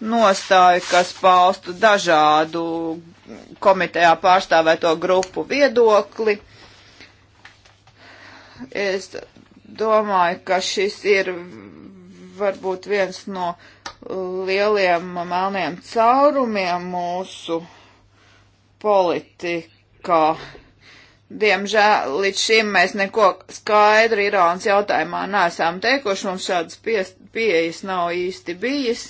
nostāju, kas paustu dažādu komitejā pārstāvēto grupu viedokli. Es domāju, ka šis ir varbūt viens no uh, lieliem melniem caurumiem mūsu politikā. Diemžēl līdz šim mēs neko skaidru Irānas jautājumā nesam teikuši, mums šādas pie, pieejas nav īsti bijis.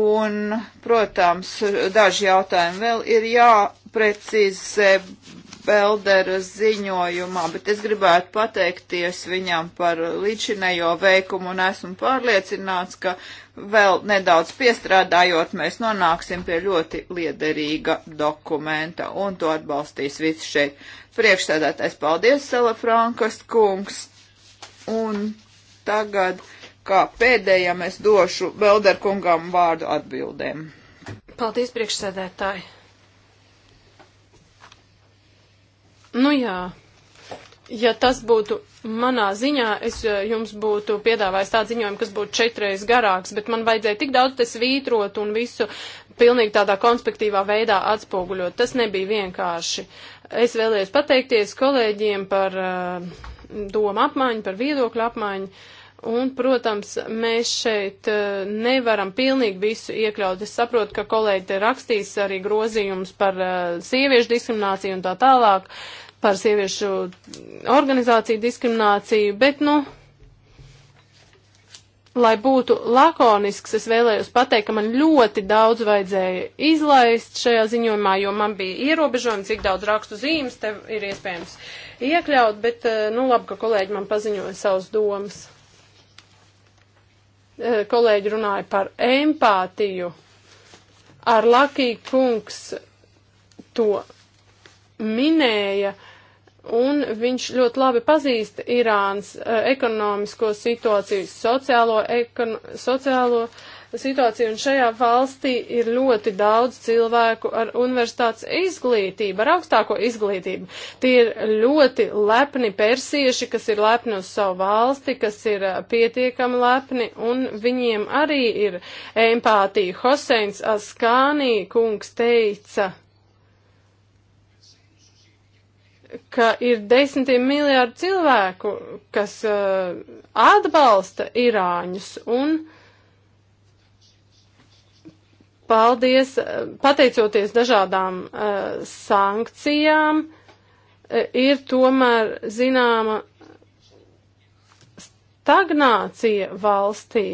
Un, protams, daži jautājumi vēl ir jāprecizē, Beldera ziņojumā, bet es gribētu pateikties viņam par līdzinējo veikumu un esmu pārliecināts, ka vēl nedaudz piestrādājot, mēs nonāksim pie ļoti liederīga dokumenta un to atbalstīs viss šeit. Priekšsēdētais paldies, Sela Frankas kungs. Un tagad, kā pēdējam, es došu Belderkungam vārdu atbildēm. Paldies, priekšsēdētāji! Nu jā, ja tas būtu manā ziņā, es eh, jums būtu piedāvājis tādu ziņojumu, kas būtu četreiz garāks, bet man vajadzēja tik daudz te svītrot un visu pilnīgi tādā konspektīvā veidā atspoguļot. Tas nebija vienkārši. Es vēlējos pateikties kolēģiem par uh, domu apmaiņu, par viedokļu apmaiņu. Uh, Un, protams, mēs šeit eh, nevaram pilnīgi visu iekļaut. Es saprotu, ka kolēģi te rakstīs arī grozījumus par eh, sieviešu diskrimināciju un tā tālāk, par sieviešu organizāciju diskrimināciju, bet, nu, lai būtu lakonisks, es vēlējos pateikt, ka man ļoti daudz vajadzēja izlaist šajā ziņojumā, jo man bija ierobežojumi, cik daudz rakstu zīmes tev ir iespējams iekļaut, bet, eh, nu, labi, ka kolēģi man paziņoja savas domas. Eh, kolēģi runāja par empātiju. Ar Lakī kungs to minēja, un viņš ļoti labi pazīst Irānas eh, ekonomisko situāciju, sociālo, ekon, sociālo uh, situācija, un šajā valstī ir ļoti daudz cilvēku ar universitātes izglītību, ar augstāko izglītību. Tie ir ļoti lepni persieši, kas ir lepni uz savu valsti, kas ir pietiekami lepni, un viņiem arī ir empātija. Hoseins Askānī kungs teica, ka ir desmitiem miljārdu cilvēku, kas uh, atbalsta Irāņus, un paldies, pateicoties dažādām uh, sankcijām, eh, ir tomēr zināma stagnācija valstī.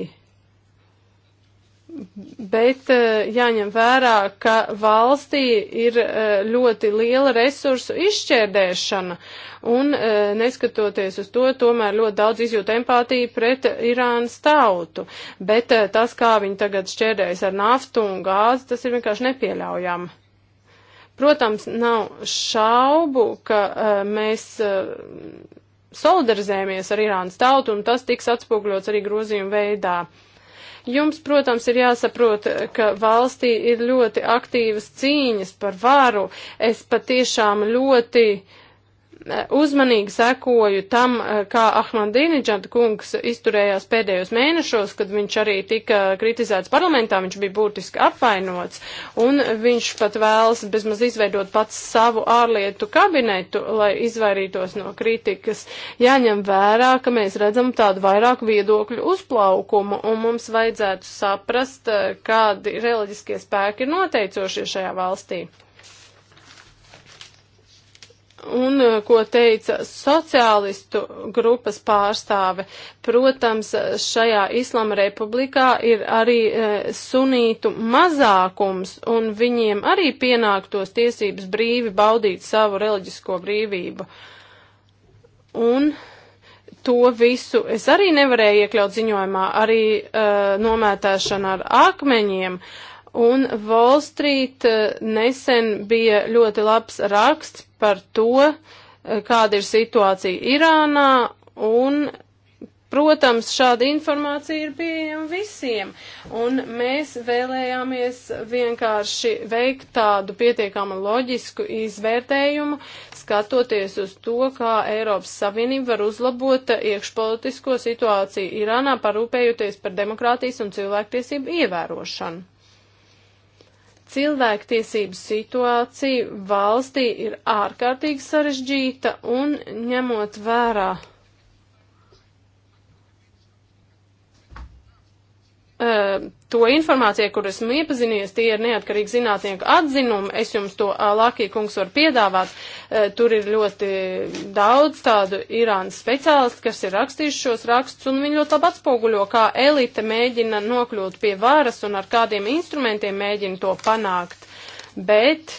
Bet eh, jāņem vērā, ka valstī ir ļoti liela resursu izšķērdēšana, un e, neskatoties uz to, tomēr ļoti daudz izjūt empātiju pret Irānas tautu. Bet e, tas, kā viņi tagad šķērdējas ar naftu un gāzi, tas ir vienkārši nepieļaujami. Protams, nav šaubu, ka e, mēs. E, solidarizējamies ar Irānas tautu, un tas tiks atspoguļots arī grozījuma veidā. Jums, protams, ir jāsaprot, ka valstī ir ļoti aktīvas cīņas par varu. Es patiešām ļoti uh, uzmanīgi sekoju tam, eh, kā Ahmadīniģanta kungs izturējās pēdējos mēnešos, kad viņš arī tika kritizēts parlamentā, viņš bija būtiski apvainots, un viņš pat vēlas bezmaz izveidot pats savu ārlietu kabinetu, lai izvairītos no kritikas. Jāņem vērā, ka mēs redzam tādu vairāk viedokļu uzplaukumu, un mums vajadzētu saprast, eh, kādi reliģiskie spēki ir noteicošie šajā valstī un uh, ko teica sociālistu grupas pārstāve. Protams, šajā Islama republikā ir arī e, sunītu mazākums, un viņiem arī pienāktos tiesības brīvi baudīt savu reliģisko brīvību. Un to visu es arī nevarēju iekļaut ziņojumā, arī uh, e, nomētēšana ar akmeņiem. Uh, Un Wall Street eh, nesen bija ļoti labs raksts par to, eh, kāda ir situācija Irānā un Protams, šāda informācija ir pieejama visiem, un mēs vēlējāmies vienkārši veikt tādu pietiekamu loģisku izvērtējumu, skatoties uz to, kā Eiropas Savienība var uzlabot iekšpolitisko situāciju Irānā, parūpējoties par demokrātijas un cilvēktiesību ievērošanu cilvēktiesību situācija valstī ir ārkārtīgi sarežģīta un ņemot vērā to informāciju, kur esmu iepazinies, tie ir neatkarīgi zinātnieku atzinumi. Es jums to Lakija kungs var piedāvāt. Tur ir ļoti daudz tādu Irānas speciālistu, kas ir rakstījuši šos rakstus, un viņi ļoti labi atspoguļo, kā elite mēģina nokļūt pie varas un ar kādiem instrumentiem mēģina to panākt. Bet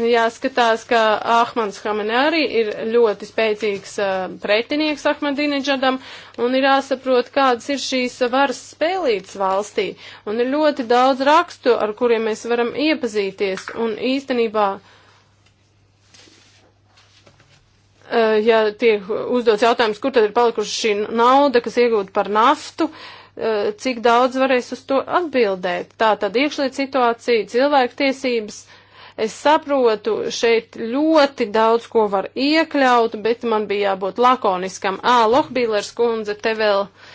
jāskatās, ka Ahmans Hamene arī ir ļoti spēcīgs uh, pretinieks Ahmadinečadam, un ir jāsaprot, kādas ir šīs varas spēlītas valstī, un ir ļoti daudz rakstu, ar kuriem mēs varam iepazīties, un īstenībā, uh, ja tiek uzdots jautājums, kur tad ir palikuši šī nauda, kas iegūta par naftu, uh, cik daudz varēs uz to atbildēt. Tā tad iekšliet situācija, cilvēktiesības, tiesības, Es saprotu, šeit ļoti daudz ko var iekļaut, bet man bija jābūt lakoniskam. Ā, Lohbīlers kundze, te vēl. Uh,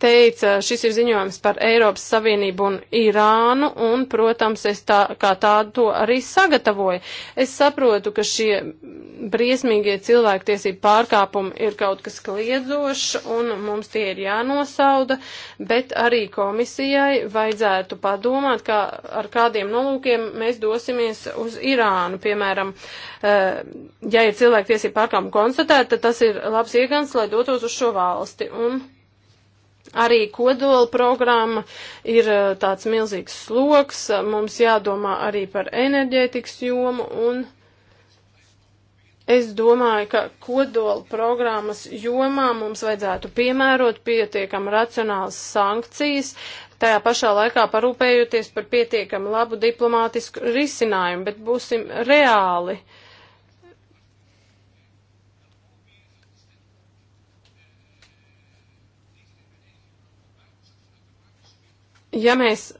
teica, šis ir ziņojums par Eiropas Savienību un Irānu, un, protams, es tā, kā tādu to arī sagatavoju. Es saprotu, ka šie briesmīgie cilvēktiesību pārkāpumi ir kaut kas kliedzošs, un mums tie ir jānosauda, bet arī komisijai vajadzētu padomāt, kā ar kādiem nolūkiem mēs dosimies uz Irānu. Piemēram, eh, ja ir cilvēktiesību pārkāpumi konstatēti, tad tas ir labs iegans, lai dotos uz šo valsti. Un Arī kodola programma ir eh, tāds milzīgs sloks, mums jādomā arī par enerģētikas jomu un Es domāju, ka kodola programmas jomā mums vajadzētu piemērot pietiekam racionāls sankcijas, tajā pašā laikā parūpējoties par pietiekam labu diplomātisku risinājumu, bet būsim reāli. Uh, Ja mēs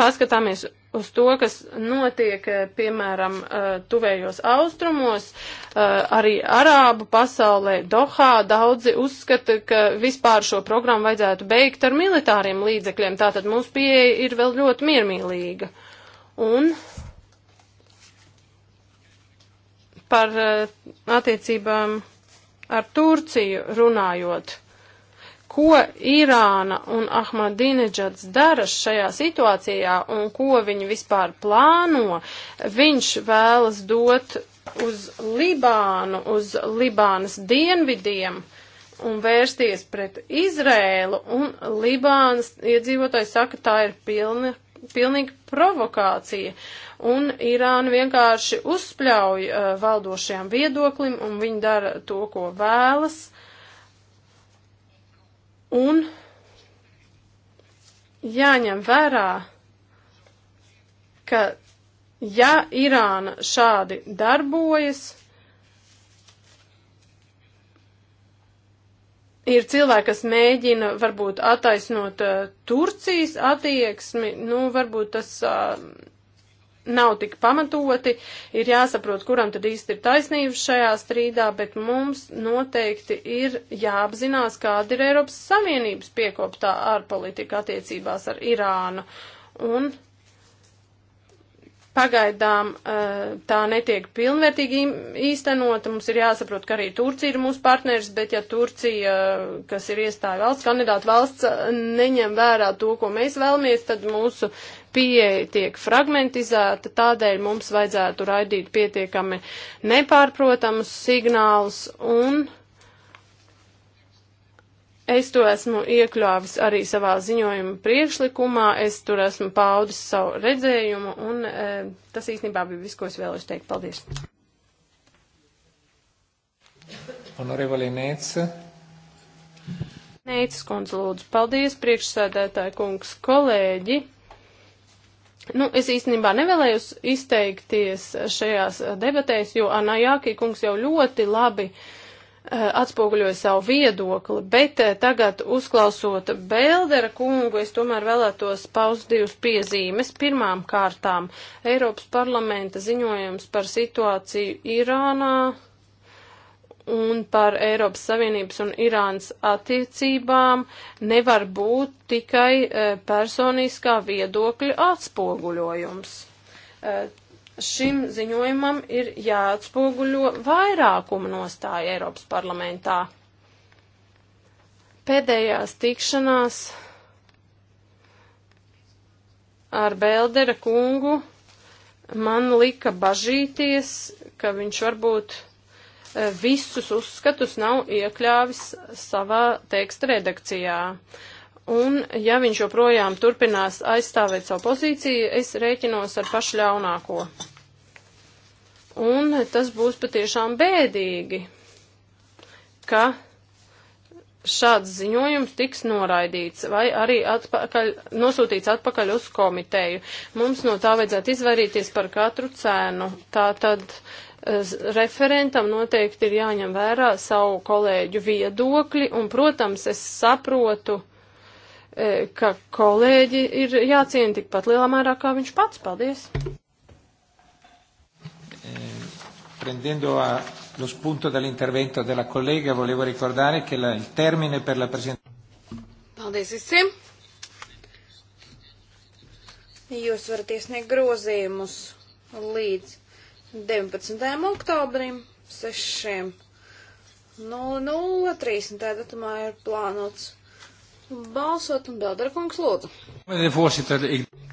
paskatāmies uz to, kas notiek, eh, piemēram, eh, tuvējos austrumos, eh, arī arābu pasaulē, Dohā, daudzi uzskata, ka vispār šo programmu vajadzētu beigt ar militāriem līdzekļiem, tātad mūsu pieeja ir vēl ļoti miermīlīga. Un par attiecībām ar Turciju runājot ko Irāna un Ahmadineģats dara šajā situācijā un ko viņi vispār plāno, viņš vēlas dot uz Libānu, uz Libānas dienvidiem un vērsties pret Izrēlu, un Libānas iedzīvotāji saka, tā ir pilna, pilnīga provokācija, un Irāna vienkārši uzspļauj uh, valdošajam viedoklim, un viņi dara to, ko vēlas. Un jāņem vērā, ka ja Irāna šādi darbojas, ir cilvēki, kas mēģina varbūt attaisnot uh, Turcijas attieksmi, nu varbūt tas uh, nav tik pamatoti, ir jāsaprot, kuram tad īsti ir taisnība šajā strīdā, bet mums noteikti ir jāapzinās, kāda ir Eiropas Savienības piekoptā ārpolitika attiecībās ar Irānu. Un pagaidām eh, tā netiek pilnvērtīgi īstenota. Mums ir jāsaprot, ka arī Turcija ir mūsu partneris, bet ja Turcija, kas ir iestāja valsts, kandidāta valsts, neņem vērā to, ko mēs vēlamies, tad mūsu pieeja tiek fragmentizēta, tādēļ mums vajadzētu raidīt pietiekami nepārprotams signāls un Es to esmu iekļāvis arī savā ziņojuma priekšlikumā, es tur esmu paudis savu redzējumu, un e, tas īstenībā bija viss, ko es vēlēju teikt. Paldies! Honorevoli Nēca. Nēca kundze, lūdzu, paldies, priekšsēdētāji kungs, kolēģi. Nu, es īstenībā nevēlējos izteikties šajās debatēs, jo Anajāki kungs jau ļoti labi uh, Eh, atspoguļoja savu viedokli, bet eh, tagad uzklausot Beldera kungu, es tomēr vēlētos paust divas piezīmes. Pirmām kārtām Eiropas parlamenta ziņojums par situāciju Irānā un par Eiropas Savienības un Irānas attiecībām nevar būt tikai eh, personiskā viedokļa atspoguļojums šim ziņojumam ir jāatspoguļo vairākuma nostāja Eiropas parlamentā. Pēdējās tikšanās ar Bēldera kungu man lika bažīties, ka viņš varbūt e, visus uzskatus nav iekļāvis savā teksta redakcijā. Uh, Un, ja viņš joprojām turpinās aizstāvēt savu pozīciju, es rēķinos ar pašu ļaunāko. Un tas būs patiešām bēdīgi, ka šāds ziņojums tiks noraidīts vai arī atpakaļ, nosūtīts atpakaļ uz komiteju. Mums no tā vajadzētu izvairīties par katru cēnu. Tā tad eh, referentam noteikti ir jāņem vērā savu kolēģu viedokļi, un, protams, es saprotu, uh, ka kolēģi ir jāciena tikpat lielā mērā kā viņš pats. Paldies! Prendendo a, lo spunto dall'intervento della collega, volevo ricordare che la, il termine per la presentazione. Paldies visiem! Jūs varat iesniegt grozījumus līdz 19. oktobrim 6.00. 30. datumā ir plānots balsot un Beldera kungs lūdzu.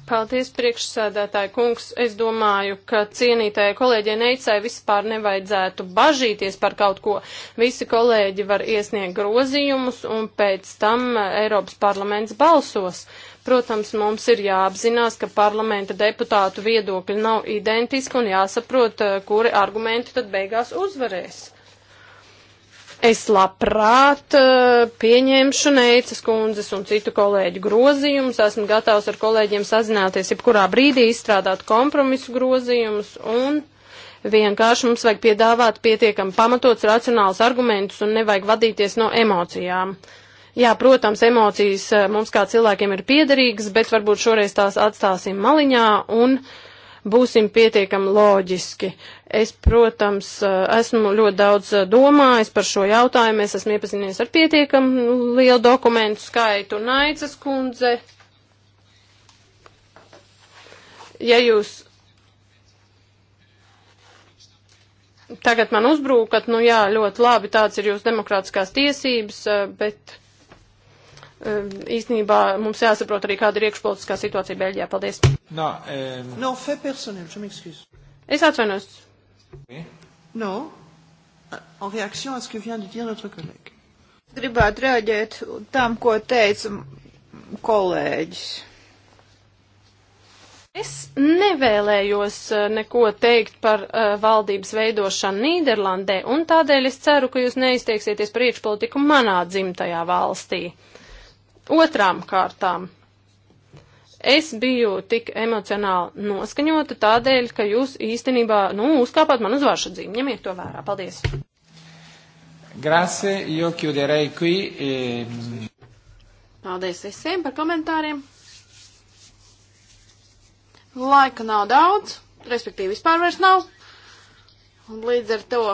Paldies, priekšsēdētāji kungs. Es domāju, ka cienītāja kolēģie Neicai vispār nevajadzētu bažīties par kaut ko. Visi kolēģi var iesniegt grozījumus un pēc tam Eiropas parlaments balsos. Protams, mums ir jāapzinās, ka parlamenta deputātu viedokļi nav identiski un jāsaprot, kuri argumenti tad beigās uzvarēs. Es labprāt eh, pieņemšu Neicas kundzes un citu kolēģu grozījumus. Esmu gatavs ar kolēģiem sazināties, jebkurā brīdī izstrādāt kompromisu grozījumus un vienkārši mums vajag piedāvāt pietiekami pamatots racionāls argumentus un nevajag vadīties no emocijām. Jā, protams, emocijas eh, mums kā cilvēkiem ir piederīgas, bet varbūt šoreiz tās atstāsim maliņā un uh, būsim pietiekami loģiski. Es, protams, eh, esmu ļoti daudz eh, domājis par šo jautājumu, es esmu iepazinies ar pietiekami lielu dokumentu skaitu. Naicas kundze, ja jūs tagad man uzbrūkat, nu jā, ļoti labi, tāds ir jūsu demokrātiskās tiesības, eh, bet Ehm, īstenībā mums jāsaprot arī, kāda ir iekšpolitiskā situācija Beļģijā. Paldies. No, um... no, es atvainojos. Okay. No, en réaction à ce que vient de dire notre collègue. Gribētu reaģēt tam, ko teica kolēģis. Es nevēlējos eh, neko teikt par uh, valdības veidošanu Nīderlandē, un tādēļ es ceru, ka jūs neizteiksieties priekšpolitiku manā dzimtajā valstī. Uh, Otrām kārtām. Es biju tik emocionāli noskaņota tādēļ, ka jūs īstenībā, nu, uzkāpāt man uz vāršu dzīvi. Ņemiet to vērā. Paldies. Grazie, jo chiuderei qui. E... Paldies visiem par komentāriem. Laika nav daudz, respektīvi vispār vairs nav. Un līdz ar to